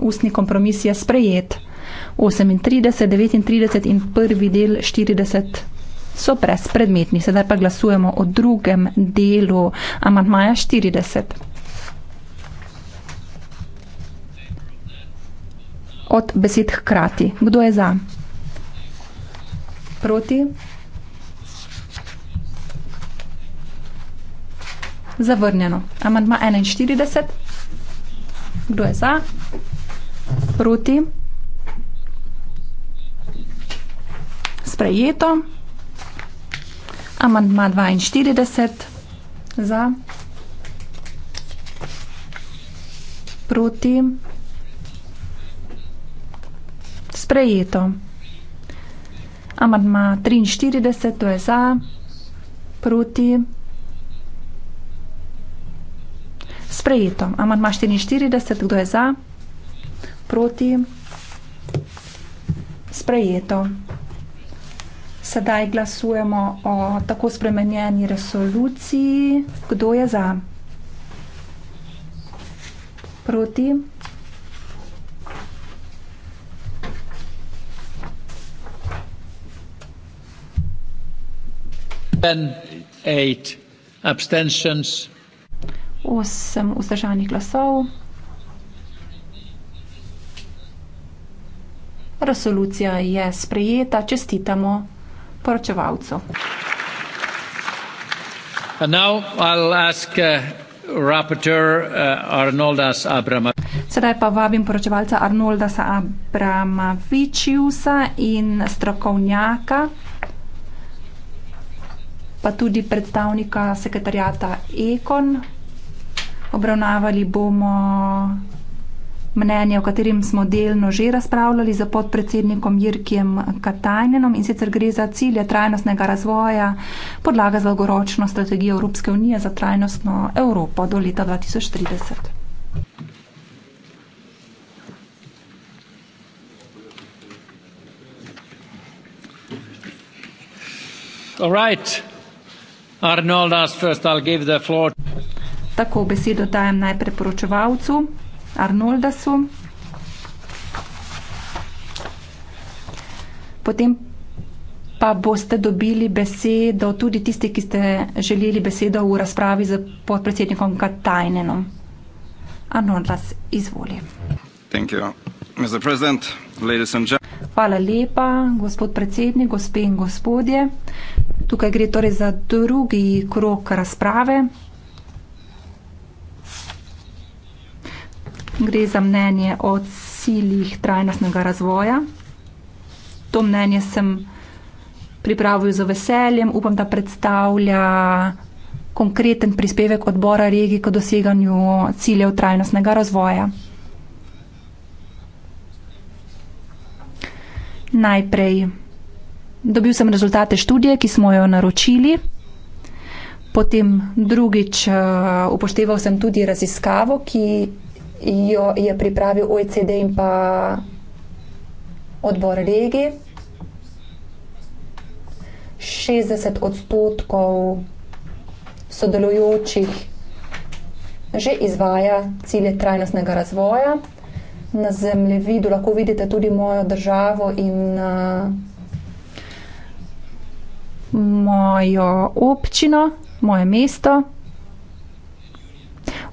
Ustni kompromis je sprejet. 38, 39 in prvi del 40 brezpredmetni so brezpredmetni. Sedaj pa glasujemo o drugem delu amantmaja 40. Od besed hkrati. Kdo je za? Proti? Zavrnjeno. Amantma 41. Kdo je za? Proti? Sprejeto. Sprejeto. Amandma 42 za. Proti. Sprejeto. Amandma 43, to je za. Proti. Sprejeto. Amandma 44, kdo je za? Proti. Sprejeto. Sedaj glasujemo o tako spremenjeni resoluciji. Kdo je za? Proti? Osem vzdržanih glasov. Resolucija je sprejeta, čestitamo poročevalcu. Uh, uh, Sedaj pa vabim poročevalca Arnoldasa Abramavičiusa in strokovnjaka, pa tudi predstavnika sekretarjata Ekon. Obravnavali bomo mnenje, o katerem smo delno že razpravljali z podpredsednikom Jirkijem Katajnenom in sicer gre za cilje trajnostnega razvoja, podlaga za dolgoročno strategijo Evropske unije za trajnostno Evropo do leta 2030. All right. Arnold asked first, I'll give the floor. Tako besedo dajem najprej poročevalcu. Arnoldasu. Potem pa boste dobili besedo, tudi tisti, ki ste želeli besedo v razpravi z podpredsednikom Katajnenom. Arnoldas, izvoli. Thank you. Mr. President, ladies and gentlemen. Hvala lepa, gospod predsednik, gospe in gospodje. Tukaj gre torej za drugi krok razprave. gre za mnenje o ciljih trajnostnega razvoja. To mnenje sem pripravil z veseljem, upam, da predstavlja konkreten prispevek odbora regi k doseganju ciljev trajnostnega razvoja. Najprej dobil sem rezultate študije, ki smo jo naročili, potem drugič upošteval sem tudi raziskavo, ki jo je pripravil OECD in pa odbor regi. 60 odstotkov sodelujočih že izvaja cilje trajnostnega razvoja. Na zemljevidu lahko vidite tudi mojo državo in mojo občino, moje mesto.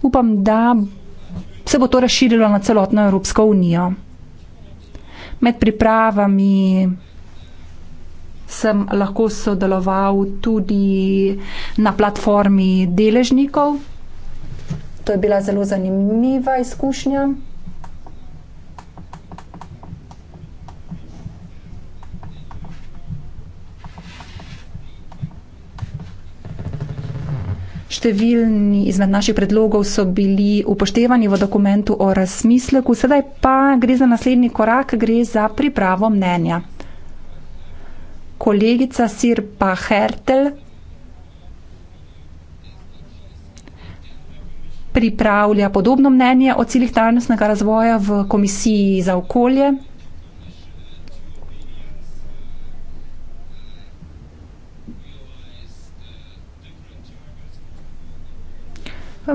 Upam, da se bo to razširilo na celotno Evropsko unijo. Med pripravami sem lahko sodeloval tudi na platformi deležnikov. To je bila zelo zanimiva izkušnja. Številni izmed naših predlogov so bili upoštevani v dokumentu o razmisleku, sedaj pa gre za naslednji korak, gre za pripravo mnenja. Kolegica Sirpa Hertel pripravlja podobno mnenje o ciljih trajnostnega razvoja v Komisiji za okolje.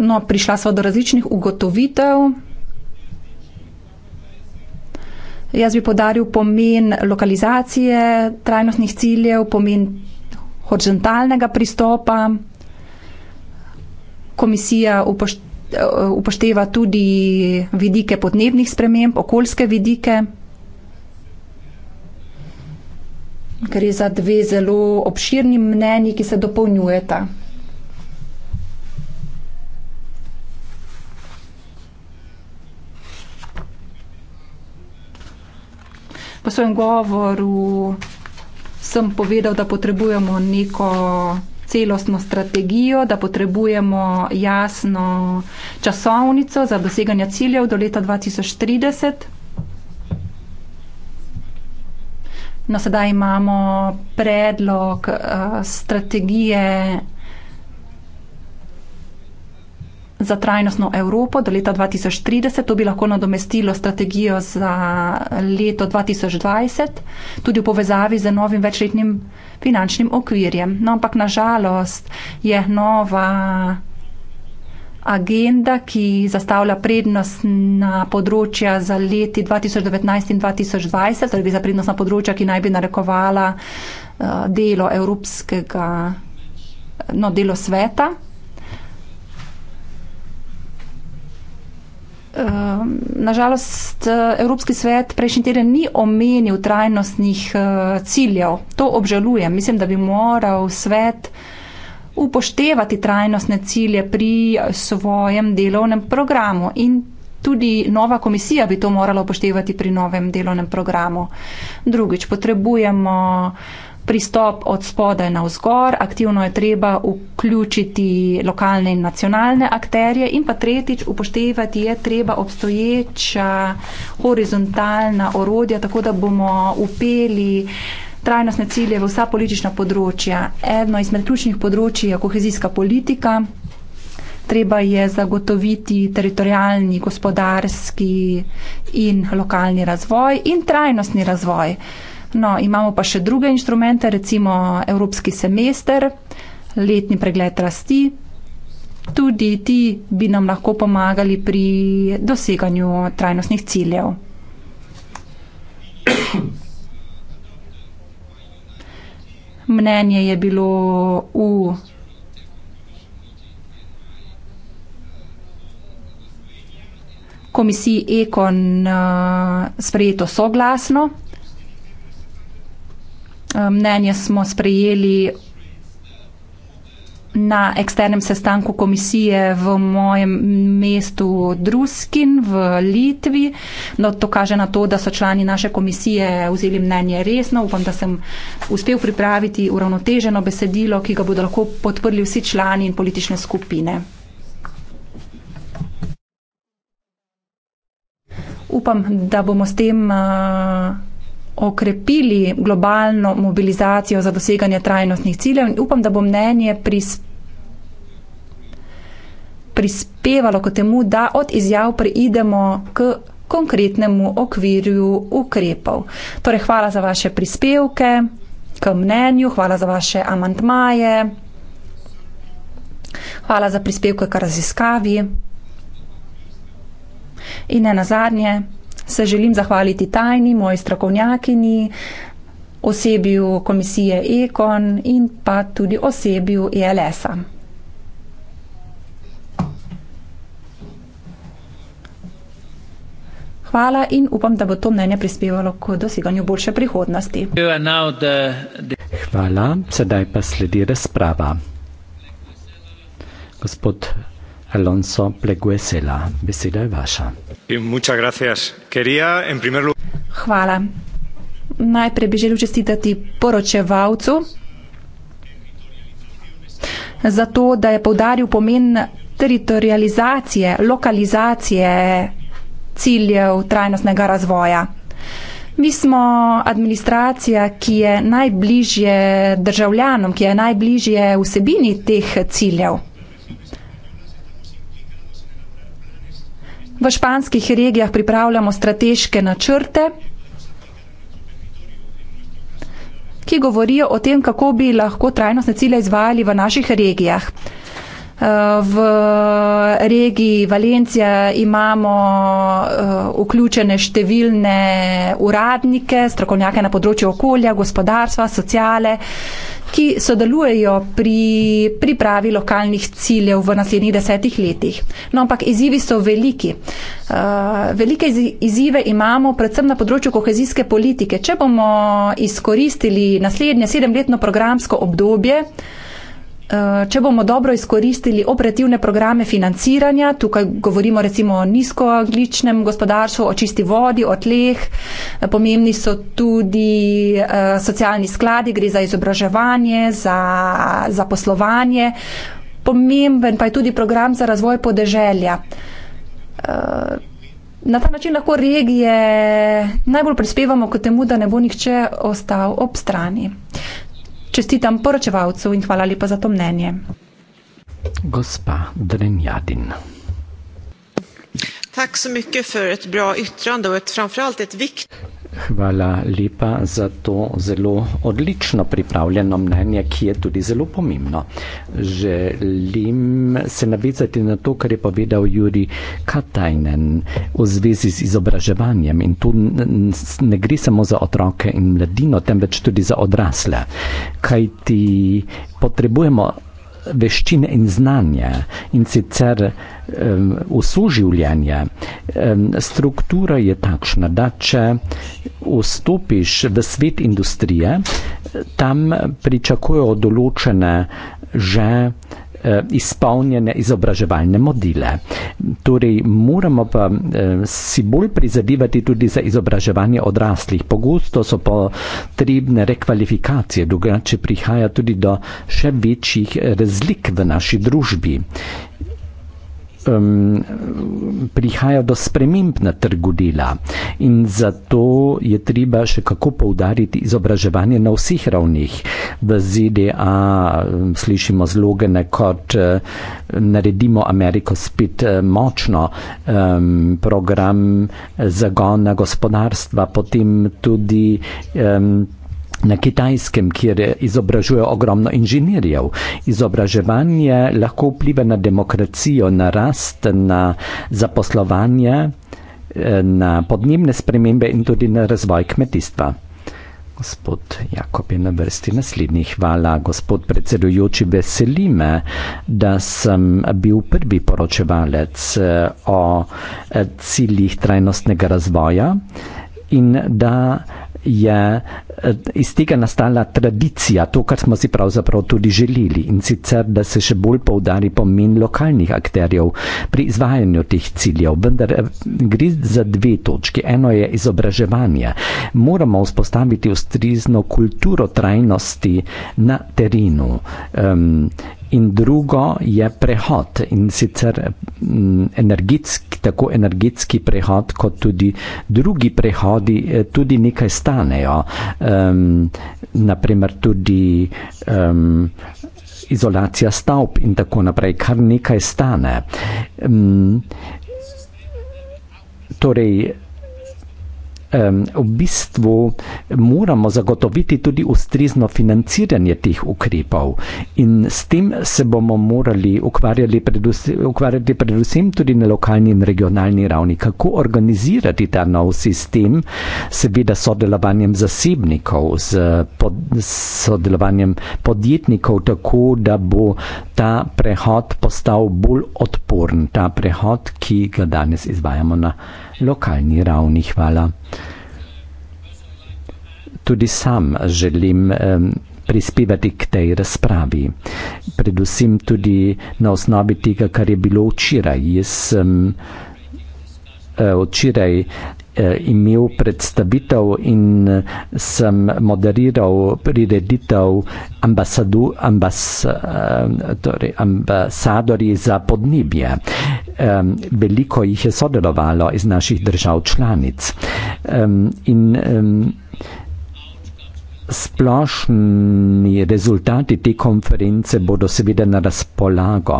No, prišla sva do različnih ugotovitev. Jaz bi podaril pomen lokalizacije trajnostnih ciljev, pomen horizontalnega pristopa. Komisija upošteva tudi vidike podnebnih sprememb, okoljske vidike. Gre za dve zelo obširni mnenji, ki se dopolnjujeta. po svojem govoru sem povedal, da potrebujemo neko celostno strategijo, da potrebujemo jasno časovnico za doseganje ciljev do leta 2030. No, sedaj imamo predlog uh, strategije za trajnostno Evropo do leta 2030. To bi lahko nadomestilo strategijo za leto 2020, tudi v povezavi z novim večletnim finančnim okvirjem. No, ampak nažalost je nova agenda, ki zastavlja prednost na področja za leti 2019 in 2020, torej za prednost na področja, ki naj bi narekovala eh, delo Evropskega, no, delo sveta, Ehm, Nažalost, eh, Evropski svet prejšnji teden ni omenil trajnostnih eh, ciljev. To obžalujem. Mislim, da bi moral svet upoštevati trajnostne cilje pri svojem delovnem programu in tudi nova komisija bi to morala upoštevati pri novem delovnem programu. Drugič, potrebujemo pristop od spodaj na vzgor, aktivno je treba vključiti lokalne in nacionalne akterje in pa tretjič upoštevati je treba obstoječa horizontalna orodja, tako da bomo upeli trajnostne cilje v vsa politična področja. Eno izmed ključnih področji je kohezijska politika. Treba je zagotoviti teritorijalni, gospodarski in lokalni razvoj in trajnostni razvoj. No, imamo pa še druge inštrumente, recimo evropski semester, letni pregled rasti. Tudi ti bi nam lahko pomagali pri doseganju trajnostnih ciljev. Mnenje je bilo v komisiji Ekon uh, sprejeto soglasno. Eh, mnenje smo sprejeli na eksternem sestanku komisije v mojem mestu Druskin v Litvi. No, to kaže na to, da so člani naše komisije vzeli mnenje resno. Upam, da sem uspel pripraviti uravnoteženo besedilo, ki ga bodo lahko podprli vsi člani in politične skupine. Upam, da bomo s tem. Uh, okrepili globalno mobilizacijo za doseganje trajnostnih ciljev in upam, da bo mnenje prispevalo k temu, da od izjav preidemo k konkretnemu okvirju ukrepov. Torej, hvala za vaše prispevke k mnenju, hvala za vaše amantmaje, hvala za prispevke k raziskavi in ne nazadnje se želim zahvaliti tajni, moji strokovnjakini, osebju komisije Ekon in pa tudi osebju ELS-a. Hvala in upam, da bo to mnenje prispevalo k doseganju boljše prihodnosti. Hvala, sedaj pa sledi razprava. Gospod Alonso Pleguesela. Beseda je vaša. Eh, Hvala. Najprej bi želel čestitati poročevalcu za to, da je povdaril pomen teritorializacije, lokalizacije ciljev trajnostnega razvoja. Mi smo administracija, ki je najbližje državljanom, ki je najbližje vsebini teh ciljev. V španskih regijah pripravljamo strateške načrte, ki govorijo o tem, kako bi lahko trajnostne cilje izvajali v naših regijah. Eh, v regiji Valencija imamo eh, vključene številne uradnike, strokovnjake na področju okolja, gospodarstva, sociale, ki sodelujejo pri pripravi lokalnih ciljev v naslednjih desetih letih. No, ampak izzivi so veliki. Eh, velike izzive imamo predvsem na področju kohezijske politike. Če bomo izkoristili naslednje sedemletno programsko obdobje, Eh, če bomo dobro izkoristili operativne programe financiranja, tukaj govorimo recimo o nizkoogličnem gospodarstvu, o čisti vodi, o tleh, eh, pomembni so tudi eh, socialni skladi, gre za izobraževanje, za, za poslovanje, pomemben pa je tudi program za razvoj podeželja. Na ta način lahko regije najbolj prispevamo k temu, da ne bo nihče ostal ob strani. Čestitam poročevalcu in hvala lepa za to mnenje. Gospa Drenjadin. Tak so mi kefer, et bra, itran, da je to framfralt, et vikt. Hvala lepa za to zelo odlično pripravljeno mnenje, ki je tudi zelo pomembno. Želim se navizati na to, kar je povedal Juri Katajnen v zvezi z izobraževanjem in tu ne gre samo za otroke in mladino, temveč tudi za odrasle. Kaj ti potrebujemo? veščine in znanja in sicer um, vso življenje. Um, struktura je takšna, da če vstopiš v svet industrije, tam pričakujejo določene že Eh, izpolnjene izobraževalne modile. Torej, moramo pa eh, si bolj prizadevati tudi za izobraževanje odraslih. Pogosto so potrebne rekvalifikacije, drugače prihaja tudi do še večjih eh, razlik v naši družbi um, prihaja do sprememb na trgu dela in zato je treba še kako poudariti izobraževanje na vseh ravnih. V ZDA slišimo zlogene kot eh, naredimo Ameriko spet eh, močno, um, program eh, zagona gospodarstva, potem tudi um, na kitajskem, kjer izobražujejo ogromno inženirjev. Izobraževanje lahko vpliva na demokracijo, na rast, na zaposlovanje, eh, na podnebne spremembe in tudi na razvoj kmetijstva. Gospod Jakob je na vrsti naslednji. Hvala, gospod predsedujoči. Veseli me, da sem bil prvi poročevalec eh, o eh, ciljih trajnostnega razvoja in da je eh, iz tega nastala tradicija, to, kar smo si pravzaprav tudi želeli in sicer, da se še bolj poudari pomen lokalnih akterjev pri izvajanju teh ciljev. Vendar eh, gre za dve točke. Eno je izobraževanje. Moramo vzpostaviti ustrizno kulturo trajnosti na terenu. Um, in drugo je prehod in sicer mm, energetski, tako energetski prehod, kot tudi drugi prehodi, eh, tudi nekaj stanejo. Um, naprimer, tudi um, izolacija stavb in tako naprej, kar nekaj stane. Um, torej, v bistvu moramo zagotoviti tudi ustrezno financiranje teh ukrepov in s tem se bomo morali ukvarjati predvsem, ukvarjati predvsem tudi na lokalni in regionalni ravni, kako organizirati ta nov sistem, seveda sodelovanjem zasebnikov, z pod, sodelovanjem podjetnikov, tako da bo ta prehod postal bolj odporen, ta prehod, ki ga danes izvajamo na lokalni ravni. Hvala. Tudi sam želim prispevati k tej razpravi. Predvsem tudi na osnovi tega, kar je bilo včeraj. Jaz sem eh, včeraj Eh, imel predstavitev in eh, sem moderiral prireditev ambasadu, ambas, eh, torej ambasadori za podnebje. Veliko jih je sodelovalo iz naših držav članic. In, in Splošni rezultati te konference bodo seveda na razpolago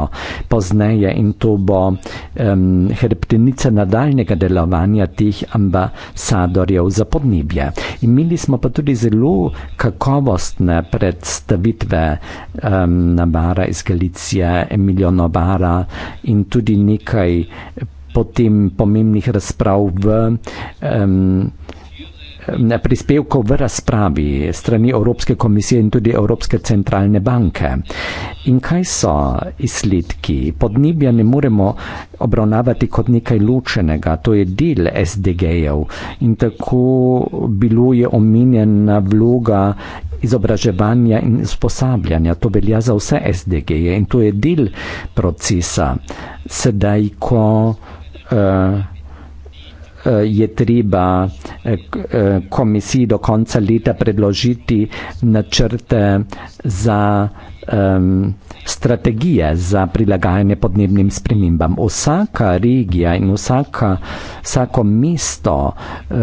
pozneje in to bo um, hrbtenica nadaljnega delovanja teh ambasadorjev za podnebje. Imeli smo pa tudi zelo kakovostne predstavitve um, Navara iz Galicije, Emilio Navara in tudi nekaj potem pomembnih razprav v. Um, prispevkov v razpravi strani Evropske komisije in tudi Evropske centralne banke. In kaj so izsledki? Podnebja ne moremo obravnavati kot nekaj ločenega, to je del SDG-jev in tako bilo je omenjena vloga izobraževanja in usposabljanja. To velja za vse SDG-je in to je del procesa. Sedaj, ko uh, Eh, je treba eh, eh, komisiji do konca leta predložiti načrte za um, strategije za prilagajanje podnebnim spremembam. Vsaka regija in vsaka, vsako mesto uh,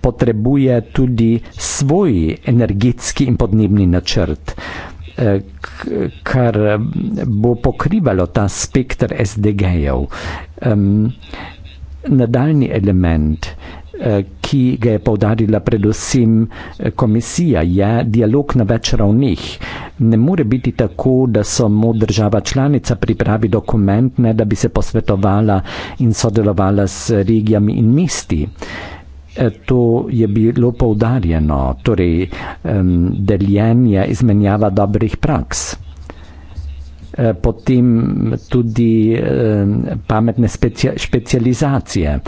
potrebuje tudi svoj energetski in podnebni načrt. Kar bo pokrivalo ta spektr SDG-jev. Um, nadaljni element, eh, ki ga je povdarila predvsem eh, komisija, je dialog na več ravnih. Ne more biti tako, da samo država članica pripravi dokument, ne da bi se posvetovala in sodelovala s regijami in misti. Eh, to je bilo poudarjeno, torej deljenje, izmenjava dobrih praks. Eh, potem tudi eh, pametne specializacije.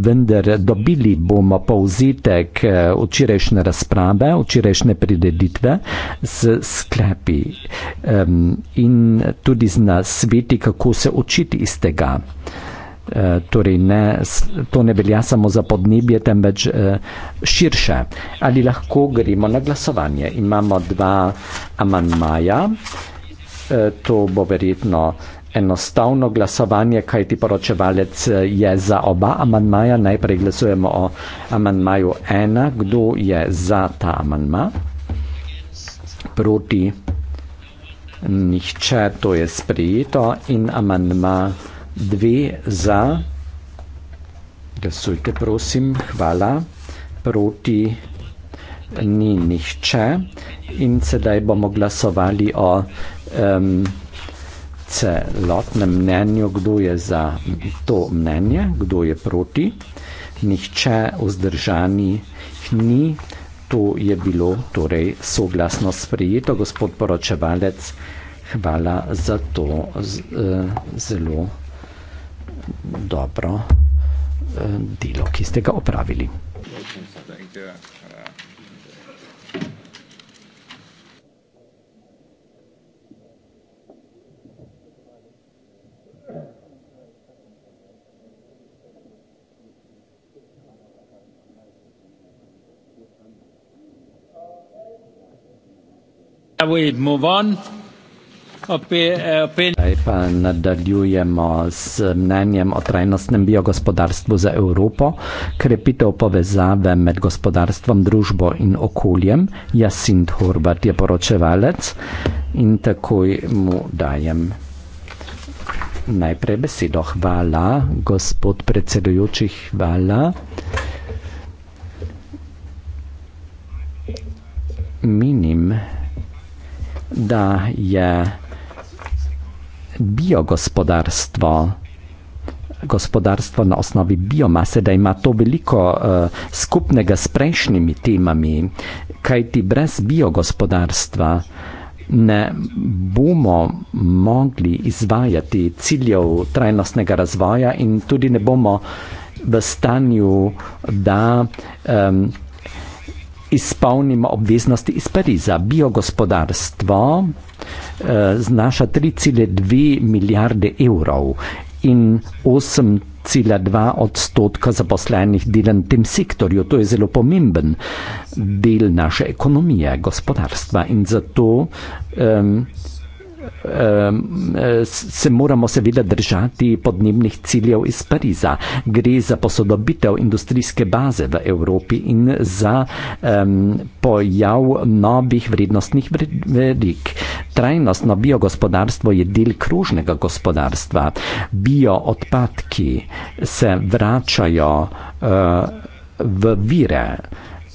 Vendar dobili bomo povzetek eh, včerajšnje razprave, včerajšnje prireditve z sklepi in tudi z nasveti, kako se učiti iz tega. Torej ne, to ne velja samo za podnebje, temveč širše. Ali lahko gremo na glasovanje? Imamo dva amanmaja. Eh, to bo verjetno enostavno glasovanje, kaj ti poročevalec eh, je za oba amandmaja. Najprej glasujemo o amandmaju ena, kdo je za ta amandma. Proti nihče, to je sprejeto in amandma dve za. Glasujte, prosim, hvala. Proti ni nihče in sedaj bomo glasovali o um, celotnem mnenju, kdo je za to mnenje, kdo je proti. Nihče vzdržani ni, to je bilo torej soglasno sprejeto, gospod poročevalec. Hvala za to e, zelo dobro e, delo, ki ste ga opravili. Thank you. we move on. Eh, nadaljujemo z mnenjem o trajnostnem biogospodarstvu za Evropo. Krepitev povezave med gospodarstvom, družbo in okoljem. Jasint Horvat je poročevalec in takoj mu dajem najprej besedo. Hvala, gospod predsedujoči, hvala. Minim da je biogospodarstvo gospodarstvo na osnovi biomase, da ima to veliko uh, skupnega s prejšnjimi temami, kaj ti brez biogospodarstva ne bomo mogli izvajati ciljev trajnostnega razvoja in tudi ne bomo v stanju, da um, izpolnimo obveznosti iz Pariza. Biogospodarstvo e, znaša 3,2 milijarde evrov in 8. Cila 2 odstotka zaposlenih dela v tem sektorju, to je zelo pomemben del naše ekonomije, gospodarstva in zato um, Ehm, eh, se moramo seveda držati podnebnih ciljev iz Pariza. Gre za posodobitev industrijske baze v Evropi in za um, pojav novih vrednostnih verik. Trajnostno biogospodarstvo je del krožnega gospodarstva. Bioodpadki se vračajo uh, v vire,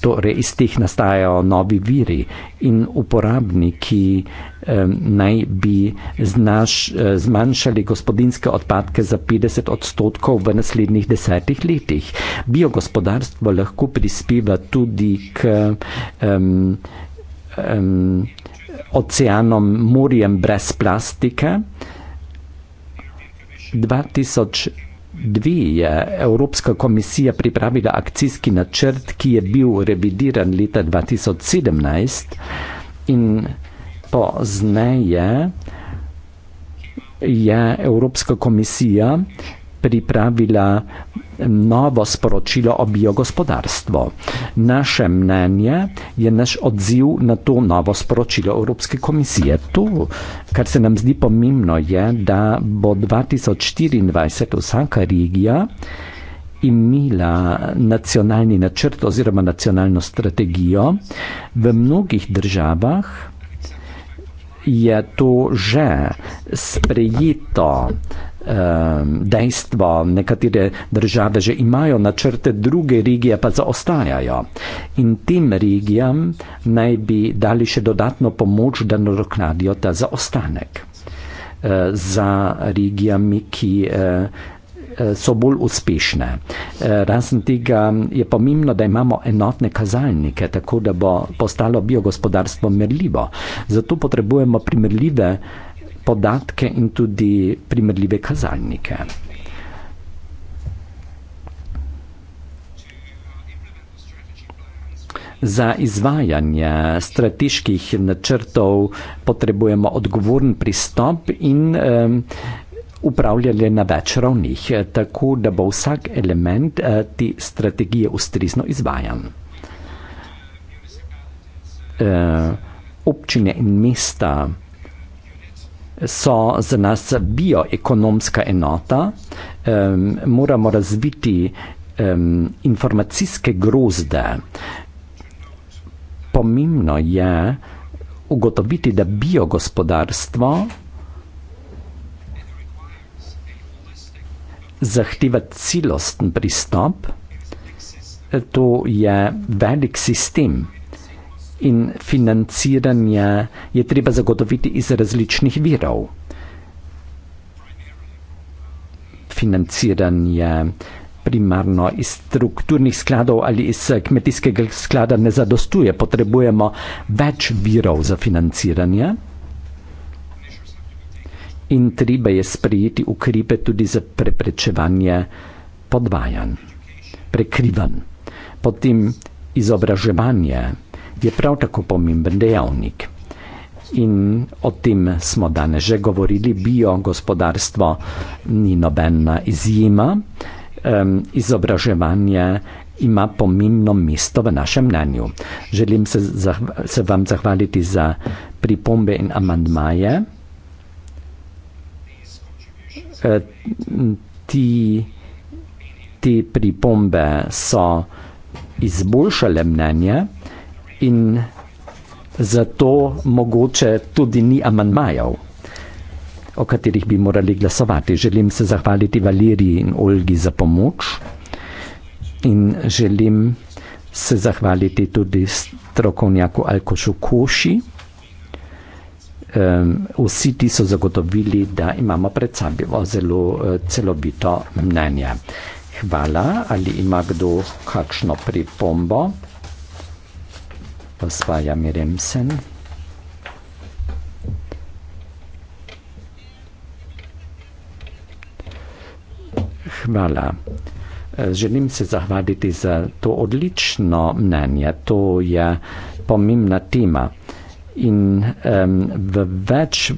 torej iz teh nastajajo novi viri in uporabniki naj bi znaš, eh, zmanjšali gospodinske odpadke za 50 odstotkov v naslednjih desetih letih. Biogospodarstvo lahko prispeva tudi k um, um, oceanom, morjem brez plastike. 2002 je Evropska komisija pripravila akcijski načrt, ki je bil revidiran leta 2017 in pozneje je Evropska komisija pripravila novo sporočilo o biogospodarstvu. Naše mnenje je naš odziv na to novo sporočilo Evropske komisije. To, kar se nam zdi pomembno, je, da bo 2024 vsaka regija imela nacionalni načrt oziroma nacionalno strategijo v mnogih državah je to že sprejeto ehm, dejstvo, nekatere države že imajo načrte, druge regije pa zaostajajo. In tem regijam naj bi dali še dodatno pomoč, da nadoknadijo ta zaostanek. Eh, za regijami, ki eh, Eh, so bolj uspešne. Eh, razen tega je pomembno, da imamo enotne kazalnike, tako da bo postalo biogospodarstvo merljivo. Zato potrebujemo primerljive podatke in tudi primerljive kazalnike. Za izvajanje strateških načrtov potrebujemo odgovoren pristop in eh, upravljali na več ravnih, tako da bo vsak element eh, te strategije ustrezno izvajan. Eh, občine in mesta so za nas bioekonomska enota, moramo razviti informacijske grozde. Pomembno je ugotoviti, da biogospodarstvo zahteva celosten pristop, to je velik sistem in financiranje je treba zagotoviti iz različnih virov. Financiranje primarno iz strukturnih skladov ali iz eh, kmetijskega sklada ne zadostuje, potrebujemo več virov za financiranje in treba je sprejeti ukrepe tudi za preprečevanje podvajanj, prekrivanj. Potem izobraževanje je prav tako pomemben dejavnik. In o tem smo danes že govorili, bio gospodarstvo ni nobena izjema. Um, izobraževanje ima pomembno mesto v našem mnenju. Želim se, se vam zahvaliti za pripombe in amantmaje ti, te pripombe so izboljšale mnenje in zato mogoče tudi ni amanmajev, o katerih bi morali glasovati. Želim se zahvaliti Valeriji in Olgi za pomoč in želim se zahvaliti tudi strokovnjaku Alkošu Košiju vsi ti so zagotovili, da imamo pred sabo eh, zelo eh, celovito mnenje. Hvala, ali ima kdo kakšno pripombo? Pozvajam Remsen. Hvala. Eh, želim se zahvaliti za to odlično mnenje. To je pomembna tema. In um, v več,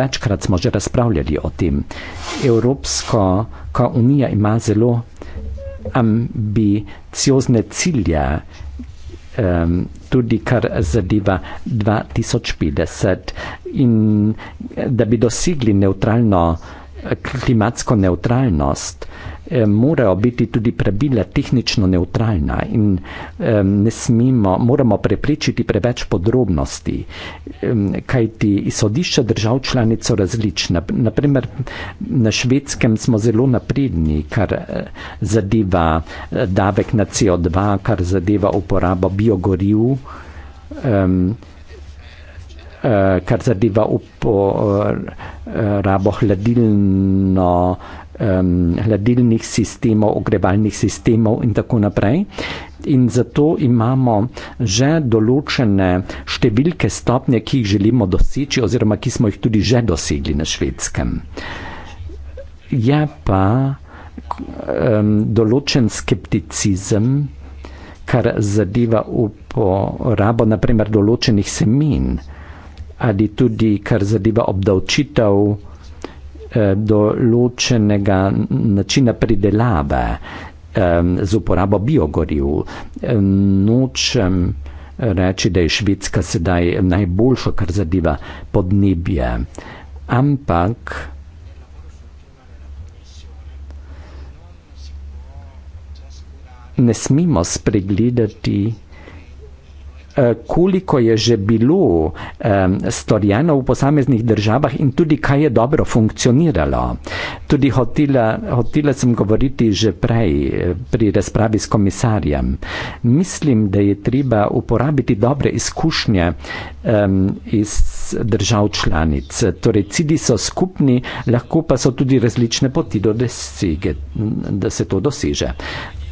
večkrat smo že razpravljali o tem. Evropska unija ima zelo ambiciozne cilje, um, tudi kar zadeva 2050, in da bi dosegli neutralno, klimatsko neutralnost. Eh, morajo biti tudi pravila tehnično neutralna in ne smemo, moramo preprečiti preveč podrobnosti, kaj ti izhodišča držav članic so različna. Naprimer, na švedskem smo zelo napredni, kar eh, zadeva eh, davek na CO2, kar zadeva uporabo biogoriv, kar zadeva uporabo hladilno um, hladilnih sistemov, ogrevalnih sistemov in tako naprej. In zato imamo že določene številke stopnje, ki jih želimo doseči, oziroma ki smo jih tudi že dosegli na švedskem. Je pa um, določen skepticizem, kar zadeva uporabo naprimer določenih semen ali tudi kar zadeva obdavčitev. Eh, določenega načina pridelave z uporabo biogoriv. Nočem reči, da je Švedska sedaj najboljša, kar zadeva podnebje, ampak ne smemo spregledati Eh, koliko je že bilo storjeno v posameznih državah in tudi kaj je dobro funkcioniralo. Tudi hotela, hotela sem govoriti že prej eh, pri razpravi s komisarjem. Mislim, da je treba uporabiti dobre izkušnje iz držav članic. Torej, cilji so skupni, lahko pa so tudi različne poti do desige, da se to doseže.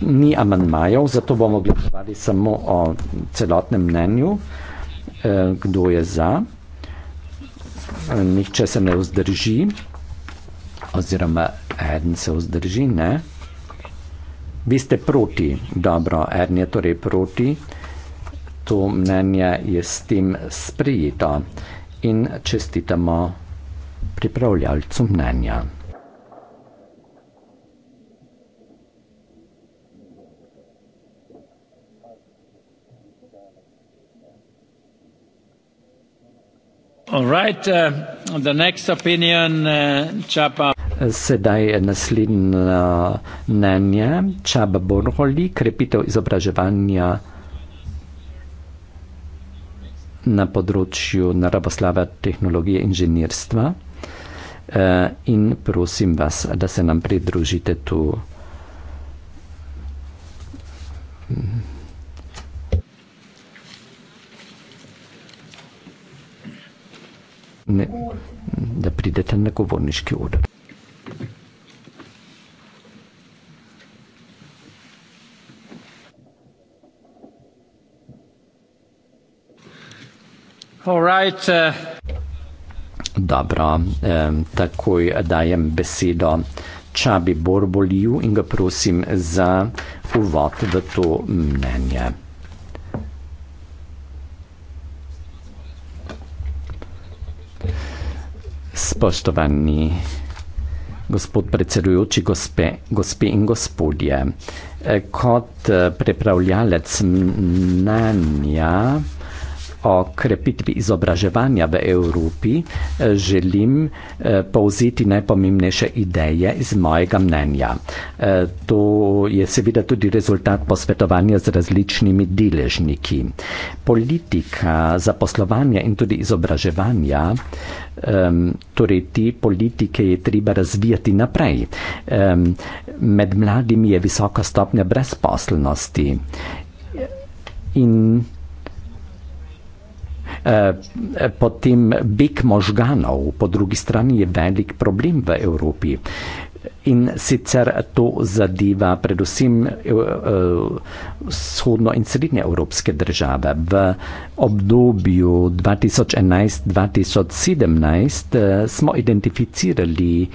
Ni amanmajev, zato bomo glasovali samo o celotnem mnenju, e, kdo je za. E, nihče se ne vzdrži, oziroma en se vzdrži, ne. Vi ste proti, dobro, en je torej proti. To mnenje je s tem sprejeto in čestitamo pripravljalcu mnenja. All right, uh, the next opinion, uh, Čapa. Sedaj je naslednje mnenje Čaba Borholi, krepitev izobraževanja na področju naravoslava tehnologije inženirstva. Eh, in prosim vas, da se nam pridružite tu. Ne, da pridete na govorniški odr. All right. Uh, Dobro, um, takoj dajem besedo Čabi Borbolju in ga prosim za uvod v to mnenje. Spoštovani gospod predsedujoči, gospe, gospe in gospodje, eh, kot eh, prepravljalec mnenja o krepitvi izobraževanja v Evropi eh, želim eh, povziti najpomembnejše ideje iz mojega mnenja. Eh, to je seveda tudi rezultat posvetovanja z različnimi deležniki. Politika zaposlovanja in tudi izobraževanja, torej te politike je treba razvijati naprej. Med mladimi je visoka stopnja brezposelnosti in Eh, eh, potem beg možganov po drugi strani je velik problem v Evropi. In sicer to zadeva predvsem eh, vzhodno in srednje evropske države. V obdobju 2011-2017 smo identificirali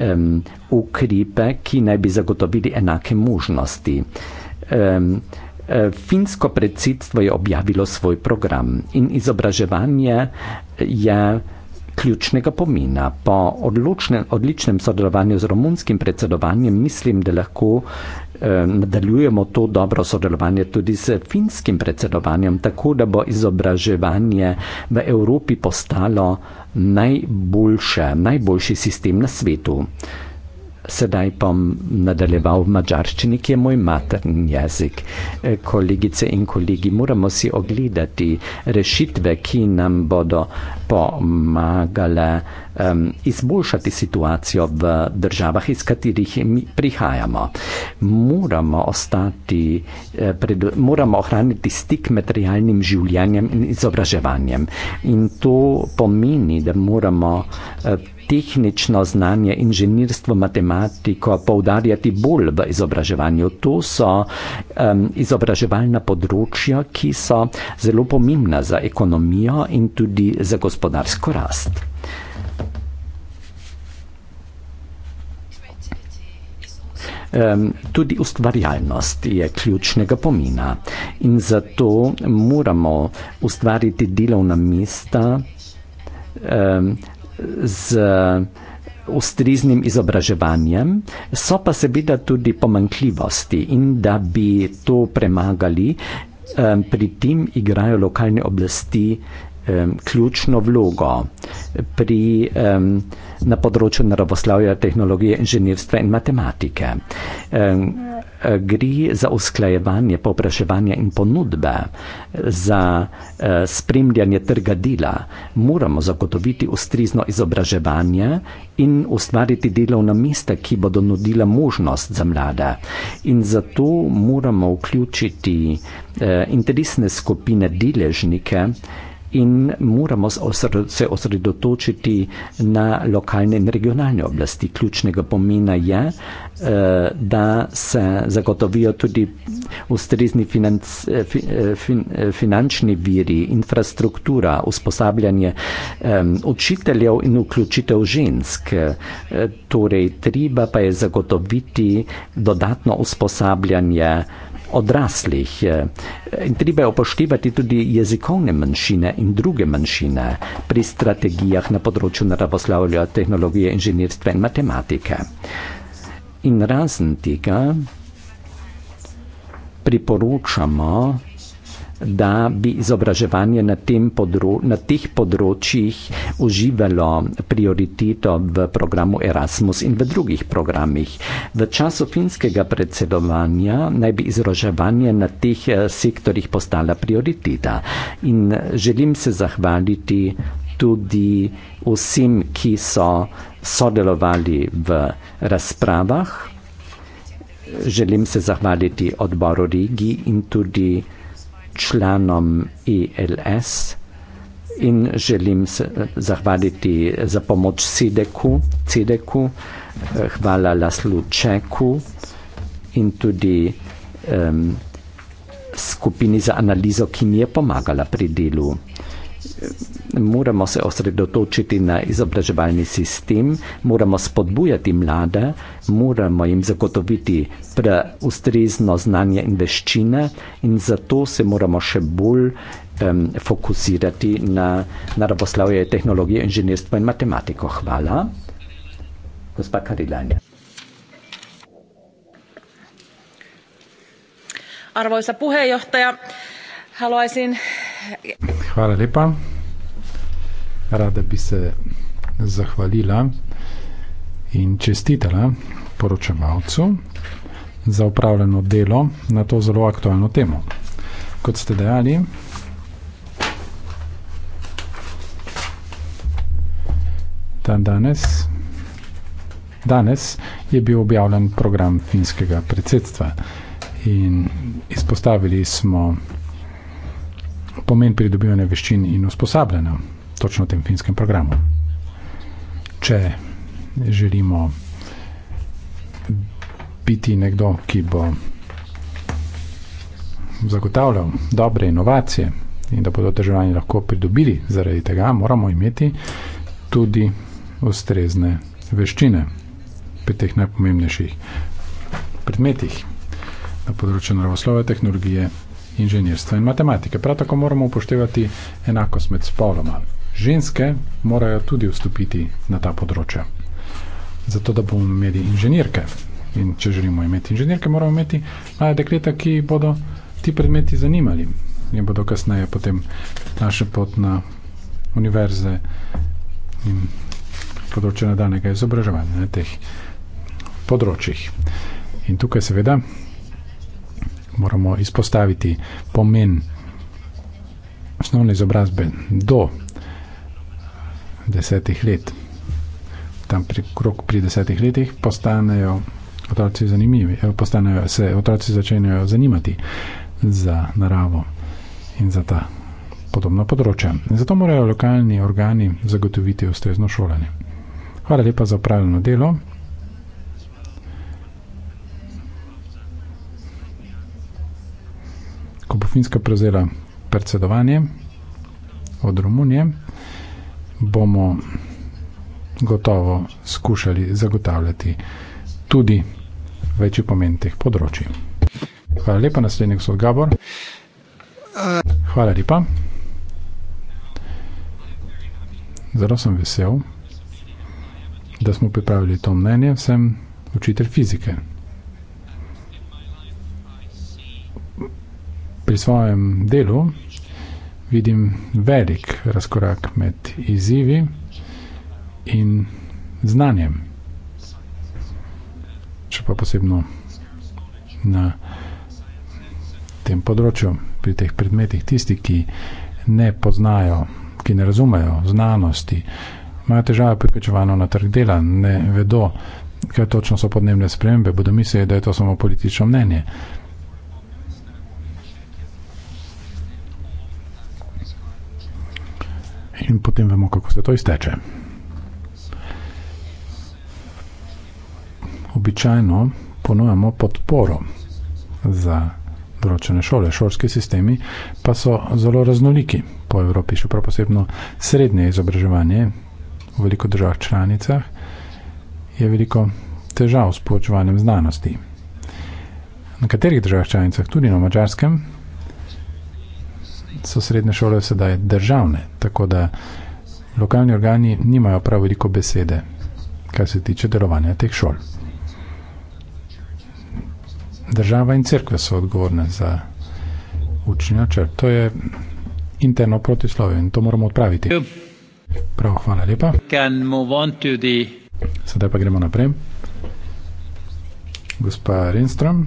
um, ukrepe, ki naj bi zagotovili enake možnosti. Um, Eh, finsko predsedstvo je objavilo svoj program in izobraževanje eh, je ključnega pomena. Po odločnem, odličnem sodelovanju z romunskim predsedovanjem mislim, da lahko eh, nadaljujemo to dobro sodelovanje tudi s finskim predsedovanjem, tako da bo izobraževanje v Evropi postalo najboljše, najboljši sistem na svetu. Sedaj bom nadaljeval v mačarščini, ki je moj materni jezik. E, kolegice in kolegi, moramo si ogledati rešitve, ki nam bodo pomagale um, izboljšati situacijo v državah, iz katerih mi prihajamo. Moramo, ostati, eh, pred, moramo ohraniti stik med realnim življenjem in izobraževanjem. In to pomeni, da moramo eh, tehnično znanje, inženirstvo, matematiko poudarjati bolj v izobraževanju. To so um, izobraževalna področja, ki so zelo pomembna za ekonomijo in tudi za gospodarstvo gospodarsko rast. Tudi ustvarjalnost je ključnega pomena in zato moramo ustvariti delovna mesta z ustriznim izobraževanjem, so pa seveda tudi pomankljivosti in da bi to premagali, pri tem igrajo lokalne oblasti ključno vlogo pri, um, na področju naravoslavja, tehnologije, inženirstva in matematike. Um, gre za usklajevanje povpraševanja in ponudbe, za uh, spremljanje trga dela. Moramo zagotoviti ustrizno izobraževanje in ustvariti delovna mesta, ki bodo nudila možnost za mlade. In zato moramo vključiti uh, interesne skupine deležnike, in moramo se osredotočiti na lokalne in regionalne oblasti. Ključnega pomena je, eh, da se zagotovijo tudi ustrezni financ, eh, eh, fin, finančni viri, infrastruktura, usposabljanje učiteljev in vključitev žensk. Torej, treba pa je zagotoviti dodatno usposabljanje odraslih. Eh, treba upoštevati tudi jezikovne manjšine in druge manjšine pri strategijah na področju naravoslavlja, tehnologije, inženirstva in matematike. In razen tega priporočamo, da bi izobraževanje na, podro na teh področjih uživalo prioriteto v programu Erasmus in v drugih programih. V času finskega predsedovanja naj bi izobraževanje na teh eh, sektorjih postala prioriteta in eh, želim se zahvaliti tudi vsem, ki so sodelovali v razpravah. Želim se zahvaliti odboru Rigi in tudi članom ELS in želim se zahvaliti za pomoč Sideku, Cideku, eh, hvala Laslu Čeku in tudi um, skupini za analizo, ki mi je pomagala pri delu moramo se osredotočiti na izobraževalni sistem, moramo spodbujati mlade, moramo jim zagotoviti preustrezno znanje in veščine in zato se moramo še bolj um, fokusirati na naravoslavje tehnologije, inženirstvo in matematiko. Hvala. Gospa Karilanja. Arvoisa puheenjohtaja, Haloj, Hvala lepa. Rada bi se zahvalila in čestitala poročevalcu za upravljeno delo na to zelo aktualno temo. Kot ste dejali, dan danes, danes je bil objavljen program finskega predsedstva in izpostavili smo pomen pridobivanja veščin in usposabljanja, točno v tem finskem programu. Če želimo biti nekdo, ki bo zagotavljal dobre inovacije in da bodo državljani lahko pridobili zaradi tega, moramo imeti tudi ustrezne veščine pri teh najpomembnejših predmetih na področju naravoslove tehnologije inženirstva in matematike. Prav tako moramo upoštevati enakost med spoloma. Ženske morajo tudi vstopiti na ta področja, zato da bomo imeli inženirke. In če želimo imeti inženirke, moramo imeti mlade dekleta, ki bodo ti predmeti zanimali in bodo kasneje potem naše pot na univerze in področje nadaljnega izobraževanja na teh področjih. In tukaj seveda moramo izpostaviti pomen osnovne izobrazbe do desetih let. Tam pri krok pri desetih letih postanejo otroci zanimivi, eh, postanejo, se otroci začenjajo zanimati za naravo in za ta podobna področja. In zato morajo lokalni organi zagotoviti ustrezno šolanje. Hvala lepa za upravljeno delo. ko bo Finska prevzela predsedovanje od Romunije, bomo gotovo skušali zagotavljati tudi večji pomen teh področji. Hvala lepa, naslednji gospod Gabor. Hvala lepa. Zelo sem vesel, da smo pripravili to mnenje, sem učitelj fizike. pri svojem delu vidim velik razkorak med izzivi in znanjem. Če pa posebno na tem področju, pri teh predmetih, tisti, ki ne poznajo, ki ne razumejo znanosti, imajo težave priključevanja na trg dela, ne vedo, kaj točno so podnebne spremembe, bodo mislili, da je to samo politično mnenje. in potem vemo, kako se to izteče. Običajno ponujamo podporo za določene šole. Šolski sistemi pa so zelo raznoliki po Evropi, še prav posebno srednje izobraževanje v veliko državah članicah je veliko težav s poučevanjem znanosti. Na katerih državah članicah, tudi na mačarskem, so srednje šole sedaj državne, tako da lokalni organi nimajo prav veliko besede, kar se tiče delovanja teh šol. Država in crkve so odgovorne za učni načrt. To je interno protislovje in to moramo odpraviti. Prav, hvala lepa. Sedaj pa gremo naprej. Gospa Renström.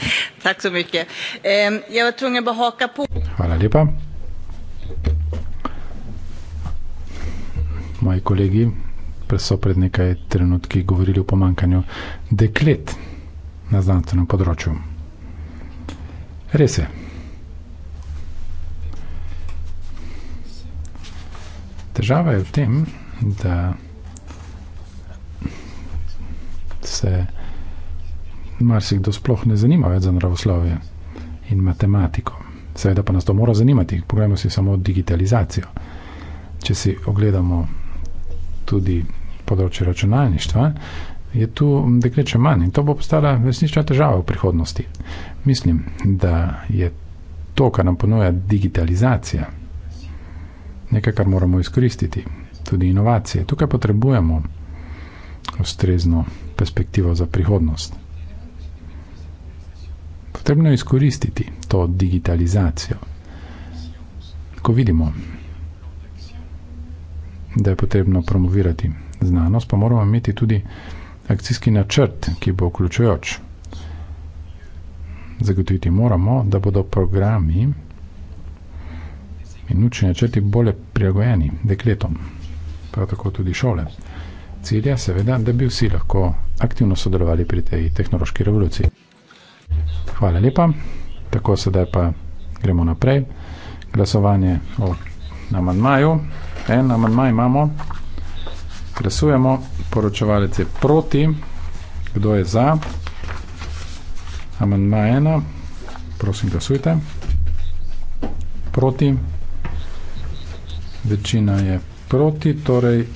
Tack så mycket. Ehm, jag var tvungen att haka på. Hvala lepa. Moji kolegi so pred nekaj trenutki govorili o pomankanju deklet na znanstvenem področju. Res je. Težava je v tem, da se marsikdo sploh ne zanima več za naravoslovje in matematiko. Seveda pa nas to mora zanimati, poglejmo si samo digitalizacijo. Če si ogledamo tudi področje računalništva, je tu dekleče manj in to bo postala resnična težava v prihodnosti. Mislim, da je to, kar nam ponuja digitalizacija, nekaj, kar moramo izkoristiti, tudi inovacije. Tukaj potrebujemo ustrezno perspektivo za prihodnost. Potrebno je izkoristiti to digitalizacijo. Ko vidimo, da je potrebno promovirati znanost, pa moramo imeti tudi akcijski načrt, ki bo vključujoč. Zagotoviti moramo, da bodo programi in učni načrti bolje prilagojeni dekletom, prav tako tudi šole. Cilj je seveda, da bi vsi lahko aktivno sodelovali pri tej tehnološki revoluciji. Hvala lepa. Tako sedaj pa gremo naprej. Glasovanje o amandmaju. En amandmaj imamo. Glasujemo. Poročevalec je proti. Kdo je za? Amandma ena. Prosim, glasujte. Proti. Večina je proti, torej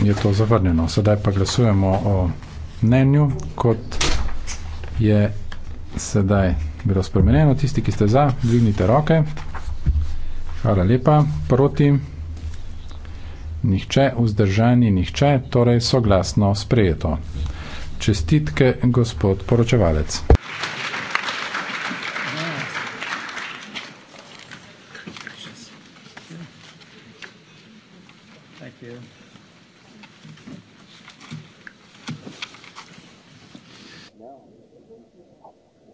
je to zavrnjeno. Sedaj pa glasujemo o mnenju, kot je sedaj bilo spremenjeno. Tisti, ki ste za, dvignite roke. Hvala lepa. Proti. Nihče, vzdržani, nihče, torej soglasno sprejeto. Čestitke, gospod poročevalec.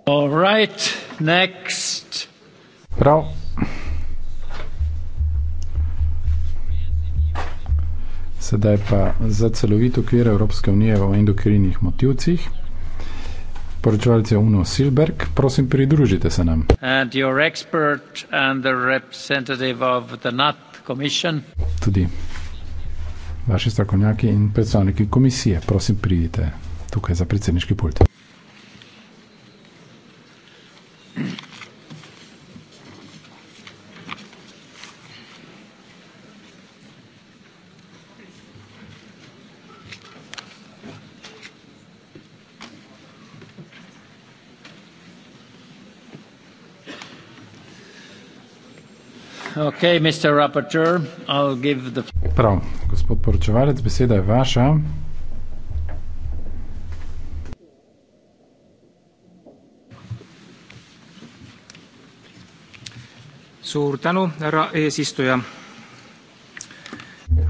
Right, Prav. Sedaj pa za celovit okvir Evropske unije v endokrinih motivcih. Poročevalce je Uno Silberg, prosim pridružite se nam. And your expert and the representative of the NAT commission. Tudi vaši strokovnjaki in predstavniki komisije, prosim pridite tukaj za predsedniški pult. Okej, mister rapporteur, I'll give the... Prav, gospod poročevalec, beseda je vaša. Suur tänu, härra eesistuja.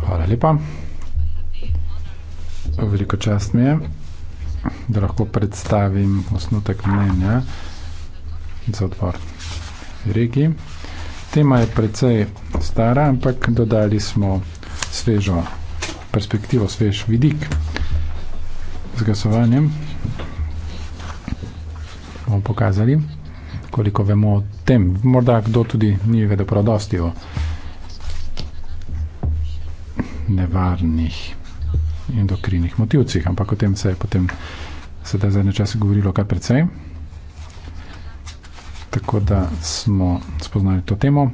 Hvala lepa. Veliko čast mi je, da lahko predstavim osnutek mnenja za odbor regij. Tema je precej stara, ampak dodali smo svežo perspektivo, svež vidik z glasovanjem. Bomo pokazali koliko vemo o tem. Morda kdo tudi ni vedel prav dosti o nevarnih endokrinih motivcih, ampak o tem se je potem sedaj za čas govorilo kar precej. Tako da smo spoznali to temo.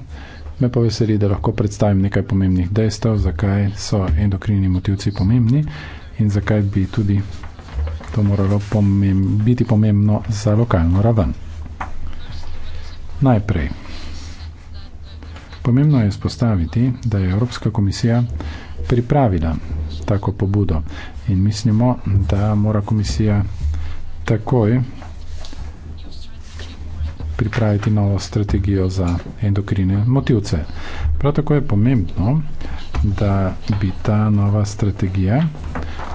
Me pa veseli, da lahko predstavim nekaj pomembnih dejstev, zakaj so endokrini motivci pomembni in zakaj bi tudi to moralo pomem biti pomembno za lokalno raven najprej. Pomembno je spostaviti, da je Evropska komisija pripravila tako pobudo in mislimo, da mora komisija takoj pripraviti novo strategijo za endokrine motivce. Prav tako je pomembno, da bi ta nova strategija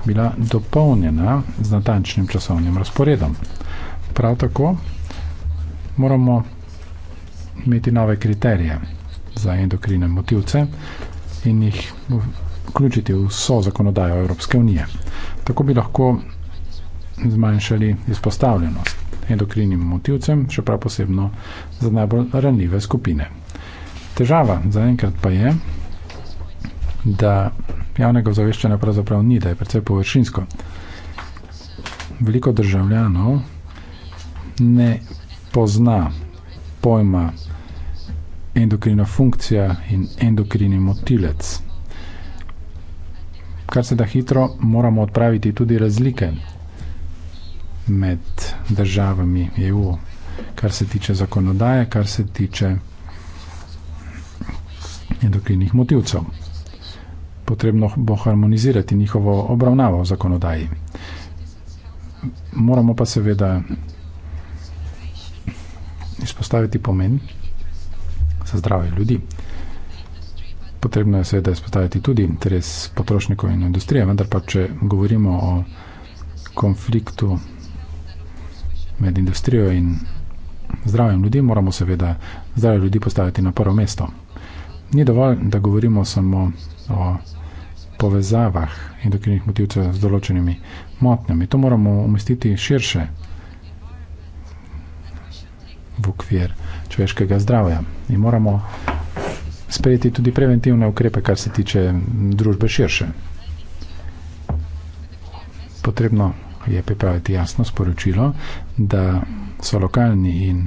bila dopolnjena z natančnim časovnim razporedom. Prav tako moramo imeti nove kriterije za endokrine motivce in jih vključiti v vso zakonodajo Evropske unije. Tako bi lahko zmanjšali izpostavljenost endokrinim motivcem, še prav posebno za najbolj ranljive skupine. Težava zaenkrat pa je, da javnega zaveščanja pravzaprav ni, da je precej površinsko. Veliko državljanov ne pozna pojma endokrina funkcija in endokrini motilec. Kar se da hitro, moramo odpraviti tudi razlike med državami EU, kar se tiče zakonodaje, kar se tiče endokrinih motivcev. Potrebno bo harmonizirati njihovo obravnavo v zakonodaji. Moramo pa seveda izpostaviti pomen za zdravje ljudi. Potrebno je seveda izpostaviti tudi interes potrošnikov in industrije, vendar pa če govorimo o konfliktu med industrijo in zdravjem ljudi, moramo seveda zdravje ljudi postaviti na prvo mesto. Ni dovolj, da govorimo samo o povezavah endokrinih motivcev z določenimi motnjami. To moramo umestiti širše v okvir človeškega zdravja. In moramo sprejeti tudi preventivne ukrepe, kar se tiče družbe širše. Potrebno je pripraviti jasno sporočilo, da so lokalni in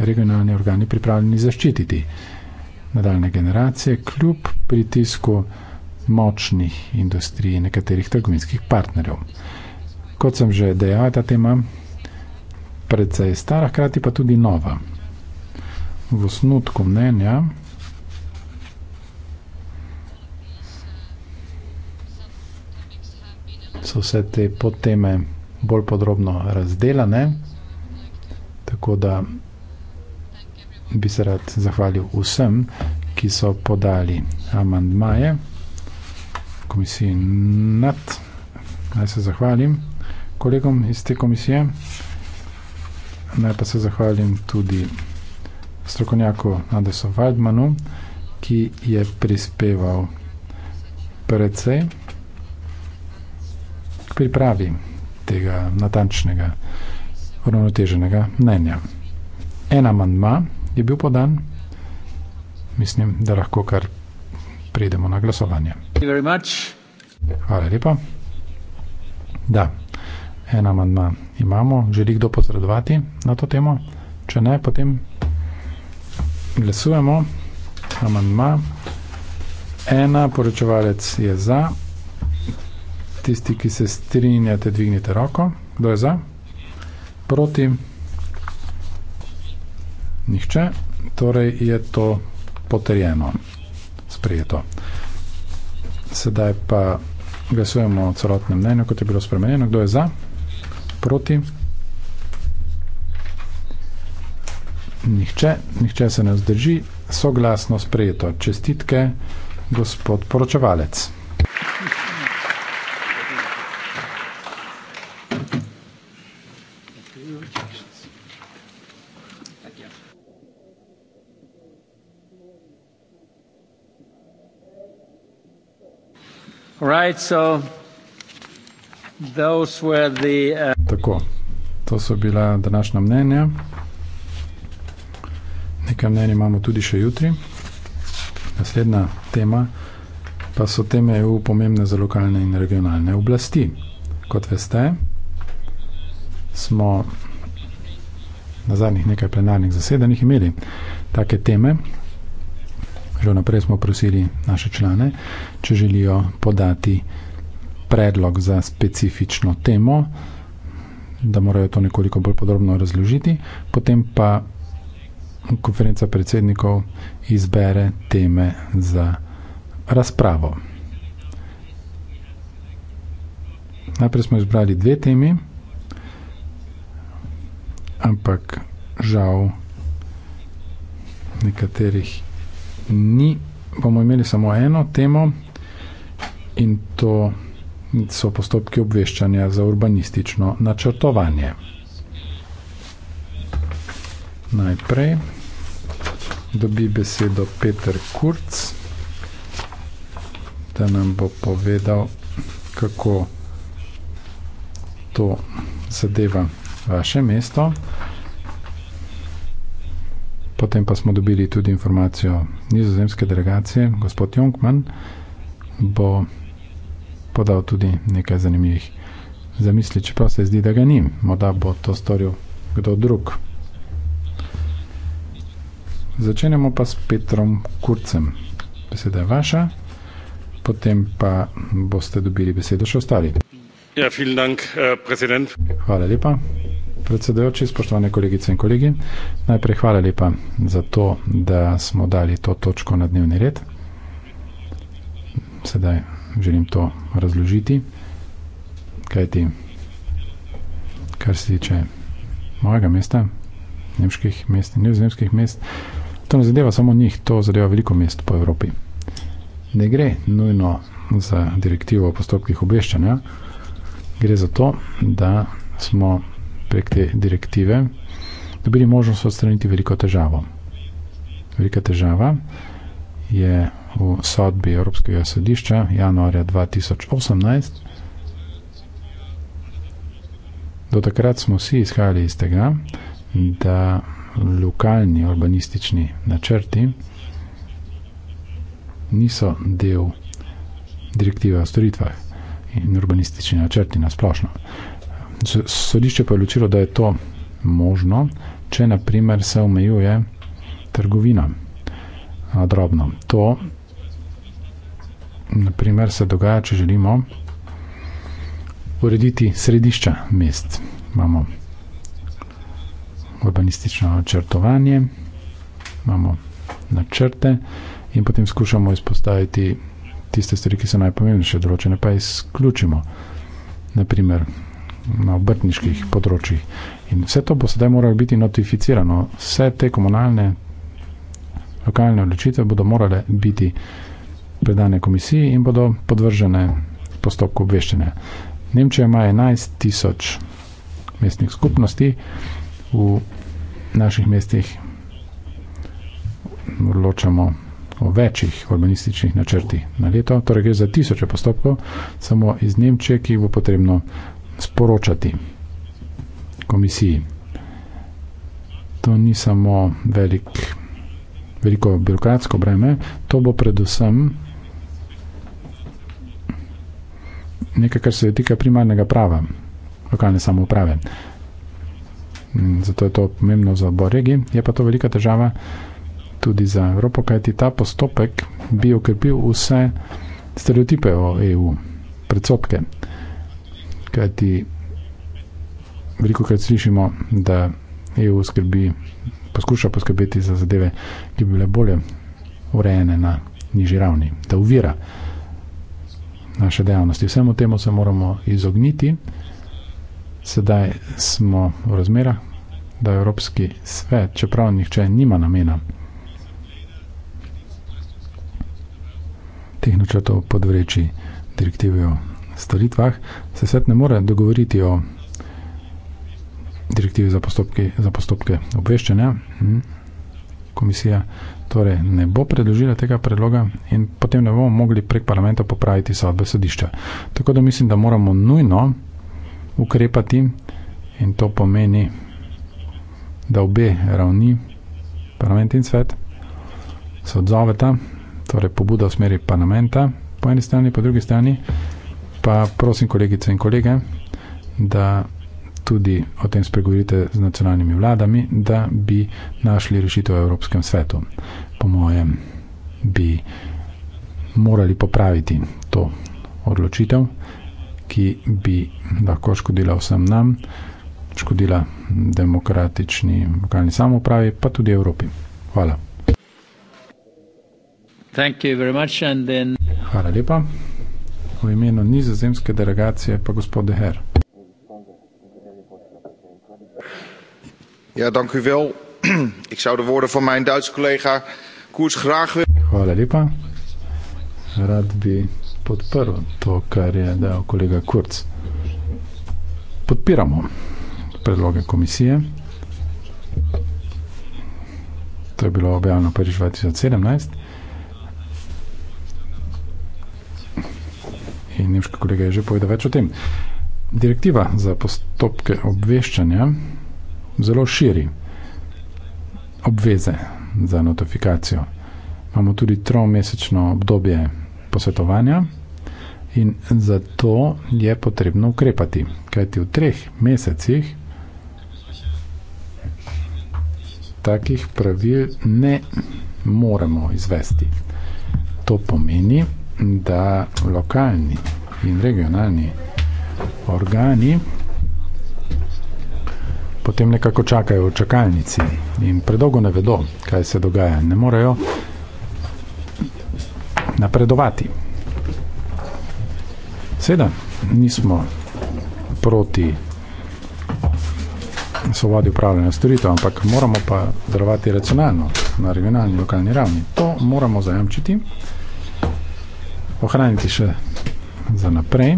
regionalni organi pripravljeni zaščititi nadaljne generacije kljub pritisku močnih industrij in nekaterih trgovinskih partnerjev. Kot sem že dejal, ta tema precej stara, hkrati pa tudi nova. V osnutku mnenja so vse te podteme bolj podrobno razdelane, tako da bi se rad zahvalil vsem, ki so podali amandmaje komisiji NAT. Naj se zahvalim kolegom iz te komisije. Naj pa se zahvalim tudi strokovnjaku Nadesu Waldmanu, ki je prispeval precej k pripravi tega natančnega, uravnoteženega mnenja. En amandma je bil podan, mislim, da lahko kar pridemo na glasovanje. Hvala lepa. Da, en amandma imamo, želi kdo posredovati na to temo? Če ne, potem glasujemo. Amandma. Ena poročevalec je za. Tisti, ki se strinjate, dvignite roko. Kdo je za? Proti? Nihče. Torej je to potrjeno. Sprejeto. Sedaj pa glasujemo o celotnem mnenju, kot je bilo spremenjeno. Kdo je za? Kdo je za? proti? Nihče, nihče se ne vzdrži, soglasno sprejeto. Čestitke, gospod poročevalec. All right, so... Uh, Tako, to so bila današnja mnenja. Nekaj mnenja imamo tudi še jutri. Naslednja tema pa so teme EU pomembne za lokalne in regionalne oblasti. Kot veste, smo na zadnjih nekaj plenarnih zasedanjih imeli take teme. Že naprej smo prosili naše člane, če želijo podati predlog za specifično temo, da morajo to nekoliko bolj podrobno razložiti, potem pa konferenca predsednikov izbere teme za razpravo. Najprej smo izbrali dve temi, ampak žal nekaterih ni. Bomo imeli samo eno temo in to je so postopki obveščanja za urbanistično načrtovanje. Najprej dobi besedo Peter Kurz, da nam bo povedal, kako to zadeva vaše mesto. Potem pa smo dobili tudi informacijo nizozemske delegacije, gospod Jungmann bo podal tudi nekaj zanimivih zamisli, čeprav se zdi, da ga ni. Morda bo to storil kdo drug. Začenjamo pa s Petrom Kurcem. Beseda je vaša, potem pa boste dobili besedo še ostali. Ja, vielen Dank, eh, predsednik. Hvala lepa, predsedujoči, spoštovane kolegice in kolegi. Najprej hvala lepa za to, da smo dali to točko na dnevni red. Sedaj želim to razložiti. Kaj ti, kar se tiče mojega mesta, nemških mest in nevzemskih mest, to ne zadeva samo njih, to zadeva veliko mest po Evropi. Ne gre nujno za direktivo o postopkih obveščanja, gre za to, da smo prek te direktive dobili možnost odstraniti veliko težavo. Velika težava je v sodbi Evropskega sodišča januarja 2018. Do takrat smo vsi izhajali iz tega, da lokalni urbanistični načrti niso del direktive o storitvah in urbanistični načrti na splošno. Sodišče pa je ločilo, da je to možno, če naprimer se omejuje trgovina na drobno. To naprimer, se dogaja, če želimo urediti središča mest. Imamo urbanistično načrtovanje, imamo načrte in potem skušamo izpostaviti tiste stvari, ki so najpomembnejše, določene pa izključimo. Naprimer, na obrtniških področjih. In vse to bo sedaj moralo biti notificirano. Vse te komunalne lokalne odločitve bodo morale biti predane komisiji in bodo podvržene postopku obveščene. Nemčija ima 11 tisoč mestnih skupnosti, v naših mestih odločamo o večjih urbanističnih načrtih na leto, torej gre za tisoče postopkov, samo iz Nemčije, ki jih bo potrebno sporočati komisiji. To ni samo velik, veliko birokratsko breme, to bo predvsem nekaj, kar se tiče primarnega prava, lokalne samouprave. Mm, zato je to pomembno za obo regiji, je pa to velika težava tudi za Evropo, kajti ta postopek bi okrepil vse stereotipe o EU, predsotke. Kajti veliko krat slišimo, da EU skrbi, poskuša poskrbeti za zadeve, ki bi bile bolje urejene na nižji ravni, da uvira naše dejavnosti. Vsemu temu se moramo izogniti. Sedaj smo v razmerah, da Evropski svet, čeprav nihče nima namena teh načrtov podvreči direktivi o storitvah, se svet ne more dogovoriti o direktivi za postopke, za postopke obveščanja. Hm. Komisija torej ne bo predložila tega predloga in potem ne bomo mogli prek parlamenta popraviti sodbe sodišča. Tako da mislim, da moramo nujno ukrepati in to pomeni, da obe ravni, parlament in svet, se odzoveta, torej pobuda v smeri parlamenta po eni strani, po drugi strani, pa prosim kolegice in kolege, da tudi o tem spregovorite z nacionalnimi vladami, da bi našli rešitev v Evropskem svetu. Po mojem bi morali popraviti to odločitev, ki bi lahko škodila vsem nam, škodila demokratični lokalni samopravi, pa tudi Evropi. Hvala. Thank you very much and then... Hvala lepa. V imenu nizozemske delegacije pa gospod Deher. Ja, dank u wel. Ik zou de woorden van mijn Duitse collega Koers graag willen. Hvala lepa. Rad bi podprl to, kar je dal kolega Kurz. Podpiramo predloge komisije. To je bilo objavljeno prvič 2017. In nemški kolega je že povedal več o tem. Direktiva za postopke obveščanja zelo širi obveze za notifikacijo. Imamo tudi tromesečno obdobje posvetovanja in zato je potrebno ukrepati, kajti v treh mesecih takih pravil ne moremo izvesti. To pomeni, da lokalni in regionalni organi, potem nekako čakajo v čakalnici in predolgo ne vedo, kaj se dogaja. Ne morejo napredovati. Seveda, nismo proti svobodi upravljanja storitev, ampak moramo pa delovati racionalno na regionalni in lokalni ravni. To moramo zajamčiti, ohraniti še za naprej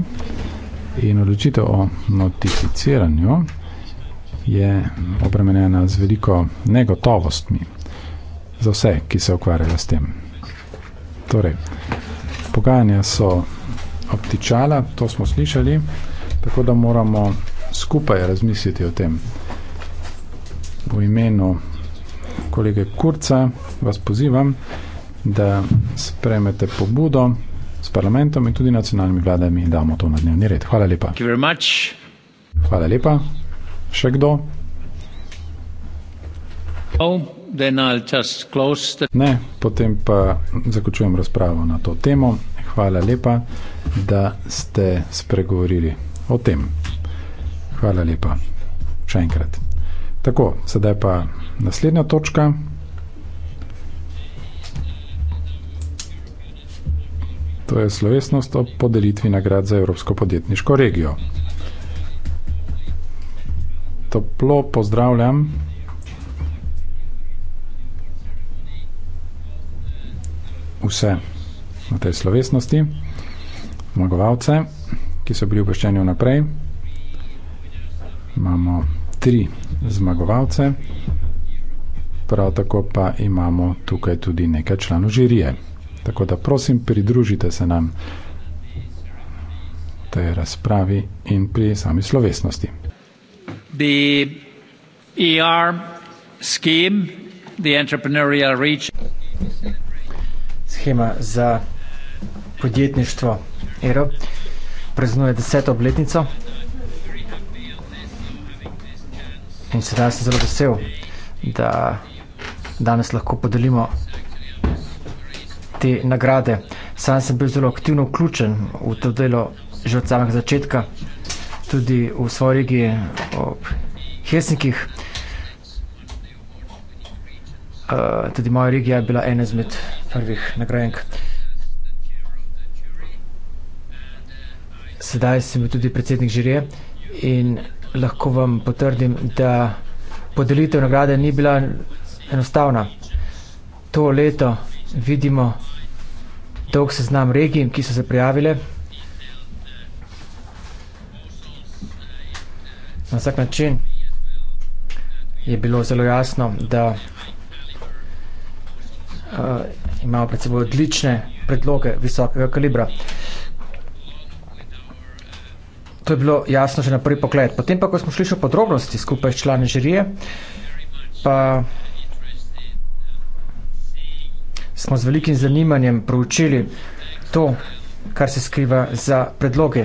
in odločitev o notificiranju je obremenjena z veliko negotovostmi za vse, ki se ukvarjajo s tem. Torej, pogajanja so obtičala, to smo slišali, tako da moramo skupaj razmisliti o tem. V imenu kolege Kurca vas pozivam, da spremete pobudo s parlamentom in tudi nacionalnimi vladami in damo to na dnevni red. Hvala lepa. Hvala lepa. Še kdo? No, ne, potem pa zaključujem razpravo na to temo. Hvala lepa, da ste spregovorili o tem. Hvala lepa. Še enkrat. Tako, sedaj pa naslednja točka. To je slovesnost o podelitvi nagrad za Evropsko podjetniško regijo toplo pozdravljam. Vse na tej slovesnosti, zmagovalce, ki so bili obveščeni vnaprej. Imamo tri zmagovalce, prav tako pa imamo tukaj tudi nekaj članov žirije. Tako da prosim, pridružite se nam tej razpravi in pri sami slovesnosti the AR e scheme, the entrepreneurial reach. Schema za podjetništvo ERO praznuje deseto obletnico. In sedaj sem zelo vesel, da danes lahko podelimo te nagrade. Sam sem bil zelo aktivno vključen v to delo že od samega začetka tudi v svoji regiji ob Helsinkih. Eh, tudi moja regija je bila ena izmed prvih nagrajenk. Sedaj sem bil tudi predsednik žirije in lahko vam potrdim, da podelitev nagrade ni bila enostavna. To leto vidimo dolg seznam regij, ki so se prijavile. Na vsak način je bilo zelo jasno, da uh, imamo pred seboj odlične predloge visokega kalibra. To je bilo jasno že na prvi pogled. Potem pa, ko smo šli še v podrobnosti skupaj s člani žirije, pa smo z velikim zanimanjem proučili to, kar se skriva za predloge,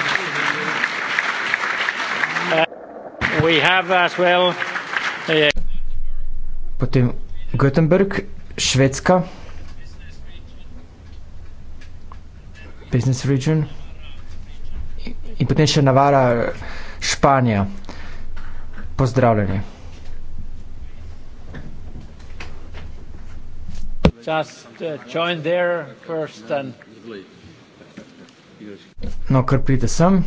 Eh, potem Gothenburg, Švedska. Business region. In potem še Navara, Španija. Pozdravljeni. Just uh, join there first and... No, kar pride sem.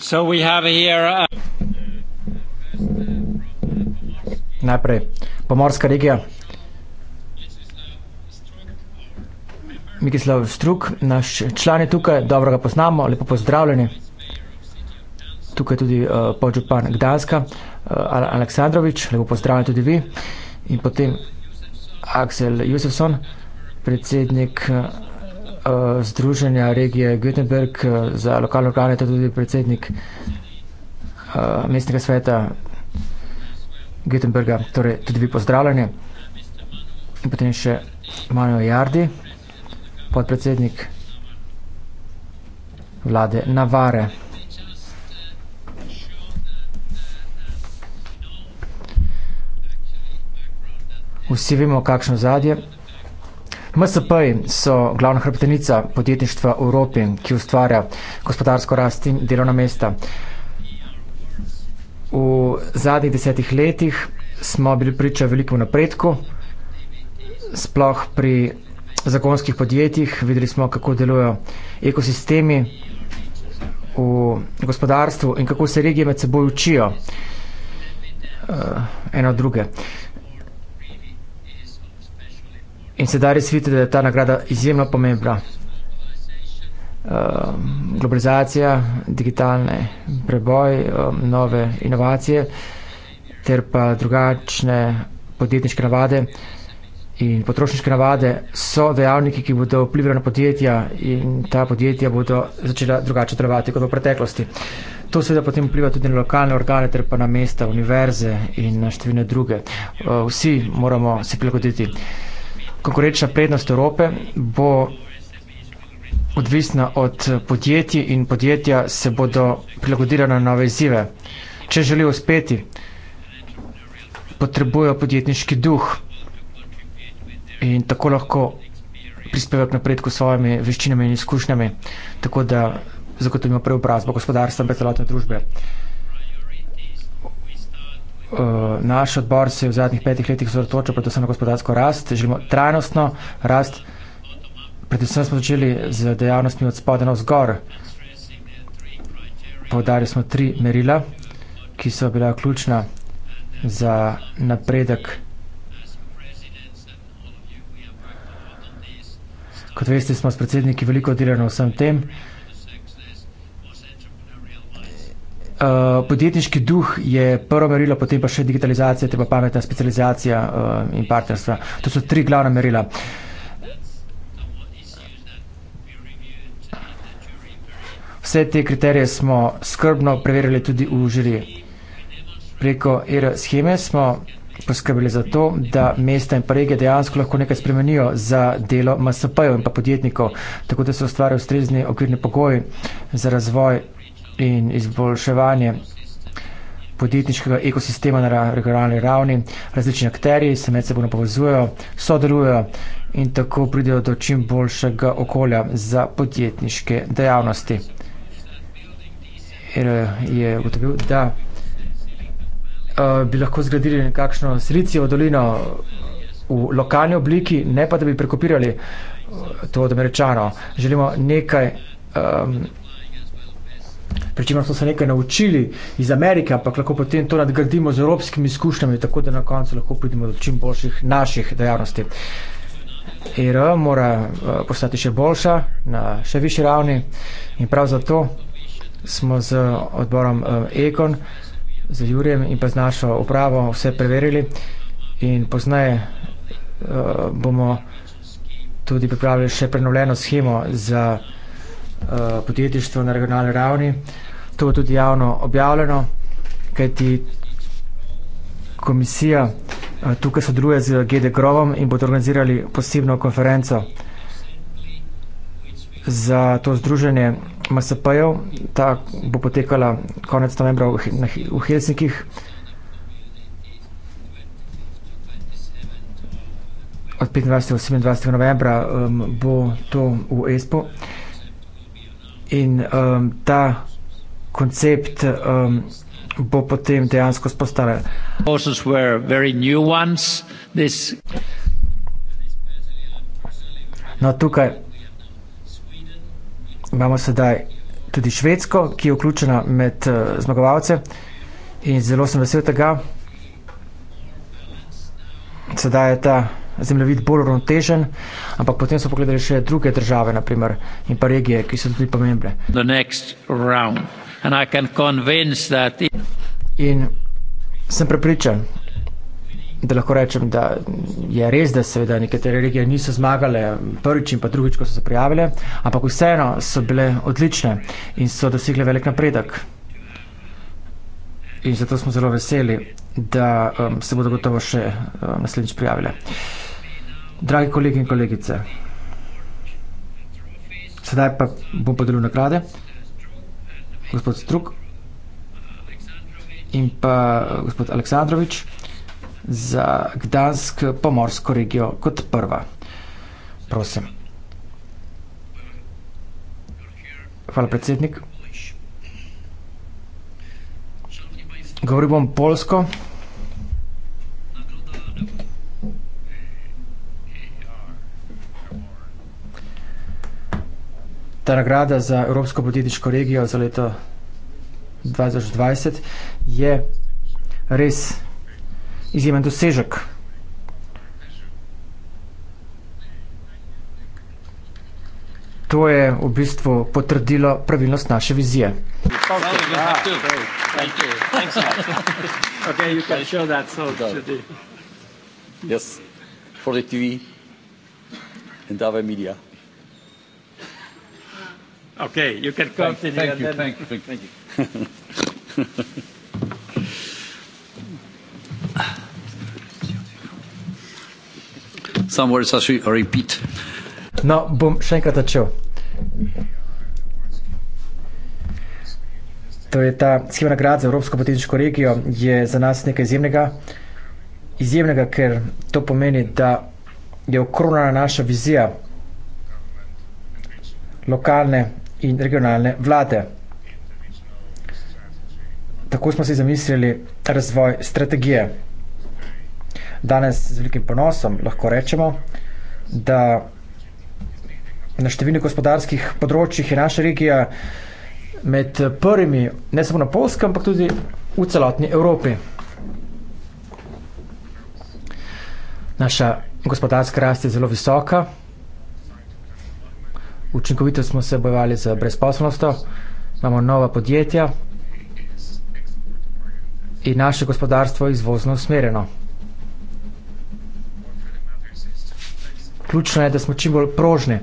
So we have here, uh... Najprej, pomorska regija. Mikislav Struk, naš član je tukaj, dobro ga poznamo, lepo pozdravljeni. Tukaj tudi uh, podžupan Gdanska, uh, Aleksandrovič, lepo pozdravljeni tudi vi. In potem Aksel Josefson, predsednik uh, uh, Združenja regije Gutenberg, uh, za lokalno organe, to je tudi predsednik uh, mestnega sveta Gutenberga, torej tudi vi pozdravljanje. In potem še Manjo Jardi, podpredsednik vlade Navare. Vsi vemo, kakšno zadje. MSP so glavna hrbtenica podjetništva v Evropi, ki ustvarja gospodarsko rast in delovna mesta. V zadnjih desetih letih smo bili priča velikemu napredku, sploh pri zagonskih podjetjih, videli smo, kako delujejo ekosistemi v gospodarstvu in kako se regije med seboj učijo uh, eh, eno od druge. In sedaj res vidite, da je ta nagrada izjemno pomembna. Ehm, globalizacija, digitalni preboj, ehm, nove inovacije ter pa drugačne podjetniške navade in potrošniške navade so dejavniki, ki bodo vplivali na podjetja in ta podjetja bodo začela drugače delovati kot v preteklosti. To seveda potem vpliva tudi na lokalne organe ter pa na mesta, univerze in na številne druge. Ehm, vsi moramo se prilagoditi konkurenčna prednost Evrope bo odvisna od podjetij in podjetja se bodo prilagodila na nove izzive. Če želijo uspeti, potrebujejo podjetniški duh in tako lahko prispeva k napredku s svojimi veščinami in izkušnjami, tako da zagotovimo preobrazbo gospodarstva in celotne družbe. Eh, naš odbor se je v zadnjih petih letih zvrtočil predvsem na gospodarsko rast, želimo trajnostno rast, predvsem smo začeli z dejavnostmi od spode na vzgor. Podarili smo tri merila, ki so bila ključna za napredek. Kot veste, smo s predsedniki veliko delali na vsem tem. Eh, podjetniški duh je prvo merilo, potem pa še digitalizacija, te pa pametna specializacija uh, in partnerstva. To so tri glavna merila. Vse te kriterije smo skrbno preverili tudi v žiri. Preko ER scheme smo poskrbili za to, da mesta in pa regije dejansko lahko nekaj spremenijo za delo MSP-jev in pa podjetnikov, tako da se ustvarijo ustrezni okvirni pogoji za razvoj in izboljševanje podjetniškega ekosistema na regionalni ravni. Različni akteri se med seboj povezujejo, sodelujejo in tako pridejo do čim boljšega okolja za podjetniške dejavnosti. Er je ugotovil, da eh, bi lahko zgradili nekakšno Silicijo dolino v lokalni obliki, ne pa da bi prekopirali eh, to od Američano. Želimo nekaj um, Pričemer smo se nekaj naučili iz Amerike, ampak lahko potem to nadgradimo z evropskimi izkušnjami, tako da na koncu lahko pridemo do čim boljših naših dejavnosti. ER mora uh, postati še boljša na še višji ravni in prav zato smo z odborom uh, Ekon, z Jurjem in pa z našo upravo vse preverili in poznaje uh, eh, bomo tudi pripravili še prenovljeno schemo za. Eh, podjetništvo na regionalni ravni. To bo tudi javno objavljeno, kajti komisija eh, tukaj sodeluje z GD Grovom in bodo organizirali posebno konferenco za to združenje MSP-jev. Ta bo potekala konec novembra v Helsinkih. Od 25. do 27. novembra ehm, bo to v ESPO in um, ta koncept um, bo potem dejansko spostavljen. No, tukaj imamo sedaj tudi Švedsko, ki je vključena med uh, zmagovalce in zelo sem vesel tega. Sedaj je ta zemljevid bolj uravnotežen, ampak potem so pogledali še druge države naprimer, in pa regije, ki so tudi pomembne. In sem prepričan, da lahko rečem, da je res, da seveda nekatere regije niso zmagale prvič in pa drugič, ko so se prijavile, ampak vseeno so bile odlične in so dosegle velik napredek. In zato smo zelo veseli, da um, se bodo gotovo še um, naslednjič prijavile. Uh, Dragi kolegi in kolegice, sedaj pa bom podelil nagrade. Gospod Struk in pa gospod Aleksandrovič za Gdansk pomorsko regijo kot prva. Prosim. Hvala, predsednik. Govoril bom polsko. Hvala. Ta nagrada za Evropsko podjetniško regijo za leto 2020 je res izjemen dosežek. To je v bistvu potrdilo pravilnost naše vizije. Yes, for the TV and other media. Okay, you can continue. Thank you. Thank you. Thank you. Some words I should repeat. No, boom, Schenker to chill. To je ta shema nagrad za Evropsko podjetniško regijo, je za nas nekaj izjemnega. Izjemnega, ker to pomeni, da je okronana naša vizija lokalne in regionalne vlade. Tako smo si zamislili razvoj strategije. Danes z velikim ponosom lahko rečemo, da na številnih gospodarskih področjih je naša regija med prvimi, ne samo na Polskem, ampak tudi v celotni Evropi. Naša gospodarska rast je zelo visoka učinkovito smo se bojevali z brezposobnostjo, imamo nova podjetja in naše gospodarstvo je izvozno usmerjeno. Ključno je, da smo čim bolj prožni,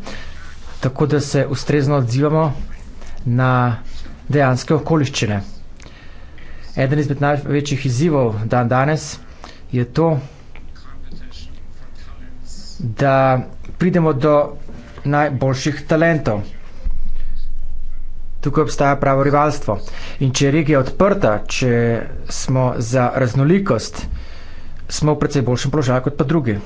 tako da se ustrezno odzivamo na dejanske okoliščine. Eden izmed največjih izzivov dan danes je to, da pridemo do najboljših talentov. Tukaj obstaja pravo rivalstvo. In če je regija odprta, če smo za raznolikost, smo v precej boljšem položaju kot pa drugi.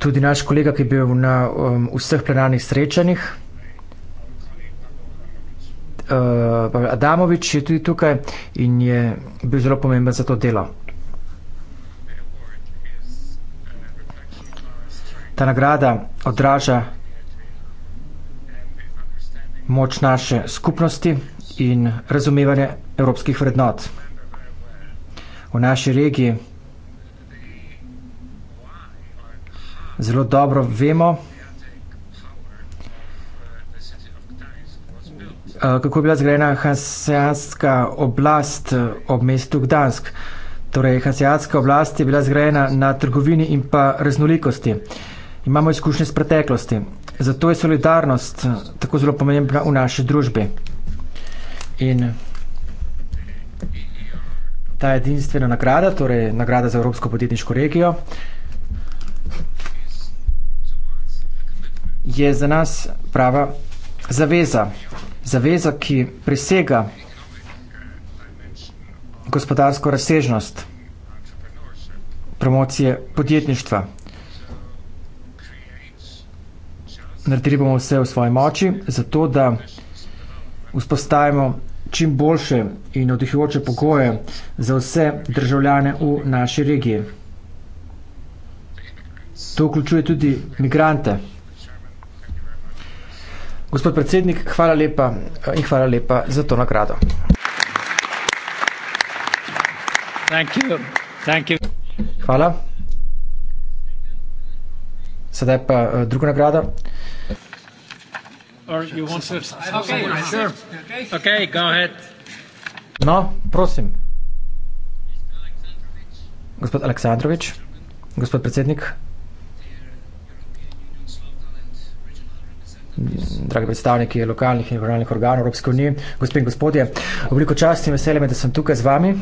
Tudi naš kolega, ki je bil na um, vseh plenarnih srečanjih, uh, Adamovič je tudi tukaj in je bil zelo pomemben za to delo. Ta nagrada odraža moč naše skupnosti in razumevanje evropskih vrednot. V naši regiji zelo dobro vemo, eh, kako je bila zgrajena hanseatska oblast eh, ob mestu Gdansk. Torej, hanseatska oblast je bila zgrajena na trgovini in pa raznolikosti imamo izkušnje iz preteklosti. Zato je solidarnost eh, tako zelo pomembna v naši družbi. In ta edinstvena nagrada, torej nagrada za Evropsko podjetniško regijo, je za nas prava zaveza. Zaveza, ki presega gospodarsko razsežnost promocije podjetništva, Naredili bomo vse v svoji moči, zato da vzpostavimo čim boljše in odihujoče pogoje za vse državljane v naši regiji. To vključuje tudi migrante. Gospod predsednik, hvala lepa eh, in hvala lepa za to nagrado. Thank you. Thank you. Hvala. Sedaj pa uh, druga nagrada. Okay, sure. okay, no, prosim. Gospod Aleksandrovič, gospod predsednik, dragi predstavniki lokalnih in regionalnih organov Evropske unije, gospe in gospodje, veliko čast in veselje, da sem tukaj z vami.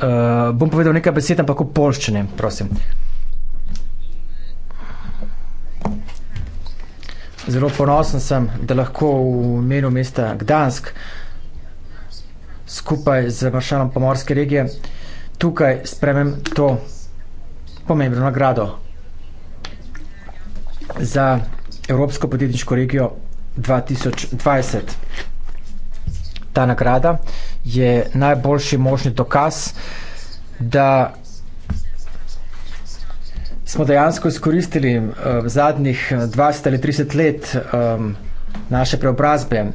Uh, bom povedal nekaj besed, ampak v polščini, prosim. Zelo ponosen sem, da lahko v imenu mesta Gdansk skupaj z maršalom pomorske regije tukaj spremem to pomembno nagrado za Evropsko podjetniško regijo 2020 ta nagrada je najboljši možni dokaz, da smo dejansko izkoristili eh, v zadnjih 20 eh, ali 30 let um, naše preobrazbe, um,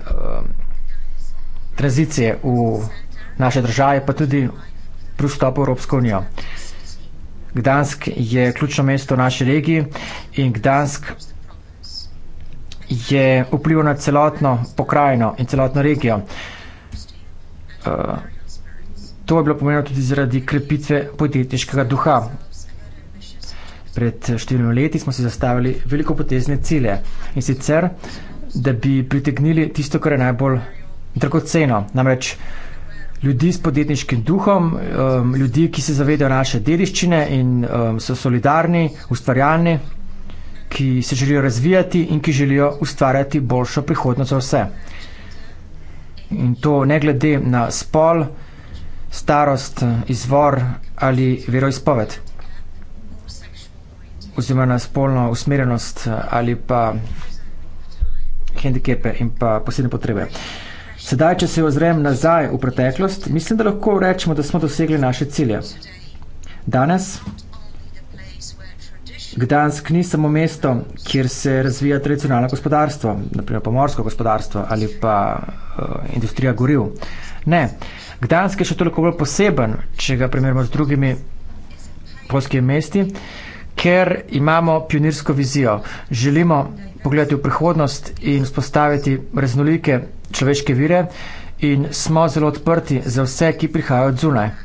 tranzicije v naše države, pa tudi pristopu Evropsko unijo. Gdansk je ključno mesto v naši regiji in Gdansk je vplival na celotno pokrajino in celotno regijo. Uh, Eh, to je bilo pomembno tudi zaradi krepitve podjetniškega duha. Pred štirimi leti smo si zastavili veliko potezne cilje in sicer, da bi pritegnili tisto, kar je najbolj dragoceno. Namreč ljudi s podjetniškim duhom, um, ljudi, ki se zavedajo naše dediščine in um, so solidarni, ustvarjalni, ki se želijo razvijati in ki želijo ustvarjati boljšo prihodnost za vse in to ne glede na spol, starost, izvor ali veroizpoved oziroma na spolno usmerjenost eh, ali pa hendikepe in pa posebne potrebe. Sedaj, če se ozrem nazaj v preteklost, mislim, da lahko rečemo, da smo dosegli naše cilje. Danes Gdansk ni samo mesto, kjer se razvija tradicionalno gospodarstvo, naprimer pomorsko gospodarstvo ali pa uh, industrija goril. Ne, Gdansk je še toliko bolj poseben, če ga primerjamo z drugimi polskimi mesti, ker imamo pionirsko vizijo. Želimo pogledati v prihodnost in spostaviti raznolike človeške vire in smo zelo odprti za vse, ki prihajajo od zunaj.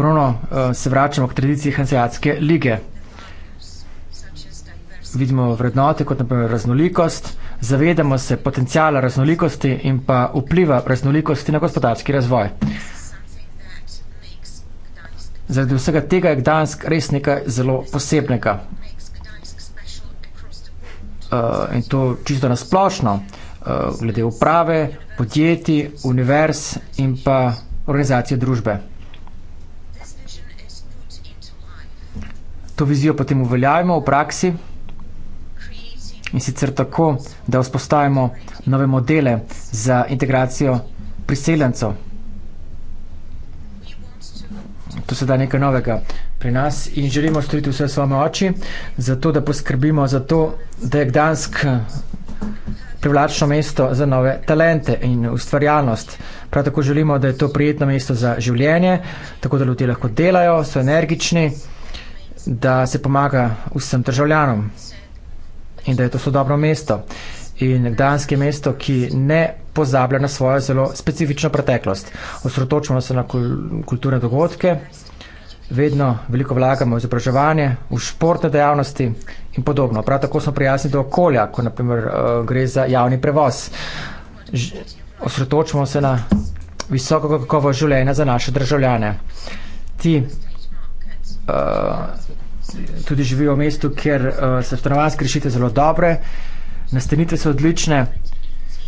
Pravno eh, se vračamo k tradiciji Hanseatske lige. Vidimo vrednote, kot naprimer raznolikost, zavedamo se potencijala raznolikosti in pa vpliva raznolikosti na gospodarski razvoj. Zaradi vsega tega je Gdansk res nekaj zelo posebnega. Uh, in to čisto nasplošno, uh, eh, glede uprave, podjetij, univerz in pa organizacije družbe. to vizijo potem uveljavimo v praksi in sicer tako, da vzpostavimo nove modele za integracijo priseljencev. To se da nekaj novega pri nas in želimo storiti vse svoje oči, zato da poskrbimo za to, da je Gdansk privlačno mesto za nove talente in ustvarjalnost. Prav tako želimo, da je to prijetno mesto za življenje, tako da ljudje lahko delajo, so energični da se pomaga vsem državljanom in da je to sodobno mesto. In gdanske mesto, ki ne pozablja na svojo zelo specifično preteklost. Osredotočamo se na kulturne dogodke, vedno veliko vlagamo v izobraževanje, v športne dejavnosti in podobno. Prav tako smo prijazni do okolja, ko naprimer eh, gre za javni prevoz. Osredotočamo se na visoko kakovo življenja za naše državljane. Ti eh, tudi živi v mestu, kjer uh, so stanovanske rešitve zelo dobre, nastanitve so odlične,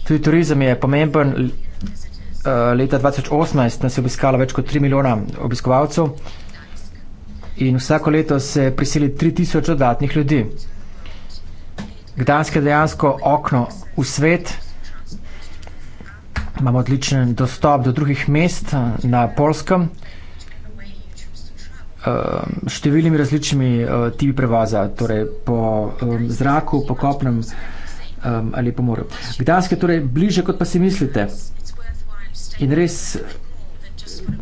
tudi turizem je pomemben. Uh, leta 2018 nas je obiskalo več kot 3 milijona obiskovalcev in vsako leto se prisili 3000 dodatnih ljudi. Gdansk je dejansko okno v svet, imamo odličen dostop do drugih mest eh, na Polskem uh, številnimi različnimi uh, tipi prevoza, torej po um, zraku, po kopnem um, ali po morju. Gdansk je torej bliže, kot pa si mislite. In res,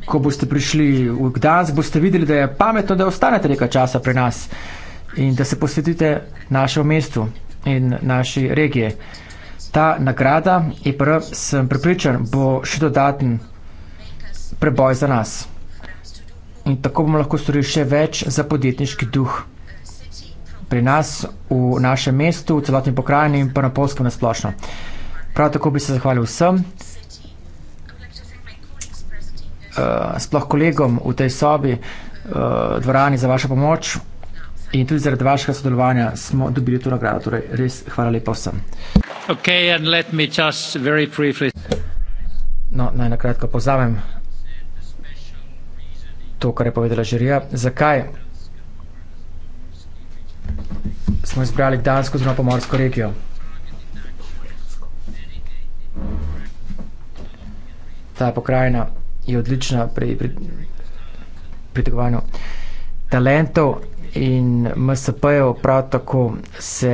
ko boste prišli v Gdansk, boste videli, da je pametno, da ostanete nekaj časa pri nas in da se posvetite našemu mestu in naši regiji. Ta nagrada, IPR, e sem pripričan, bo še dodaten preboj za nas in tako bomo lahko storili še več za podjetniški duh pri nas, v našem mestu, v celotni pokrajini in pa na polskem nasplošno. Prav tako bi se zahvalil vsem, uh, sploh kolegom v tej sobi, uh, dvorani za vašo pomoč in tudi zaradi vašega sodelovanja smo dobili to nagrado. Torej, res hvala lepa vsem. Okay, and let me just very briefly... No, naj nakratko povzamem to, kar je povedala žirija. Zakaj smo izbrali Gdansko oziroma Pomorsko regijo? Ta pokrajina je odlična pri pritegovanju pri talentov in MSP-jo prav tako se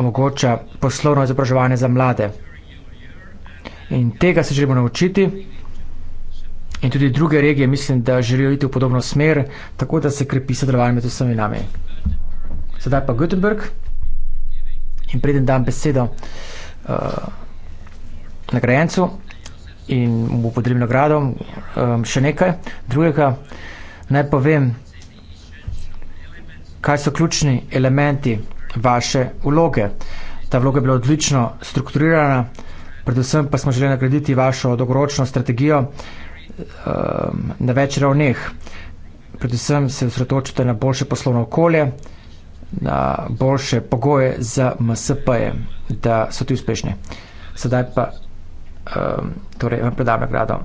omogoča poslovno izobraževanje za mlade. In tega se želimo naučiti in tudi druge regije, mislim, da želijo iti v podobno smer, tako da se krepi sodelovanje med vsemi nami. Sedaj pa Gutenberg in preden dam besedo uh, nagrajencu in mu podelim nagrado, um, še nekaj drugega. Naj povem, kaj so ključni elementi vaše vloge. Ta vloga je bila odlično strukturirana, predvsem pa smo želeli nagraditi vašo dolgoročno strategijo, uh, Um, na več ravneh. Predvsem se osredotočite na boljše poslovno okolje, na boljše pogoje za MSP-je, da so ti uspešni. Sedaj pa um, torej vam predam nagrado.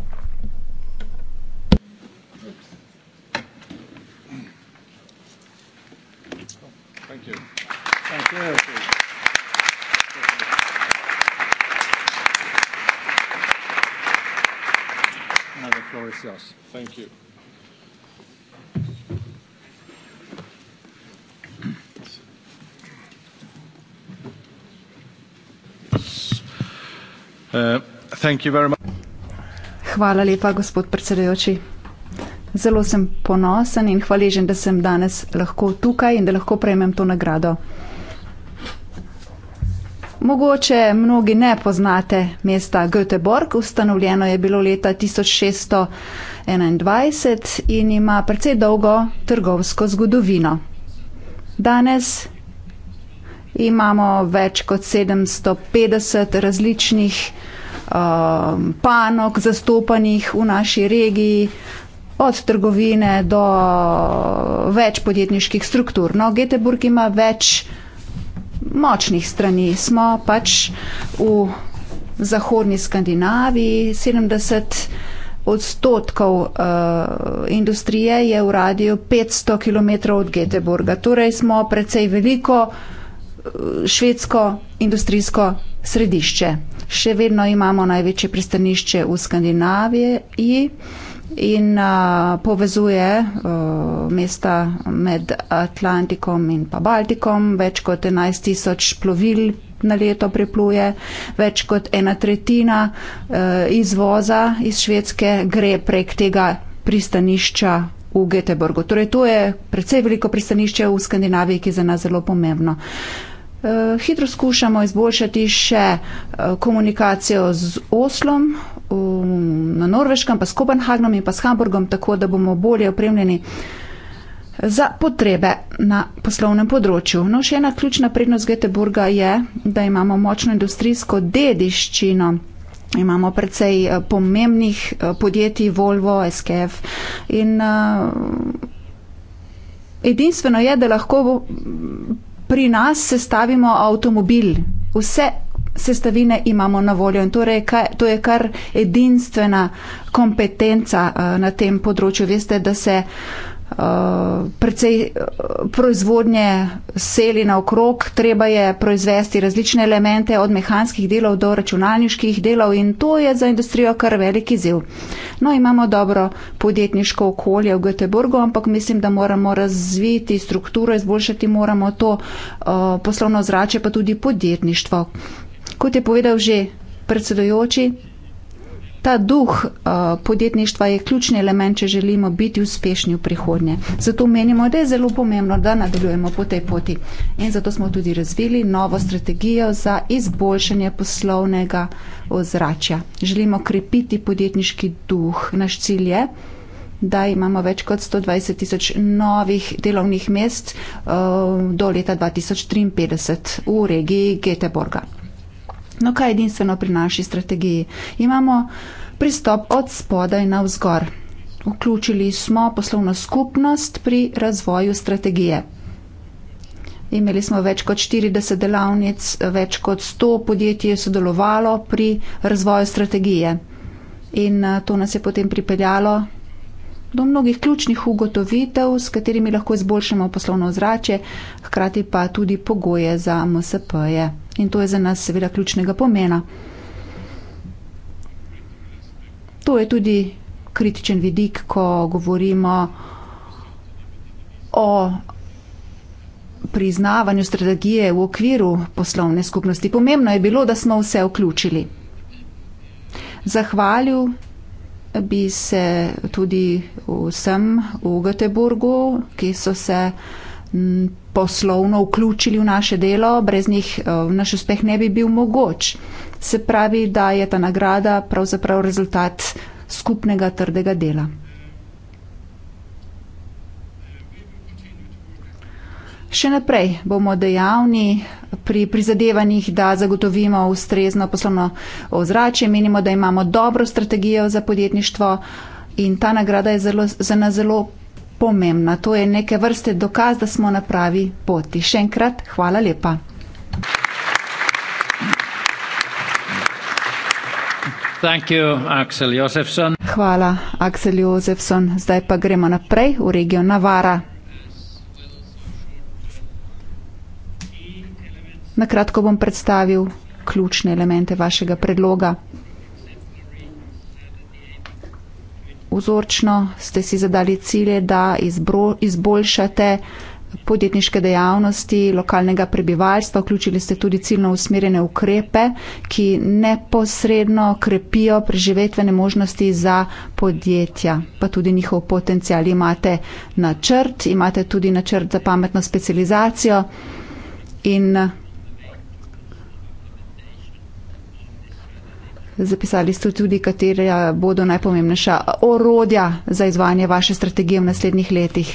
Gracias. Thank you. Uh, Hvala lepa, gospod predsedujoči. Zelo sem ponosen in hvaležen, da sem danes lahko tukaj in da lahko prejmem to nagrado. Mogoče mnogi ne poznate mesta Göteborg, ustanovljeno je bilo leta 1621 in ima precej dolgo trgovsko zgodovino. Danes imamo več kot 750 različnih um, panog zastopanih v naši regiji, od trgovine do več podjetniških struktur. No, Göteborg ima več močnih strani. Smo pač v zahodni Skandinaviji, 70 odstotkov uh, industrije je v radiju 500 km od Göteborga. Torej smo precej veliko eh, švedsko industrijsko središče. Še vedno imamo največje pristanišče v Skandinaviji in uh, povezuje uh, mesta med Atlantikom in pa Baltikom. Več kot 11 tisoč plovil na leto prepluje, več kot ena tretjina uh, izvoza iz Švedske gre prek tega pristanišča v Göteborgu. Torej, to je precej veliko pristanišče v Skandinaviji, ki je za nas zelo pomembno. Uh, hitro skušamo izboljšati še uh, komunikacijo z Oslom, v, na Norveškem, pa s Kopenhagnom in pa s Hamburgom, tako da bomo bolje opremljeni za potrebe na poslovnem področju. No, še ena ključna prednost Göteborga je, da imamo močno industrijsko dediščino. Imamo precej eh, pomembnih eh, podjetij, Volvo, SKF in uh, edinstveno je, da lahko pri nas sestavimo avtomobil. Vse sestavine imamo na voljo in torej kaj, to je kar edinstvena kompetenca eh, na tem področju. Veste, da se eh, precej eh, proizvodnje seli naokrog, treba je proizvesti različne elemente od mehanskih delov do računalniških delov in to je za industrijo kar veliki ziv. No, imamo dobro podjetniško okolje v Göteborgu, ampak mislim, da moramo razviti strukturo, izboljšati moramo to uh, poslovno zrače, pa tudi podjetništvo. Kot je povedal že predsedujoči, ta duh uh, podjetništva je ključni element, če želimo biti uspešni v prihodnje. Zato menimo, da je zelo pomembno, da nadaljujemo po tej poti. In zato smo tudi razvili novo strategijo za izboljšanje poslovnega ozračja. Želimo krepiti podjetniški duh. Naš cilj je da imamo več kot 120 tisoč novih delovnih mest uh, do leta 2053 v regiji Geteborga. No, kaj je edinstveno pri naši strategiji? Imamo pristop od spodaj na vzgor. Vključili smo poslovno skupnost pri razvoju strategije. Imeli smo več kot 40 delavnic, več kot 100 podjetij je sodelovalo pri razvoju strategije. In eh, to nas je potem pripeljalo do mnogih ključnih ugotovitev, s katerimi lahko izboljšamo poslovno ozračje, hkrati pa tudi pogoje za MSP-je in to je za nas seveda ključnega pomena. To je tudi kritičen vidik, ko govorimo o priznavanju strategije v okviru poslovne skupnosti. Pomembno je bilo, da smo vse vključili. Zahvalil bi se tudi vsem v Göteborgu, ki so se poslovno vključili v naše delo, brez njih eh, naš uspeh ne bi bil mogoč. Se pravi, da je ta nagrada pravzaprav rezultat skupnega trdega dela. Še naprej bomo dejavni pri prizadevanjih, da zagotovimo ustrezno poslovno ozračje. Menimo, da imamo dobro strategijo za podjetništvo in ta nagrada je zelo, za nas zelo pomembna. To je neke vrste dokaz, da smo na pravi poti. Še enkrat hvala lepa. You, Axel hvala, Aksel Josefson. Zdaj pa gremo naprej v regijo Navara. Na kratko bom predstavil ključne elemente vašega predloga. vzorčno, ste si zadali cilje, da izbro, izboljšate podjetniške dejavnosti lokalnega prebivalstva, vključili ste tudi ciljno usmerjene ukrepe, ki neposredno krepijo preživetvene možnosti za podjetja, pa tudi njihov potencial. Imate načrt, imate tudi načrt za pametno specializacijo in zapisali ste tudi, katera bodo najpomembnejša orodja za izvajanje vaše strategije v naslednjih letih.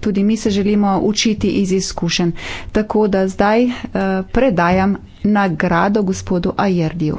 Tudi mi se želimo učiti iz izkušenj. Tako da zdaj uh, predajam nagrado gospodu Ajerdiju.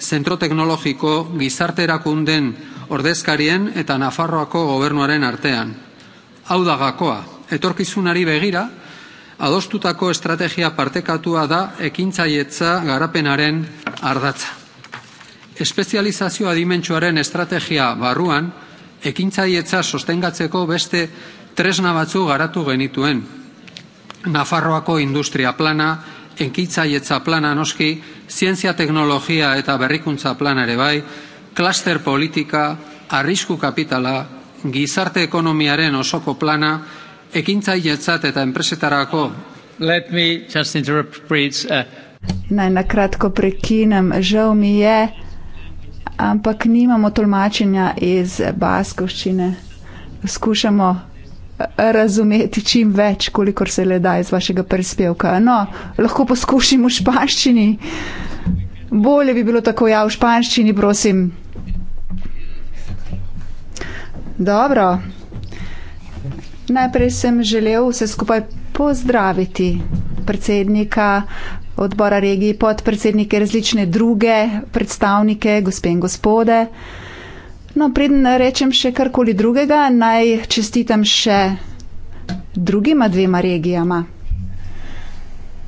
zentro teknologiko gizarte erakunden ordezkarien eta Nafarroako gobernuaren artean. Hau da gakoa, etorkizunari begira, adostutako estrategia partekatua da ekintzaietza garapenaren ardatza. Espezializazio adimentsuaren estrategia barruan, ekintzaietza sostengatzeko beste tresna batzu garatu genituen. Nafarroako industria plana, enkitzaietza plana noski, zientzia teknologia eta berrikuntza plana ere bai, klaster politika, arrisku kapitala, gizarte ekonomiaren osoko plana, ekintzaietzat eta enpresetarako. Let me just interrupt, please. Uh... Naj nakratko prekinem, žal mi je, ampak nimamo tolmačenja iz baskovščine. Skušamo razumeti čim več, kolikor se le da iz vašega prispevka. No, lahko poskušim v španščini. Bolje bi bilo tako, ja, v španščini, prosim. Dobro. Najprej sem želel vse skupaj pozdraviti predsednika odbora regiji, podpredsednike, različne druge predstavnike, gospe in gospode. Uh, No, preden rečem še karkoli drugega, naj čestitam še drugima dvema regijama.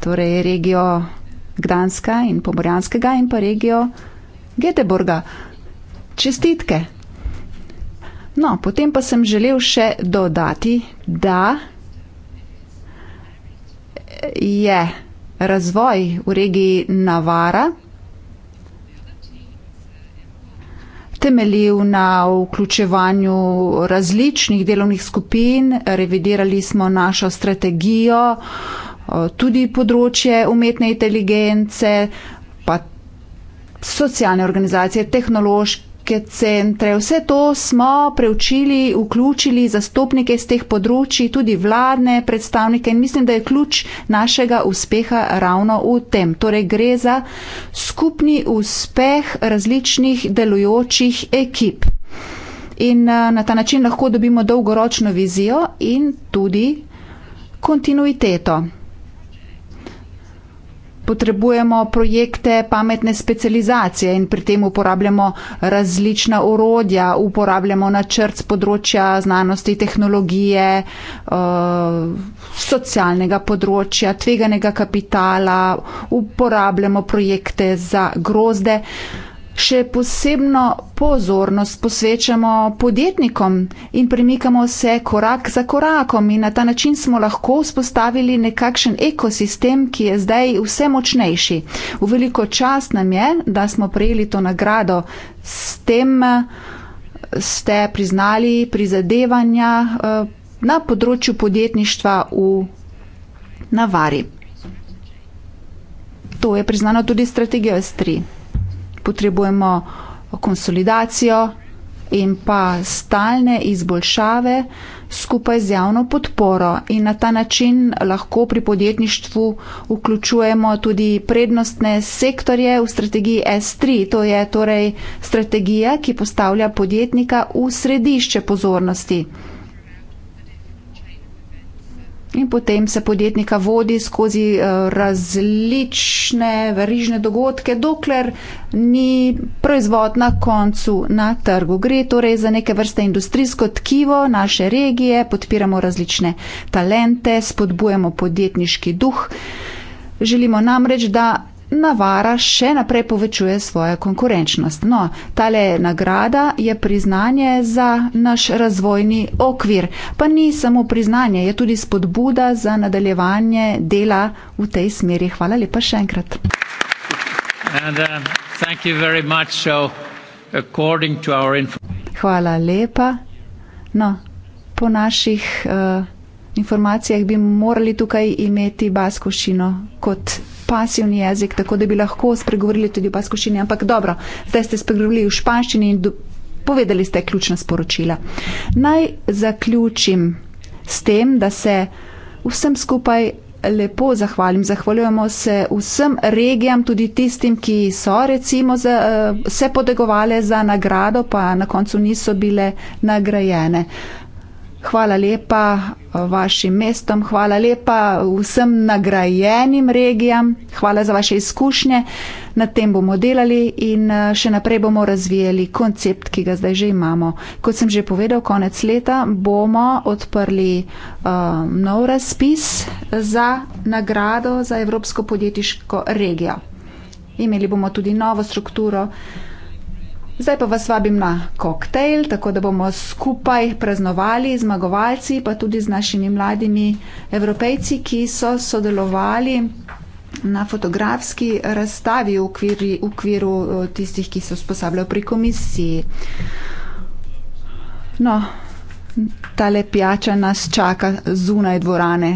Torej, regijo Gdanska in Pomorjanskega in pa regijo Geteborga. Čestitke. No, potem pa sem želel še dodati, da je razvoj v regiji Navara temeljil na vključevanju različnih delovnih skupin, revidirali smo našo strategijo, eh, tudi področje umetne inteligence, pa socialne organizacije, tehnološke. Ke centre, vse to smo preučili, vključili zastopnike z teh področji, tudi vladne predstavnike in mislim, da je ključ našega uspeha ravno v tem. Torej gre za skupni uspeh različnih delujočih ekip. In eh, na ta način lahko dobimo dolgoročno vizijo in tudi kontinuiteto potrebujemo projekte pametne specializacije in pri tem uporabljamo različna orodja, uporabljamo načrt z področja znanosti, tehnologije, eh, socialnega področja, tveganega kapitala, uporabljamo projekte za grozde. Še posebno pozornost posvečamo podjetnikom in premikamo se korak za korakom in na ta način smo lahko vzpostavili nekakšen ekosistem, ki je zdaj vse močnejši. V veliko čast nam je, da smo prejeli to nagrado s tem, eh, ste priznali prizadevanja eh, na področju podjetništva v Navari. To je priznano tudi strategijo S3 potrebujemo konsolidacijo in pa stalne izboljšave skupaj z javno podporo in na ta način lahko pri podjetništvu vključujemo tudi prednostne sektorje v strategiji S3. To je torej strategija, ki postavlja podjetnika v središče pozornosti. In potem se podjetnika vodi skozi eh, različne verižne dogodke, dokler ni proizvod na koncu na trgu. Gre torej za neke vrste industrijsko tkivo naše regije, podpiramo različne talente, spodbujamo podjetniški duh. Želimo namreč, da Navara še naprej povečuje svojo konkurenčnost. No, tale nagrada je priznanje za naš razvojni okvir, pa ni samo priznanje, je tudi spodbuda za nadaljevanje dela v tej smeri. Hvala lepa še enkrat. And, uh, so, Hvala lepa. No, po naših uh, informacijah bi morali tukaj imeti baskošino kot pasivni jezik, tako da bi lahko spregovorili tudi v paskušini. Ampak dobro, zdaj ste spregovorili v španščini in povedali ste ključna sporočila. Naj zaključim s tem, da se vsem skupaj. Lepo zahvalim. Zahvaljujemo se vsem regijam, tudi tistim, ki so recimo za, eh, se podegovale za nagrado, pa na koncu niso bile nagrajene. Hvala lepa eh, vašim mestom, hvala lepa vsem nagrajenim regijam, hvala za vaše izkušnje. Na tem bomo delali in eh, še naprej bomo razvijali koncept, ki ga zdaj že imamo. Kot sem že povedal, konec leta bomo odprli um, nov razpis za nagrado za Evropsko podjetiško regijo. Imeli bomo tudi novo strukturo. Zdaj pa vas vabim na koktejl, tako da bomo skupaj praznovali zmagovalci, pa tudi z našimi mladimi evropejci, ki so sodelovali na fotografski razstavi v okviru, v okviru eh, tistih, ki se usposabljajo pri komisiji. No, tale pijača nas čaka zunaj dvorane.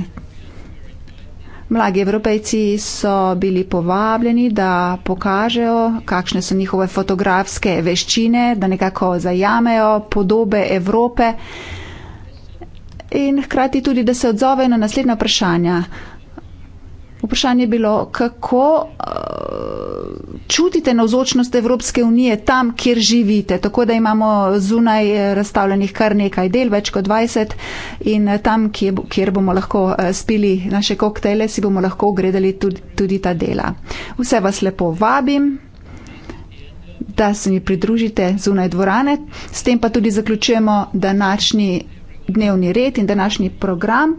Mladi evropejci so bili povabljeni, da pokažejo, kakšne so njihove fotografske veščine, da nekako zajamejo podobe Evrope in hkrati tudi, da se odzovejo na naslednja vprašanja. Vprašanje je bilo, kako uh, čutite navzočnost Evropske unije tam, kjer živite. Tako da imamo zunaj eh, razstavljenih kar nekaj del, več kot 20 in eh, tam, kjer, kjer bomo lahko spili naše koktele, si bomo lahko ogledali tudi, tudi ta dela. Vse vas lepo vabim da se mi pridružite zunaj dvorane. S tem pa tudi zaključujemo današnji dnevni red in današnji program.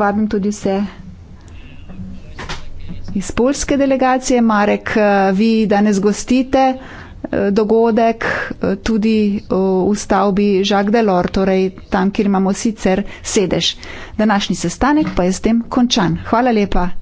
vabim tudi vse iz polske delegacije. Marek, eh, vi danes gostite eh, dogodek eh, tudi v stavbi Jacques Delor, torej tam, kjer imamo sicer sedež. Današnji sestanek pa je s tem končan. Hvala lepa.